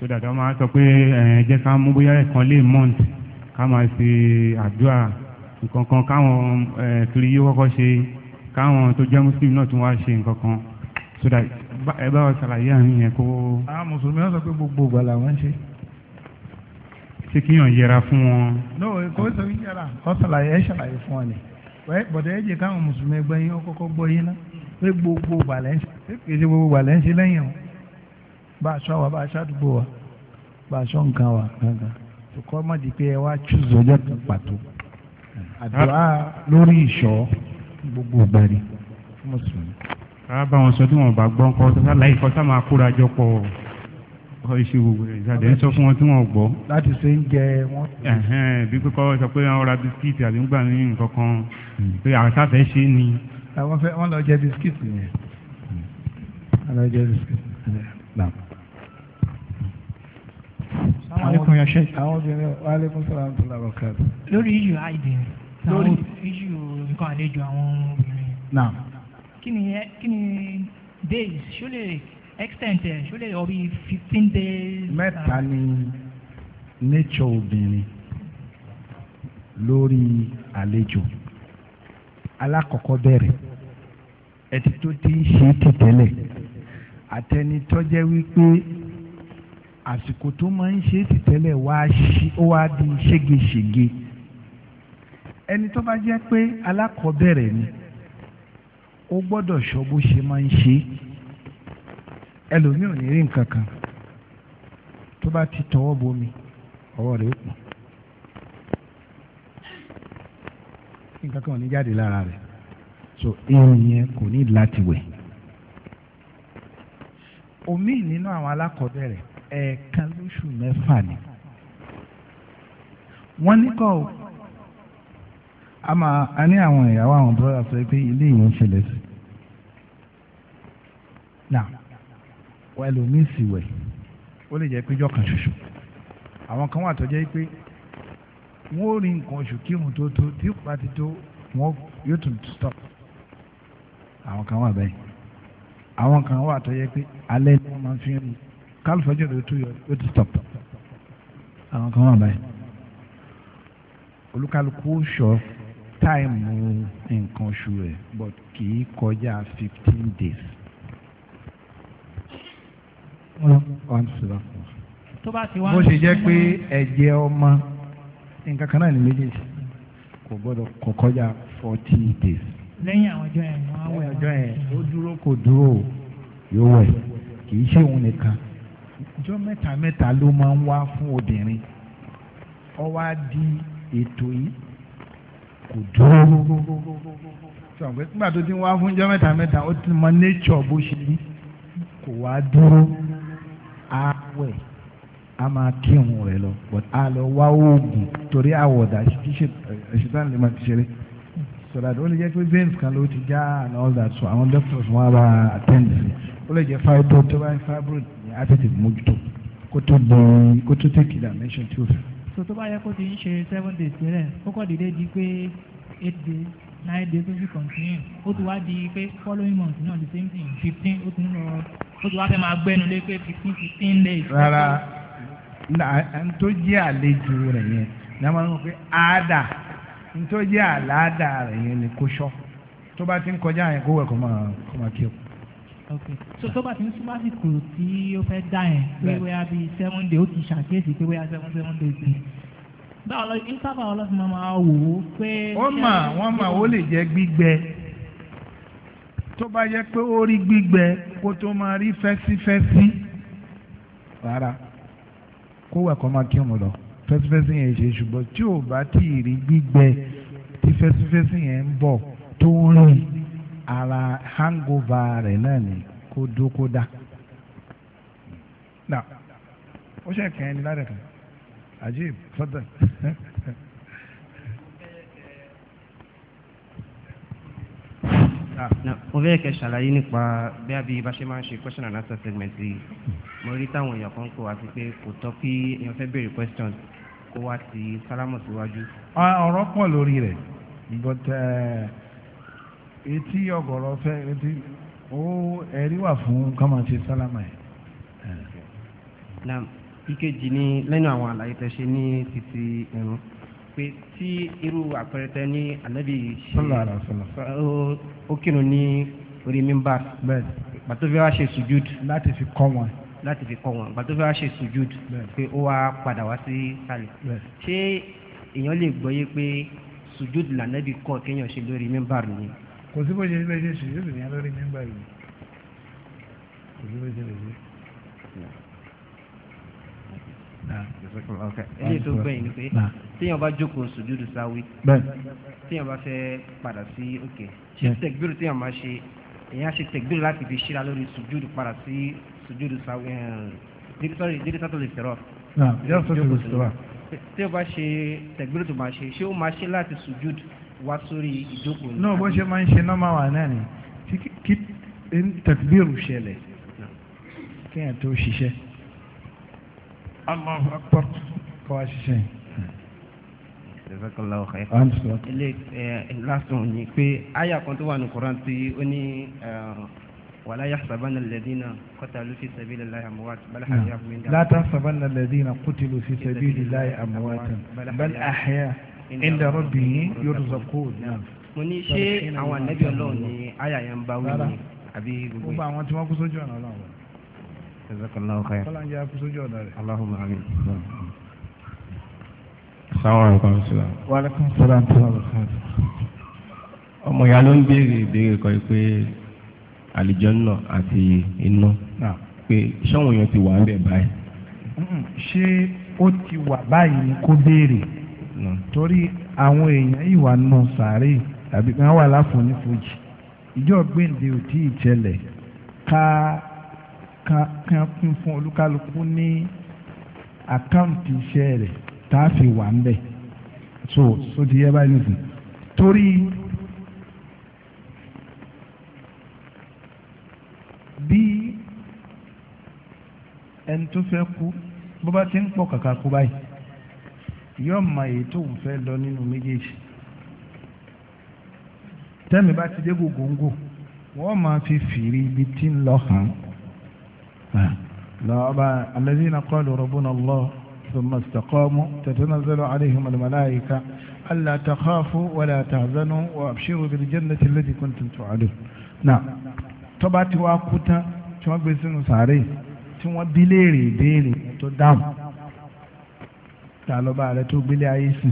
so that wọ́n máa sọ pé ẹ̀ jẹ́ ká mú bóyá ẹ̀kan lé month ká máa ṣe àdúrà nǹkan kan káwọn kìrìyó kọ́kọ́ ṣe káwọn tó jẹ́ muslim náà tún wá ṣe nǹkan kan so that ẹ bá wa ṣàlàyé àárín yẹn kó. àwọn mùsùlùmí náà sọ pé gbogbo ìgbà làwọn ń ṣe ṣé kí yàn yẹra fún wọn. no kò sọ yín yàrá ọ ṣàlàyé ẹ ṣàlàyé fún ọ ni bọ̀dọ̀ ẹ jẹ́ káwọn mùsùlùmí ẹgbẹ́ yín ọkọ̀ọ̀kọ̀ gbọ́ yín náà pé gbogbo balẹ̀ǹsì kéde gbogbo balẹ̀ǹsì lẹ́yìn o bá a sọ wa bá a sọ àdúgbò wa bá a sọ nǹkan wa gangan kọ́ má di pé ẹ wá túzọ̀ ọjọ́ kan pàtó àdúrà lórí ìṣọ́ gbogbo ìgbàni fún mùsùlùmí. ká bá wọn sọ tí wọn bá gbọ́ ń kọ́ sáláì kọ́ sá máa kóra jọ pọ̀ o ọ iṣẹ́ gbogbo ẹ̀ jáde ń sọ fún wọn tí wọ́n gbọ́. láti ṣe ń jẹ wọn. bí pípọ́ sọ pé wọ́n ra bisikíìtì àbí ń gbà ní nǹkan kan hmm. pé àṣàfẹ́ ṣe ni. àwọn fẹ́ wọ́n lọ jẹ bisikíìtì yẹn. Hmm. wọ́n lọ jẹ bisikíìtì yẹn. aleykum ya sheik. àwọn obìnrin wa aleykum salaam tó la bàkà. lórí iṣu àìdè lórí iṣu nǹkan àlejò àwọn obìnrin. kí ni kí ni days ṣó lè extent ẹ̀ ṣó lè yọ bí fifteen days. mẹ́ta ni nature obìnrin lórí àlejò alákọ̀ọ́kọ́ bẹ̀rẹ̀ ẹtí tó ti ń ṣe tìtẹ́lẹ̀ àtẹni tó jẹ́ wípé àsìkò tó máa ń ṣe tìtẹ́lẹ̀ ó wá di ségesège ẹni tó bá jẹ́ pé alákọ̀ọ́bẹ̀rẹ̀ ni ó gbọ́dọ̀ sọ bó ṣe máa ń ṣe é ẹlòmíì ò ní rí nǹkan kan tó bá ti tọwọ́ bomi ọwọ́ rẹ̀ ó pọ̀ nǹkan kan ò ní jáde lára rẹ̀ so irun yẹn kò ní láti wẹ̀ omi nínú àwọn alákọ̀ọ́bẹ̀rẹ̀ ẹ̀ẹ̀kan lóṣù mẹ́fà ni wọ́n ní kọ́ a máa a ní àwọn ìyàwó àwọn bọ́lá sọ pé ilé yìí ń ṣẹlẹ̀ sí wọ́n ẹlòmíì sì wẹ̀ ó lè jẹ́ péjọ kan ṣoṣo àwọn kan wà tó jẹ́ pé wọ́n ò rí nǹkan oṣù kírun tó tó tí ó pati tó wọ́n yóò tún stop àwọn kan wà bẹ́ẹ̀ àwọn kan wà tó jẹ́ pé alẹ́ ni wọ́n máa fi ń rí kálífọ́jọ́ ló tó yọ yóò tún stop àwọn kan wà bẹ́ẹ̀ olúkálukú sọ táìmù nǹkan oṣù rẹ̀ but kì í kọjá fifteen days bó ṣe jẹ́ pé ẹ̀jẹ̀ ọmọ nǹkan kan náà ní méjèèjì kò gbọ́dọ̀ kó kọjá forty days. lẹ́yìn àwọn ọjọ́ yẹn wọ́n á wẹ̀ ọjọ́ yẹn ó dúró kò dúró yóò wẹ̀ kì í ṣe òun nìkan ọjọ́ mẹ́ta mẹ́ta ló máa ń wá fún obìnrin ó wá di ètò yìí kò dúró sọ̀gbẹ́ nígbà tó ti ń wá fún ọjọ́ mẹ́ta mẹ́ta ó ti mọ nature bó ṣe rí kò wá dúró àwẹ̀ a máa kírun rẹ̀ lọ but a lọ wá oògùn torí àwọ̀dà ṣùgbọ́n lè máa ti ṣeré so that only lè jẹ́ pé veins kan ló ti já and all that so àwọn doctors wọn á bá attend sí ó lè jẹ́ fibroid tó bá ń fibroid ní àtẹ̀tẹ̀ mójútó kó tó di kó tó take dimension tí so tó bá yẹ kó ti ń ṣe seven days tẹ́lẹ̀ ó kọ́ dìde di pé eight days nine days ó sì continue ó ti wá di pé following month náà the same thing fifteen ó ti ń lọ ó ti wá fẹ́ máa gbẹ́nu lé pé fifteen fifteen days. rárá tó jẹ́ àlejò rẹ̀ yẹn ní a máa ń mọ̀ pé àádà tó jẹ́ àládà rẹ̀ yẹn ni kò sọ tó bá ti ń kọjá yẹn kó wẹ̀ kó máa kó máa kí o. ok so tó bá ti ń súnmọ́ àsìkò tí ó fẹ́ dá yẹn pé wíwá bíi seven days ó ti ṣàkíyèsí pé wíwá seven seven days ni. báwo ìsábà ọlọ́sìn máa wọ́n mà wọ́n mà ó lè jẹ́ gbígbẹ tó bá yẹ pé ó rí gbígbẹ kó tó máa rí fẹ́sífẹ́sí rárá kó wà kó máa lọ fẹ́sífẹ́sí yẹn ṣe ṣùgbọ́n tí ò bá tí ì rí gbígbẹ tí fẹ́sífẹ́sí yẹn ń bọ̀ tó ń rìn ara hangover rẹ̀ náà ni kó dá. ó ṣe عجيب تفضل mo fẹ́ kẹ́ ṣàlàyé nípa bí àbí bá ṣe máa ń ṣe question and answer segment yìí mo rí táwọn èèyàn kan kó àti pé kò tọ́ kí èèyàn fẹ́ béèrè question kó wá ti sálámù síwájú. ọ̀rọ̀ pọ̀ lórí rẹ̀ but eh, etí ọ̀gọ̀rọ̀ fẹ́ etí ó ẹ̀rí wà fún ká máa ṣe ẹ̀ ìkejì ni lẹ́nu àwọn àlàyé tẹ́ ṣe ní títí irun pé tí irú àpẹẹrẹ tẹ ní ànábì ṣe ó kírun ní orí mímbà pàtó fẹ́ wá ṣe sùjúd. láti fi kọ́ wọn. láti fi kọ́ wọn pàtó fẹ́ wá ṣe sùjúd pé ó wá padà wá sí sàlẹ̀. ṣé èèyàn lè gbọ́ yé pé sùjúd lànàbì kọ́ kéèyàn ṣe lórí mímbà ni. kò sí bó ṣe lè ṣe sùjúd ní lórí mímbà yìí kò sí bó ṣe lè ṣe. Ah, ilé tó gbẹ̀yìn ni pé ah. téèyàn bá jókòó sùjúdù sáwí téèyàn bá fẹ́ padà sí òkè ṣé tẹ̀gbìrì téèyàn máa ṣe èèyàn ṣe tẹ̀gbìrì láti fi ṣíra lórí sùjúdù padà sí sùjúdù sáwí eh, sọ́rí dídítà tó lè fẹ́rọ̀ o ah, bá ṣe tẹ̀gbìrì tó máa ṣe ṣé ó máa ṣe láti sùjúdù wá sórí ìjókòó. náà bó ṣe máa ń ṣe náà máa wà náà ni kí tẹ̀gbìrì ṣẹlẹ̀ kéèyàn tó ṣiṣẹ́. Allahu akbar kọ́ wa ṣiṣẹ́ jazakallahu khair. ilé eh, lásán ni pé àyà kan tó wà ní koran tí ó ní eh, wala yahsabanna alladhina qatalu fi sabilillahi amwatan bal ahya. la tahsabanna alladhina qutilu fi sabilillahi amwatan bal ahya inda rabbihim yurzaqun. mo ní ṣé àwọn ànábì Ọlọ́run ni àyà yẹn ń bá wí ni àbí gbogbo. ó bá àwọn tí wọ́n kú sójú ọ̀nà Ọlọ́run jazakallahu khairan. kọ́lá ń jẹ́ Allahumma amin. sáwọn ọ̀rọ̀ kan síra. wàhálà kan síra ń tẹ́lá ọ̀rọ̀ kan. ọmọ ìyá ló ń béèrè ìbéèrè kan pé àlìjọ́nà àti iná pé sọ́wọ́n èèyàn ti wà ń bẹ̀ báyìí. ṣé ó ti wà báyìí ni kó béèrè torí àwọn èèyàn ìwà nù sàárè tàbí kan wà láfọ̀nífojì ìjọ gbèǹde ò tí ì tẹlẹ̀ ká kan kún fún olúkálukú ní àkáǹtì iṣẹ́ rẹ̀ tá a fi wà ń bẹ̀ so so ti yẹ báyìí nìsín torí bí ẹni tó fẹ́ kú bó bá ti ń pọ̀ kàkà kú báyìí yóò mọ èyí tó ń fẹ́ lọ nínú méjèèjì tẹ́mi bá ti dé gògóńgò wọ́n máa fi fìrí ibi tí ń lọ hàn án. لأبا الذين قالوا ربنا الله ثم استقاموا تتنزل عليهم الملائكة ألا تخافوا ولا تحزنوا وأبشروا بالجنة التي كنتم توعدون نعم tọ́ba tí wàá kú tán tí wọ́n gbé sínú sàárè tí wọ́n bí léèrè ìbéèrè tó dáhùn tá a lọ bá rẹ tó gbélé ayé sí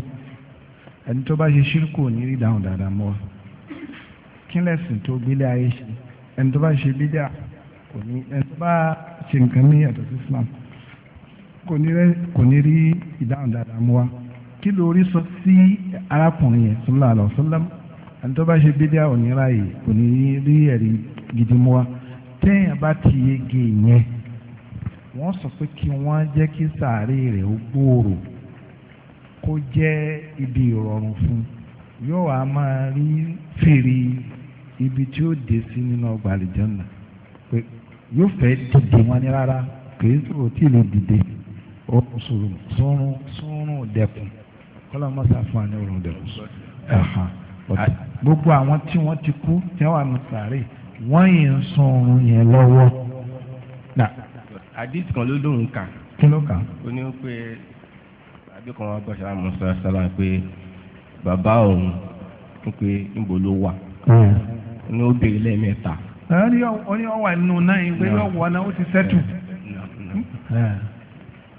ẹni tó bá ṣe ṣírkù ò ní rí dáhùn dáadáa mọ́ kí lẹ́sìn tó gbélé ayé sí ẹni tó bá ṣe bídà kò ní ẹni tó bá ṣe nǹkan ní ẹ̀tọ́ sí Islam kò ní rí ìdáhùn dáadáa mú wa kí lórí sọ sí arákùnrin yẹn sọlá àlọ́ sọlá ẹni tó bá ṣe bídíà ò ní ráàyè kò ní rí ẹ̀rí gidi mú wa téèyàn bá ti yege yẹn wọ́n sọ pé kí wọ́n jẹ́ kí sàárè rẹ̀ ó gbòòrò kó jẹ́ ibi ìrọ̀rùn fún yóò wá máa rí fèrè ibi tí ó dé sí nínú ọgbà àlìjọ́nà pé yóò fẹ́ dìde wọn ní rárá kìí sọ̀rọ̀ tí ìlú dìde oorun sọ̀rọ̀ sọ̀rọ̀ sọ̀rọ̀ dẹkùn kọ́lá mọ́sá fún wa ní oorun dẹkùn gbogbo àwọn tí wọ́n ti kú tí wọ́n wà ní sàárè wọ́n yìí ń sun oorun yẹn lọ́wọ́. àdìs kan ló lóun kà. kí ló kà. ó ní pé àbí kan wọn gbọ́ mọ́sá sàrà pé bàbá òun ń pé níbo ló wà. ní ó béèrè lẹ́ẹ̀mẹ́ta oní ọwà nù náà yìí pé yọ wọ náà ó ti sẹ́tù.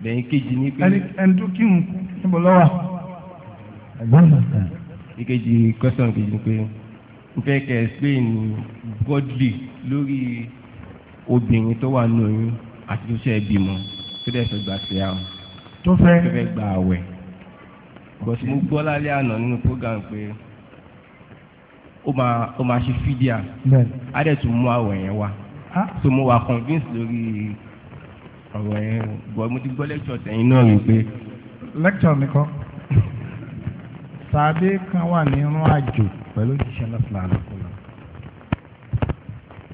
lẹ́yìn kejì ní pé. ẹni tó kírun níbo lọ wà. ìkejì question kejì ni pé n fẹ́ kẹ́ explain broadly lórí obìnrin tó wà nù oyún àti tó ṣe é bímọ tó dẹ̀ fẹ́ gbà sí àwọn. tó fẹ́ tó fẹ́ gbà àwẹ̀. bọ̀sùn mo gbọ́ lálẹ́ àná nínú program pé o máa ó máa ṣe fídíà á dẹ̀ tún mú àwọ̀ yẹn wá so mo wà convince lórí ọ̀rọ̀ yẹn bọ̀ mo ti gbọ́ lecture tẹ̀yìn náà rí pé. lecture mi kọ́ sàbí kan wà ní irun àjò pẹ̀lú òjíṣẹ́ náà fúnra rẹ̀ kọ́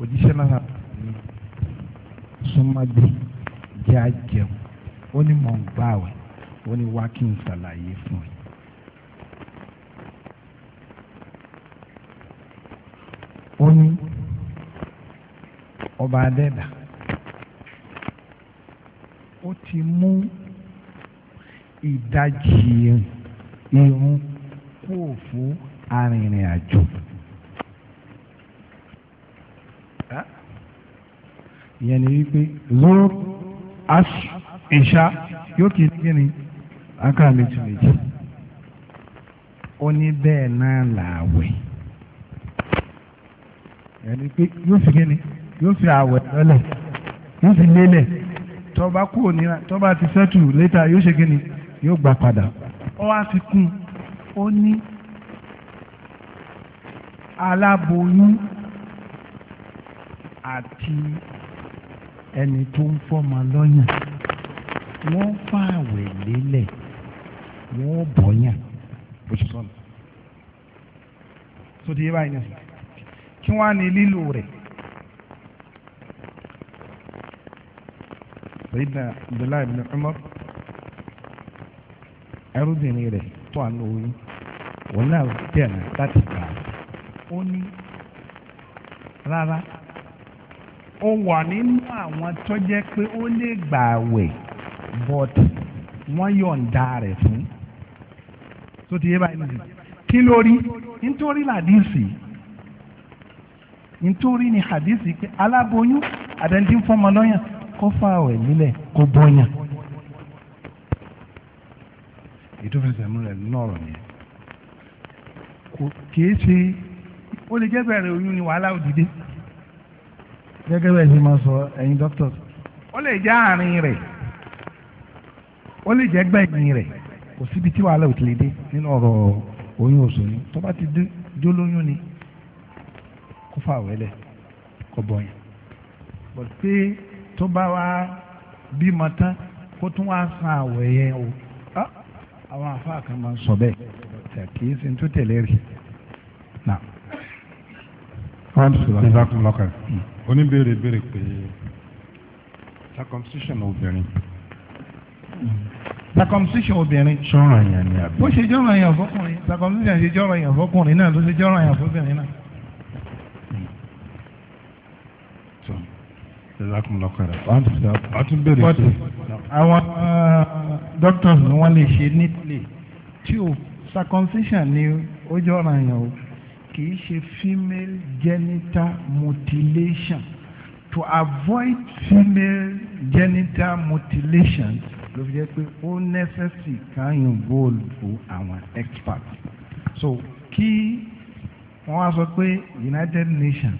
òjíṣẹ́ náà ní súnmọ́dé jẹ́ àjẹun ó ní mọ̀ ń gbààwẹ̀ ó ní wákìń ṣàlàyé fún ẹ. ó ọba adẹ́dà o ti mú ìdajì irun kúò fún arìnrìn àjò. ìyẹn ni wípé lóòrù aṣọ ìṣá yóò kì kí ni aká méjì méjì ó ní bẹ́ẹ̀ náà làwẹ̀. ẹni pé yóò fi kíni yóò fi àwẹ̀ lọ́lẹ̀ yóò fi lélẹ̀ tọba kú òní tọba ti sẹ́tù létà yóò ṣe kíni yóò gbà padà ó wá fi kún ó ní aláboyún àti ẹni tó ń fọmọ lọ́yàn wọ́n fàwẹ̀ lélẹ̀ wọ́n bọ̀yàn oṣù sọ́nà tó ti yé kí wọ́n á ní lílò rẹ̀. sayidina abdullahi bin umar ẹrúbìnrin rẹ̀ tó àná oyún wọn náà bẹ̀rẹ̀ láti gbà á ó ní rárá ó wà nínú àwọn tó jẹ́ pé ó lè gbà wẹ̀ but wọ́n yọ̀ǹda rẹ̀ fún tó ti yé báyìí nìyí kí ló rí nítorí làdíìsì nítorí ni hadithi pé aláboyún àtẹnudí ń fọmọ lọ́yàn kó fa àwẹ̀ nílẹ̀ kó bọ́yàn. ìtúfẹsẹ̀ múlẹ̀ nínú ọ̀rọ̀ yẹn kò kìí ṣe ó lè jẹ́ bẹ̀rẹ̀ oyún ni wàhálà òdìdé. gẹ́gẹ́ bẹ́ẹ̀ ṣe máa sọ ẹ̀yin doctors. ó lè jẹ́ àárín rẹ̀ ó lè jẹ́ gbẹ̀yìn rẹ̀ kò síbi tí wàhálà òdìdé nínú ọ̀rọ̀ oyún òṣòyún tó bá ti dé jólóyún ni kó fà wẹ́lẹ̀ kó bọ̀yàn bọ̀ sí tó bá wá bímọ tán kó tún wá san àwẹ̀ yẹn o ah, àwọn àfáà kan máa ń sọ bẹ́ẹ̀ kì í sin tó tẹ̀lé rí náà. wọ́n ti sọ̀rọ̀ ṣe fún lọ́kàn oníbèrè béèrè pé circumcision obìnrin. circumcision obìnrin. jọ̀ràn yẹn ni àbí. bó ṣe jọ̀ràn yẹn fọkùnrin circumcision ṣe jọ̀ràn yẹn fọkùnrin náà ló ṣe jọ̀ràn yẹn fọbìnrin náà. àwọn uh, doctors ni wọ́n lè ṣe nílé tí o circumcision ni ó jọra yàn o kì í ṣe female genital mutilation to avoid female genital mutilation ló fi jẹ́ pé ó necessary ká involve àwọn experts so kí wọ́n wá sọ pé United Nations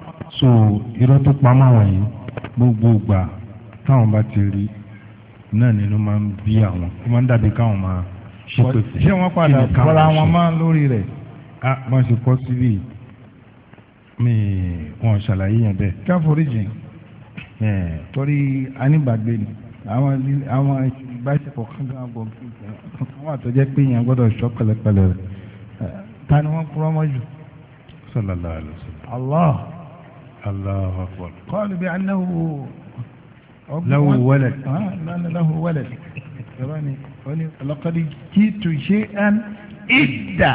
so irọ́ tó pamọ́ àwọn yìí gbogbo ìgbà táwọn bá ti rí náà nínú máa ń bí àwọn ó máa ń dàbí káwọn máa ṣépè fún ṣé wọ́n padà bọ́ra wọn máa lórí rẹ̀. a máa ṣe kọ́ síbí mi wọn ṣàlàyé yẹn bẹ́ẹ̀. ká foríjì torí anígbàgbé ni àwọn àwọn ìbáṣepọ̀ kankan bọ̀ àwọn àtọ́jẹ́ pé yẹn gbọ́dọ̀ ṣọ́ pẹ̀lẹ́pẹ̀lẹ́ rẹ̀ ta ni wọ́n kúrọ́ mọ́ jù. sallallahu alaihi wasallam. allah. الله أكبر قالوا بأنه آه، له ولد آه لأن له ولد لقد جئت شيئا إدى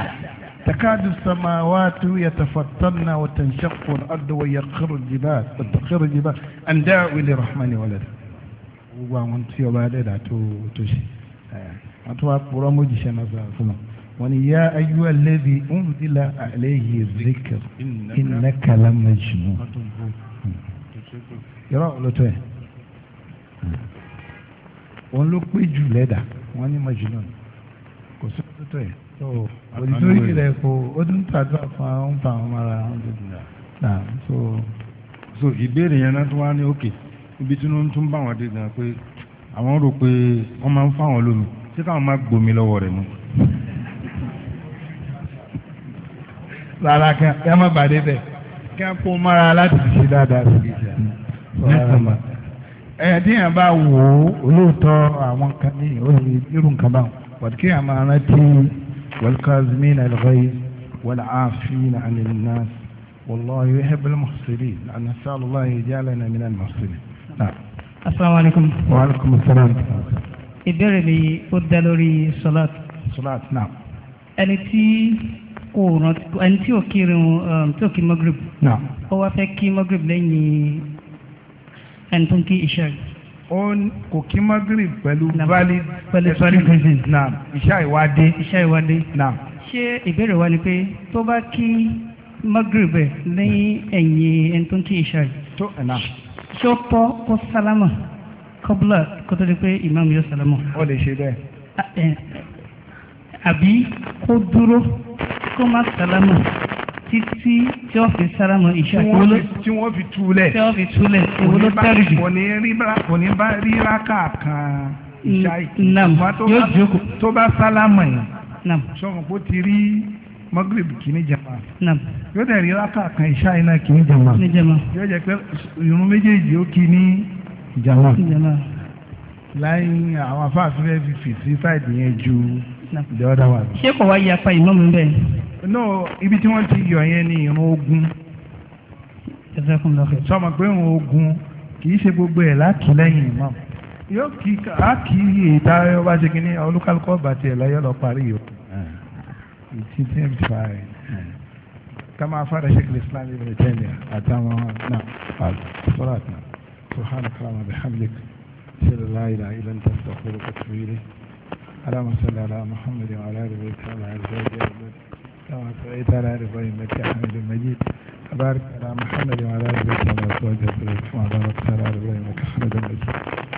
تكاد السماوات يتفطرن وتنشق الأرض ويخر الجبال وتخر الجبال أن دعوا للرحمن ولدا gbogbo àwọn tí ọba adẹ́dà tó ṣe wọ́n ní yá ayú alẹ́bi ń dila alẹ́ yìí zikir iná kala majnun. yọrọ olótó yẹ wọn ló pé jù lẹ́dà wọn ní majnun kò sí olótó yẹ olùdórí rẹ kò ó tún tàdúrà fún àwọn ń fa àwọn ọmọ ara wọn náà so. so ìbéèrè yẹn náà tún wá ní òkè ibi tí wọ́n tún bá wọn dé gan pé àwọn rò pé wọ́n máa ń fáwọn lómi ṣé káwọn máa gbomi lọ́wọ́ rẹ̀ mú. rárá kan kí a má bàdé bẹ̀ kí a kó mọ́ra láti fi ṣe dáadáa sí i ṣe. ẹ̀ díyàn bá wò ó olóòótọ́ àwọn kan ní irú nǹkan báwọn pàtó kí a máa rántí wal-kāẓimīna al-ghayẓ wal-'āfīna 'ani n-nās wallāhu yuhibbu al-muḥsinīn nas'alu Allāha an yaj'alana mina al-muḥsinīn. asalaamu aleykum. wa aleykum salaam. ìbéèrè mi ó dá lórí sọláàtì. sọláàtì náà. ẹni tí o rántí ẹni tí ò kírun um, tí ò kí magrib ó wá fẹ́ kí magrib lẹ́yìn ẹni tó ń kí iṣẹ́ rẹ̀. ó kò kí magrib pẹ̀lú valid excuse naam iṣẹ́ ìwádé. iṣẹ́ ìwádé naam. ṣé ìbéèrè wa ni pé tó bá kí magrib ẹ̀ lẹ́yìn ẹ̀yìn ẹni tó ń kí iṣẹ́ rẹ̀. tó ẹ̀ náà. ṣé ó tọ́ kó sálámà kọ́bùlà kó tó di pé ìmáàmù yóò sálámà. ó lè ṣe bẹ́ẹ̀ àbí kó dúró kó má sálámù títí tí wọ́n fi sálámù ìṣá tí wọ́n fi túlẹ̀ tí wọ́n fi túlẹ̀ ìwọ ló tẹ́rù jù. kò ní bá rí rákà ìṣá yìí tó bá sálámù yìí sọ̀rọ̀ kó ti rí magrib kìíní jama yóò dẹ̀ rí rákà kan ìṣá yìí náà kìíní jama yóò jẹ́ pé irun méjèèjì ó kí ní jama láyé àwọn afáàfin rẹ̀ fi fèsì sáìdì yẹn ju the other one. ṣé kò wá yapa ìmọ̀mù bẹ́ẹ̀. no ibi tí wọ́n ti yọ yẹn ni irun ogun. sọmọ pé irun ogun kì í ṣe gbogbo ẹ̀ láti lẹ́yìn imam yóò kí á kí ìta ọba ṣe kí ní olúkálùkù ọba tiẹ̀ láyọ̀ lọ parí yòókù hmm. ìtì tí ń fa ẹ̀ ká máa fara ṣe kìlì islam ibn taymiya àtàwọn náà àtúntò àtúntò subhanahu wa ta'ala bihamdik ṣe lè la ilaha illa anta astaghfiruka wa اللهم صل على محمد وعلى اله وصحبه اجمعين كما صليت على ال ابراهيم انك حميد مجيد وبارك على محمد وعلى اله وصحبه اجمعين كما صليت على ال ابراهيم انك حميد مجيد